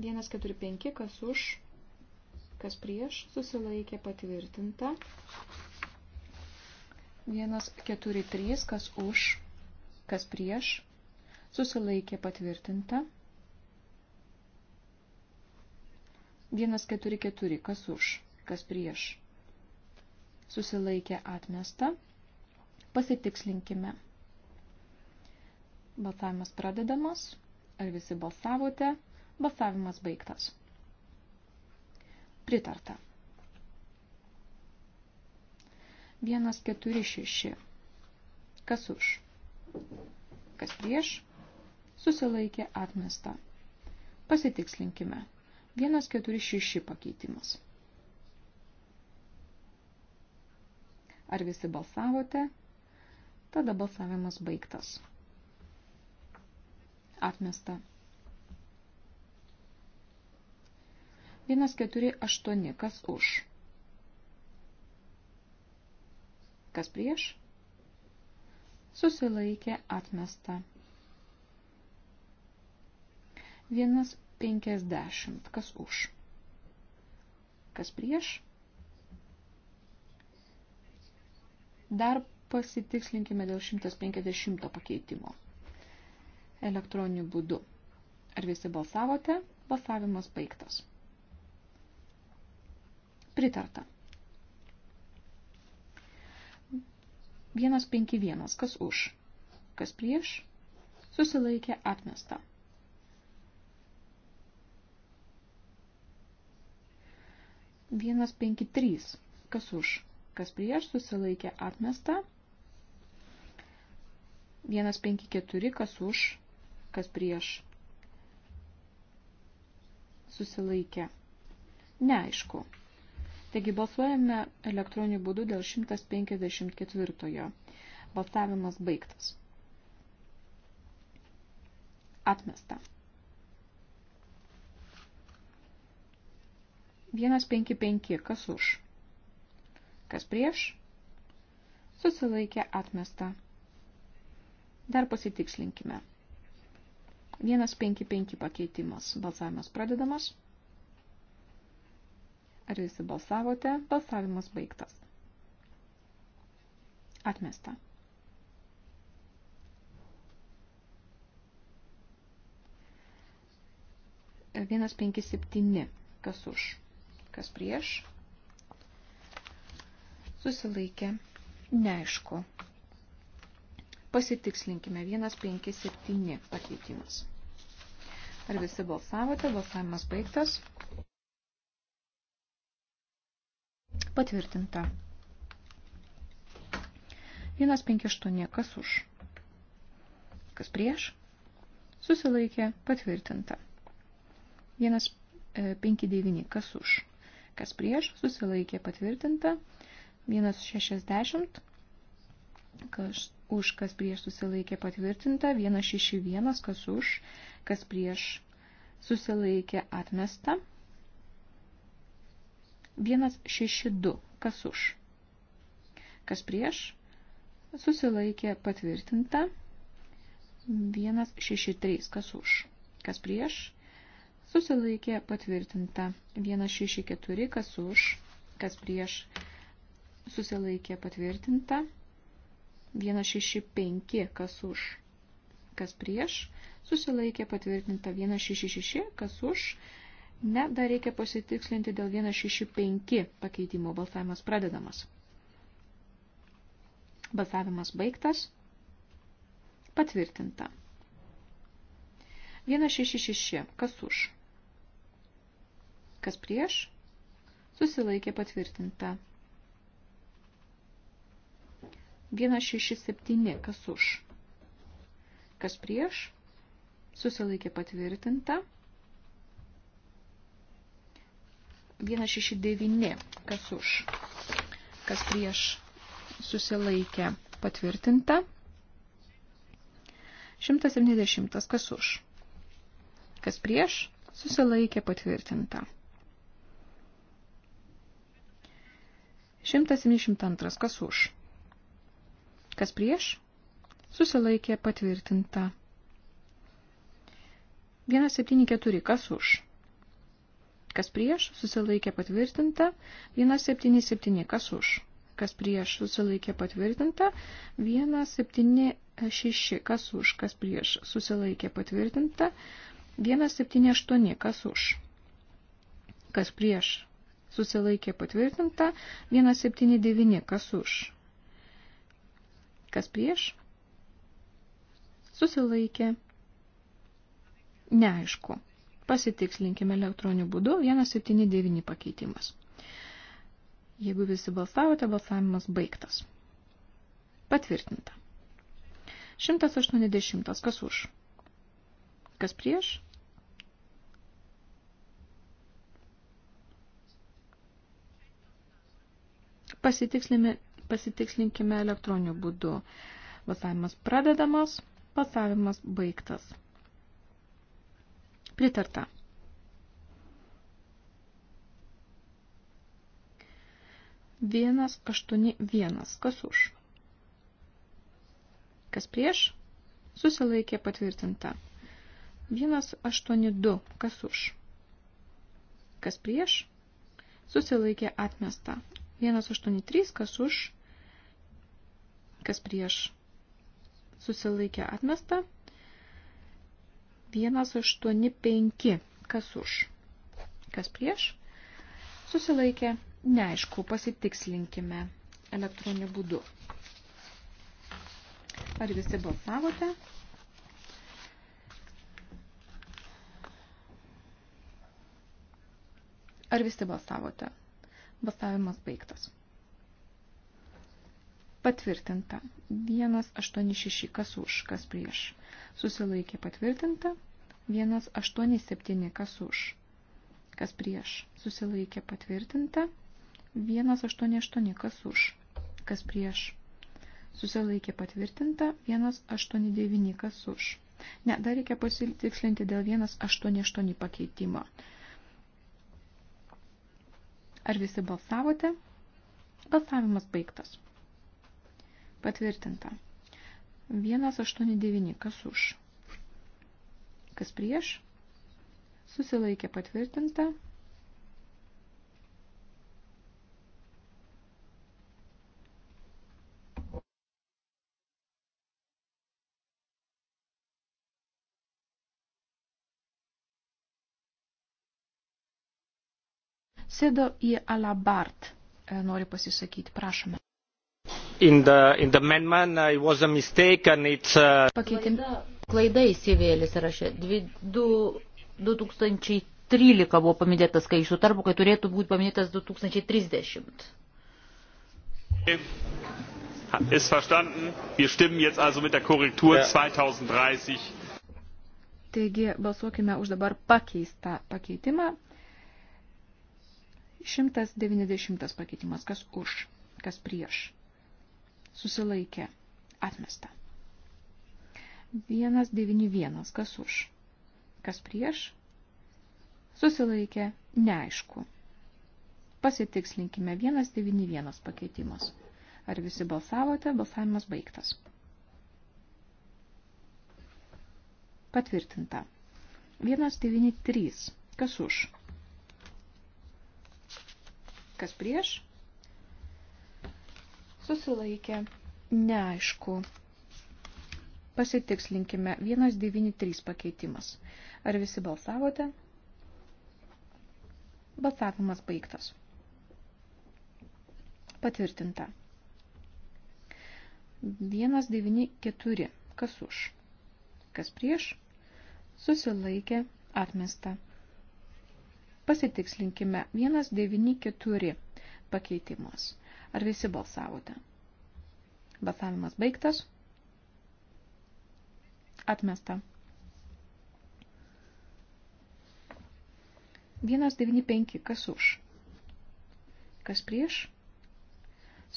[SPEAKER 2] Vienas keturi penki, kas už, kas prieš, susilaikė patvirtinta. 143, kas už, kas prieš, susilaikė patvirtinta. 144, kas už, kas prieš, susilaikė atmesta. Pasitikslinkime. Balsavimas pradedamas. Ar visi balsavote? Balsavimas baigtas. Pritarta. 146. Kas už? Kas prieš? Susilaikė atmesta. Pasitikslinkime. 146 pakeitimas. Ar visi balsavote? Tada balsavimas baigtas. Atmesta. 148, kas už. Kas prieš? Susilaikė atmesta. 150, kas už. Kas prieš? Dar pasitikslinkime dėl 150 pakeitimo. Elektroniniu būdu. Ar visi balsavote? Balsavimas baigtas. Pritarta. 151. Kas už? Kas prieš? Susilaikė atmesta. Vienas penki trys. Kas už? Kas prieš? Susilaikė atmesta. Vienas penki keturi. Kas už? Kas prieš? Susilaikė. Neaišku. Taigi balsuojame elektroniniu būdu dėl 154. Balsavimas baigtas. Atmesta. 155. Kas už? Kas prieš? Susilaikė atmesta. Dar pasitikslinkime. 155 pakeitimas. Balsavimas pradedamas. 155. Ar visi balsavote? Balsavimas baigtas. Atmesta. Vienas penki septyni. Kas už? Kas prieš? Susilaikė. Neaišku. Pasitikslinkime 157 pakeitimas. Ar visi balsavote? Balsavimas baigtas. Patvirtinta. 158. Kas už? Kas prieš? Susilaikė. Patvirtinta. 159. E, Kas už? Kas prieš? Susilaikė. Patvirtinta. 160. Kas už? Kas prieš? Susilaikė. Patvirtinta. 161. Kas už? Kas prieš? Susilaikė. Atmesta. 162. Kas už? Kas prieš? Susilaikė patvirtinta. 163. Kas už? Kas prieš? Susilaikė patvirtinta. 164. Kas už? Kas prieš? Susilaikė patvirtinta. 165. Kas už? Kas prieš? Susilaikė patvirtinta. 166. Kas už? Ne, dar reikia pasitikslinti dėl 165 pakeitimo. Balsavimas pradedamas. Balsavimas baigtas. Patvirtinta. 166. Kas už? Kas prieš? Susilaikė patvirtinta. 167. Kas už? Kas prieš? Susilaikė patvirtinta. 168. 169. Kas už? Kas prieš? Susilaikė patvirtinta. 170. Kas už? Kas prieš? Susilaikė patvirtinta. 172. Kas už? Kas prieš? Susilaikė patvirtinta. 174. Kas už? Kas prieš susilaikė patvirtinta 177. Kas už? Kas prieš susilaikė patvirtinta 176. Kas už? Kas prieš susilaikė patvirtinta 178. Kas už? Kas prieš susilaikė patvirtinta 179. Kas už? Kas prieš? Susilaikė. Neaišku. Pasitikslinkime elektroniniu būdu 179 pakeitimas. Jeigu visi balsavote, balsavimas baigtas. Patvirtinta. 180. Kas už? Kas prieš? Pasitikslinkime elektroniniu būdu. Balsavimas pradedamas, balsavimas baigtas. Pritarta. Vienas aštuoni vienas. Kas už? Kas prieš? Susilaikė patvirtinta. Vienas aštuoni du. Kas už? Kas prieš? Susilaikė atmesta. Vienas aštuoni trys. Kas už? Kas prieš? Susilaikė atmesta. 185. Kas už? Kas prieš? Susilaikė. Neaišku, pasitikslinkime elektroniniu būdu. Ar visi balsavote? Ar visi balsavote? Balsavimas baigtas. Patvirtinta. 186 kas už, kas prieš susilaikė patvirtinta, 187 kas už, kas prieš, susilaikė patvirtinta, 188 kas už, kas prieš, susilaikė patvirtinta, 189 kas už. Ne, dar reikia pasitikslinti dėl 188 pakeitimo. Ar visi balsavote? Balsavimas baigtas. Patvirtinta. 189. Kas už? Kas prieš? Susilaikė patvirtinta. Sėdo į Alabart. E, Noriu pasisakyti, prašome
[SPEAKER 5] in the, in the amendment uh, it was a mistake and it's uh...
[SPEAKER 3] Pakeitim, klaida įsivėlė sąraše. 2013 buvo paminėtas skaičius, tarpu, kad turėtų būti paminėtas 2030.
[SPEAKER 4] Ist verstanden. Wir stimmen jetzt also mit der Korrektur ja. 2030.
[SPEAKER 2] Taigi balsuokime už dabar pakeistą pakeitimą. 190 pakeitimas. Kas už, kas prieš susilaikė, atmesta. 191, kas už, kas prieš, susilaikė, neaišku. Pasitikslinkime 191 pakeitimas. Ar visi balsavote? Balsavimas baigtas. Patvirtinta. 193. Kas už? Kas prieš? susilaikė neaišku. Pasitikslinkime 193 pakeitimas. Ar visi balsavote? Balsavimas baigtas. Patvirtinta. 194. Kas už? Kas prieš? Susilaikė atmesta. Pasitikslinkime 194 pakeitimas. Ar visi balsavote? Balsavimas baigtas. Atmesta. 195. Kas už? Kas prieš?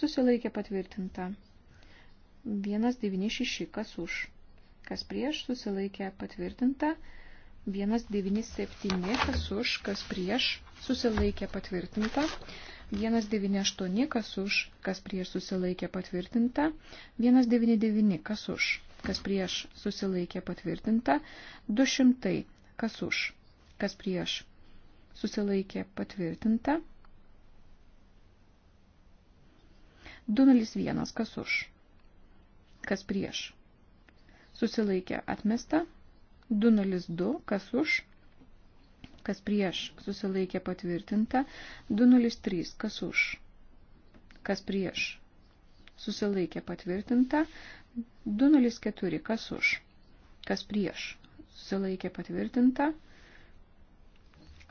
[SPEAKER 2] Susilaikė patvirtinta. 196. Kas už? Kas prieš? Susilaikė patvirtinta. 197. Kas už? Kas prieš? Susilaikė patvirtinta. 198 kas už, kas prieš susilaikė patvirtinta, 199 kas už, kas prieš susilaikė patvirtinta, 200 kas už, kas prieš susilaikė patvirtinta, 201 kas už, kas prieš susilaikė atmesta, 202 kas už, kas prieš, susilaikė patvirtinta, 203, kas už, kas prieš, susilaikė patvirtinta, 204, kas už, kas prieš, susilaikė patvirtinta,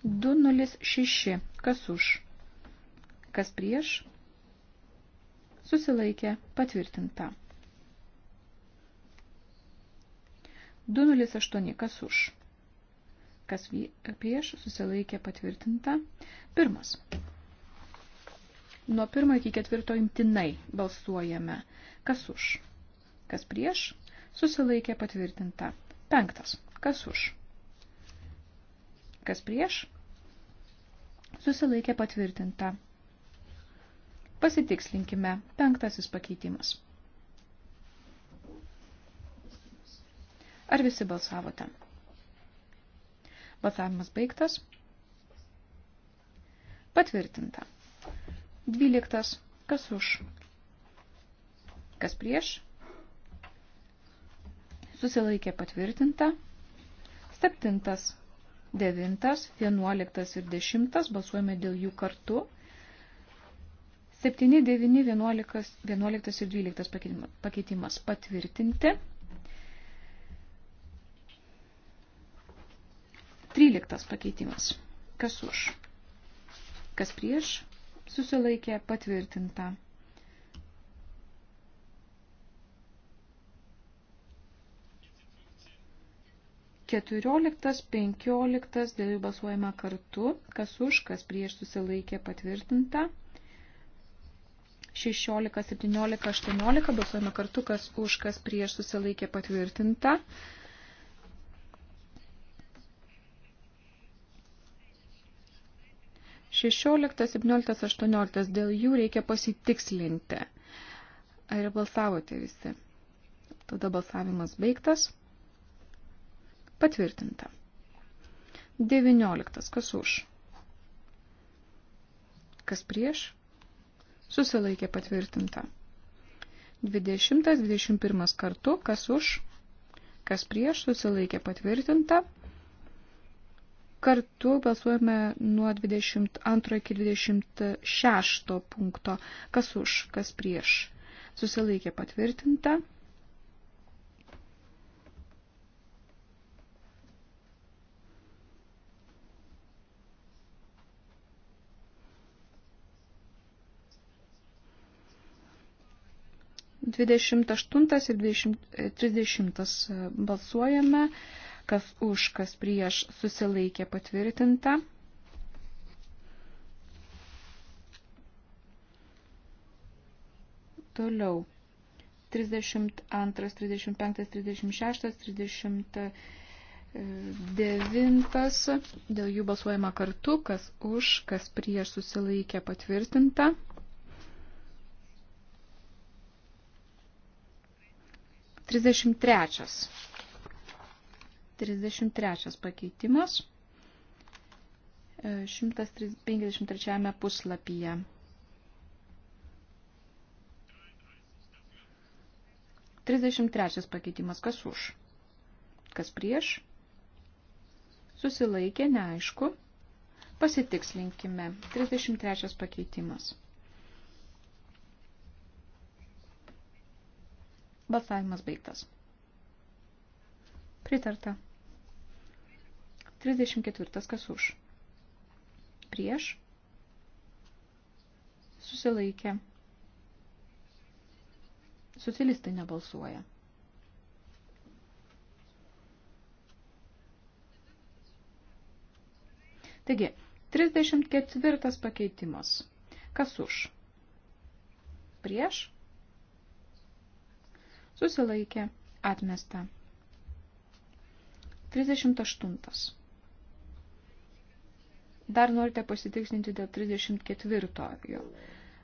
[SPEAKER 2] 206, kas už, kas prieš, susilaikė patvirtinta. 208, kas už kas prieš susilaikė patvirtinta. Pirmas. Nuo pirmo iki ketvirto imtinai balsuojame. Kas už? Kas prieš? Susilaikė patvirtinta. Penktas. Kas už? Kas prieš? Susilaikė patvirtinta. Pasitikslinkime. Penktasis pakeitimas. Ar visi balsavote? Balsavimas baigtas. Patvirtinta. 12. Kas už? Kas prieš? Susilaikė patvirtinta. 7. 9, 11 ir 10 balsuojame dėl jų kartu. 7, 9, 11, 11 ir 12 pakeitimas patvirtinti. 13 pakeitimas. Kas už? Kas prieš? Susilaikė patvirtinta. Keturioliktas, penkioliktas, dėl jų balsuojama kartu, kas už, kas prieš susilaikė patvirtinta. 16, 17, 18 balsuojame kartu, kas už, kas prieš susilaikė patvirtinta. 16, 17, 18, dėl jų reikia pasitikslinti. Ar balsavote visi? Tada balsavimas baigtas. Patvirtinta. 19. Kas už? Kas prieš? Susilaikė patvirtinta. 20, 21 kartu, kas už, kas prieš, susilaikė patvirtinta. Kartu balsuojame nuo 22 iki 26 punkto. Kas už, kas prieš. Susilaikė patvirtinta. Dvidešimt aštuntas ir dvidešimt e, trisdešimtas e, balsuojame kas už, kas prieš susilaikė patvirtinta. Toliau. 32, 35, 36, 39. Dėl jų balsuojama kartu, kas už, kas prieš susilaikė patvirtinta. Trisdešimt trečias. 133 pakeitimas 153 e, puslapyje. Trisdešimt trečias pakeitimas. Kas už? Kas prieš? Susilaikė, neaišku. Pasitikslinkime. 33 pakeitimas. Balsavimas baigtas. Pritarta. 34. Kas už? Prieš. Susilaikė. Socialistai nebalsuoja. Taigi, 34 pakeitimas. Kas už? Prieš? Susilaikė. Atmesta. 38. Dar norite pasitiksninti dėl 34. Jo.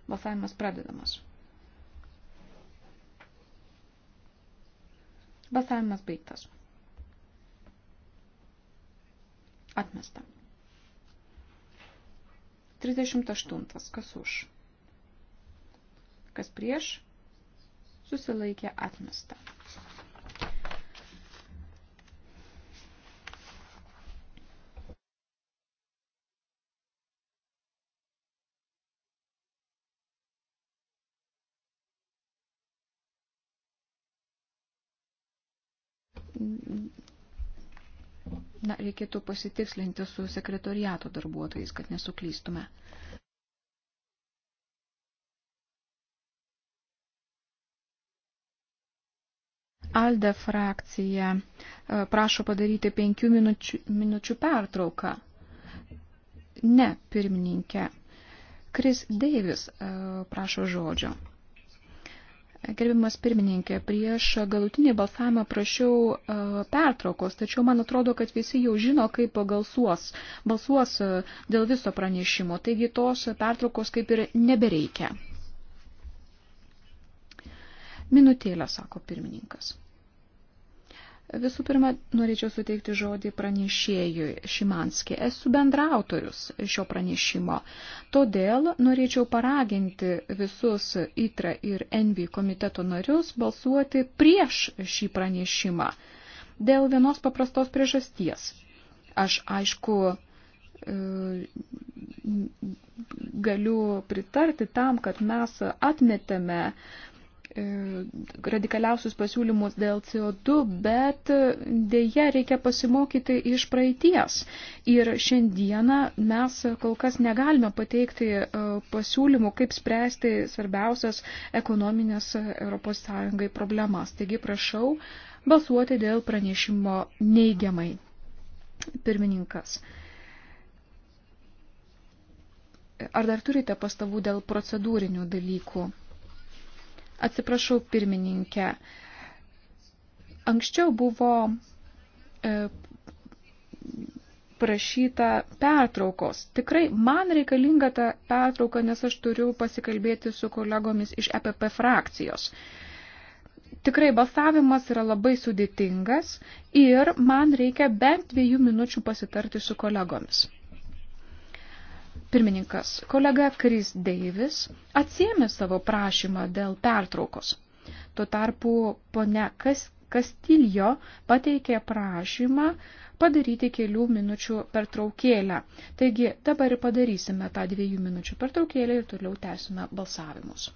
[SPEAKER 2] Balsavimas pradedamas. Balsavimas baigtas. Atmesta. 38. Kas už? Kas prieš? Susilaikė atmesta. Na, reikėtų pasitikslinti su sekretoriato darbuotojais, kad nesuklystume. Alde frakcija e, prašo padaryti penkių minučių, minučių pertrauką. Ne, pirmininkė. Kris Deivis e, prašo žodžio. Gerbimas pirmininkė, prieš galutinį balsavimą prašiau e, pertraukos, tačiau man atrodo, kad visi jau žino, kaip balsuos, balsuos e, dėl viso pranešimo, taigi tos pertraukos kaip ir nebereikia. Minutėlę, sako pirmininkas. Visų pirma, norėčiau suteikti žodį pranešėjui Šimanski. Esu bendrautorius šio pranešimo. Todėl norėčiau paraginti visus ITRA ir ENVI komiteto narius balsuoti prieš šį pranešimą. Dėl vienos paprastos priežasties. Aš aišku e, galiu pritarti tam, kad mes atmetėme E, radikaliausius pasiūlymus dėl CO2, bet dėja reikia pasimokyti iš praeities. Ir šiandieną mes kol kas negalime pateikti e, pasiūlymų, kaip spręsti svarbiausias ekonominės ES problemas. Taigi prašau balsuoti dėl pranešimo neigiamai. Pirmininkas. Ar dar turite pastabų dėl procedūrinių dalykų? Atsiprašau, pirmininkė. Anksčiau buvo e, prašyta pertraukos. Tikrai man reikalinga ta pertrauka, nes aš turiu pasikalbėti su kolegomis iš EPP frakcijos. Tikrai balsavimas yra labai sudėtingas ir man reikia bent dviejų minučių pasitarti su kolegomis. Pirmininkas, kolega Kris Deivis atsiemė savo prašymą dėl pertraukos. Tuo tarpu ponia Kas, Kastiljo pateikė prašymą padaryti kelių minučių pertraukėlę. Taigi dabar ir padarysime tą dviejų minučių pertraukėlę ir toliau tęsime balsavimus.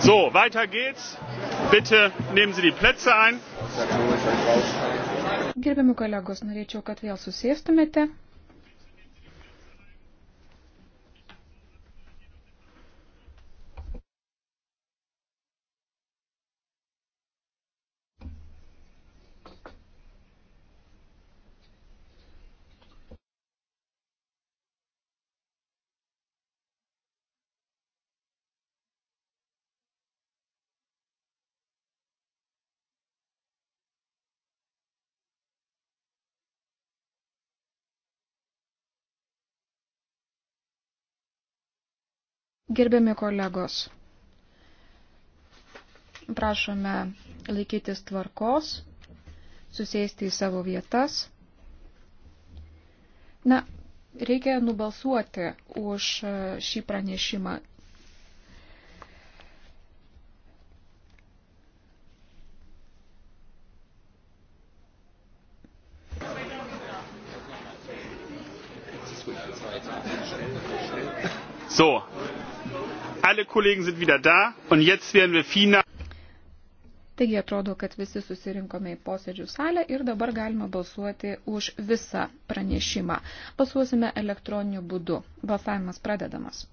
[SPEAKER 4] So, weiter geht's. Bitte nehmen Sie die Plätze ein.
[SPEAKER 2] Gerbiami kolegos, norėčiau, kad vėl susėstumėte. Gerbiami kolegos, prašome laikytis tvarkos, susėsti į savo vietas. Na, reikia nubalsuoti už šį pranešimą.
[SPEAKER 4] kollegen sind wieder da und jetzt werden wir final.
[SPEAKER 2] Taigi atrodo, kad visi susirinkome į posėdžių salę ir dabar galima balsuoti už visą pranešimą. Balsuosime elektroniniu būdu. Balsavimas pradedamas.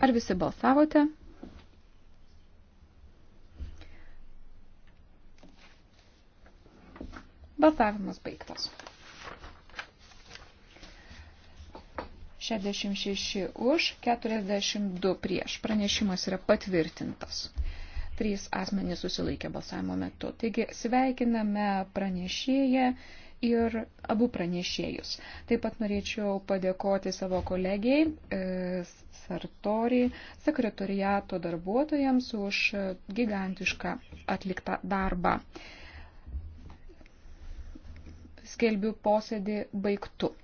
[SPEAKER 2] Ar visi balsavote? Balsavimas baigtas. 66 už, 42 prieš. Pranešimas yra patvirtintas. Trys asmenys susilaikė balsavimo metu. Taigi sveikiname pranešėją ir abu pranešėjus. Taip pat norėčiau padėkoti savo kolegijai e, Sartori, sekretoriato darbuotojams už gigantišką atliktą darbą. E, skelbiu posėdį baigtu.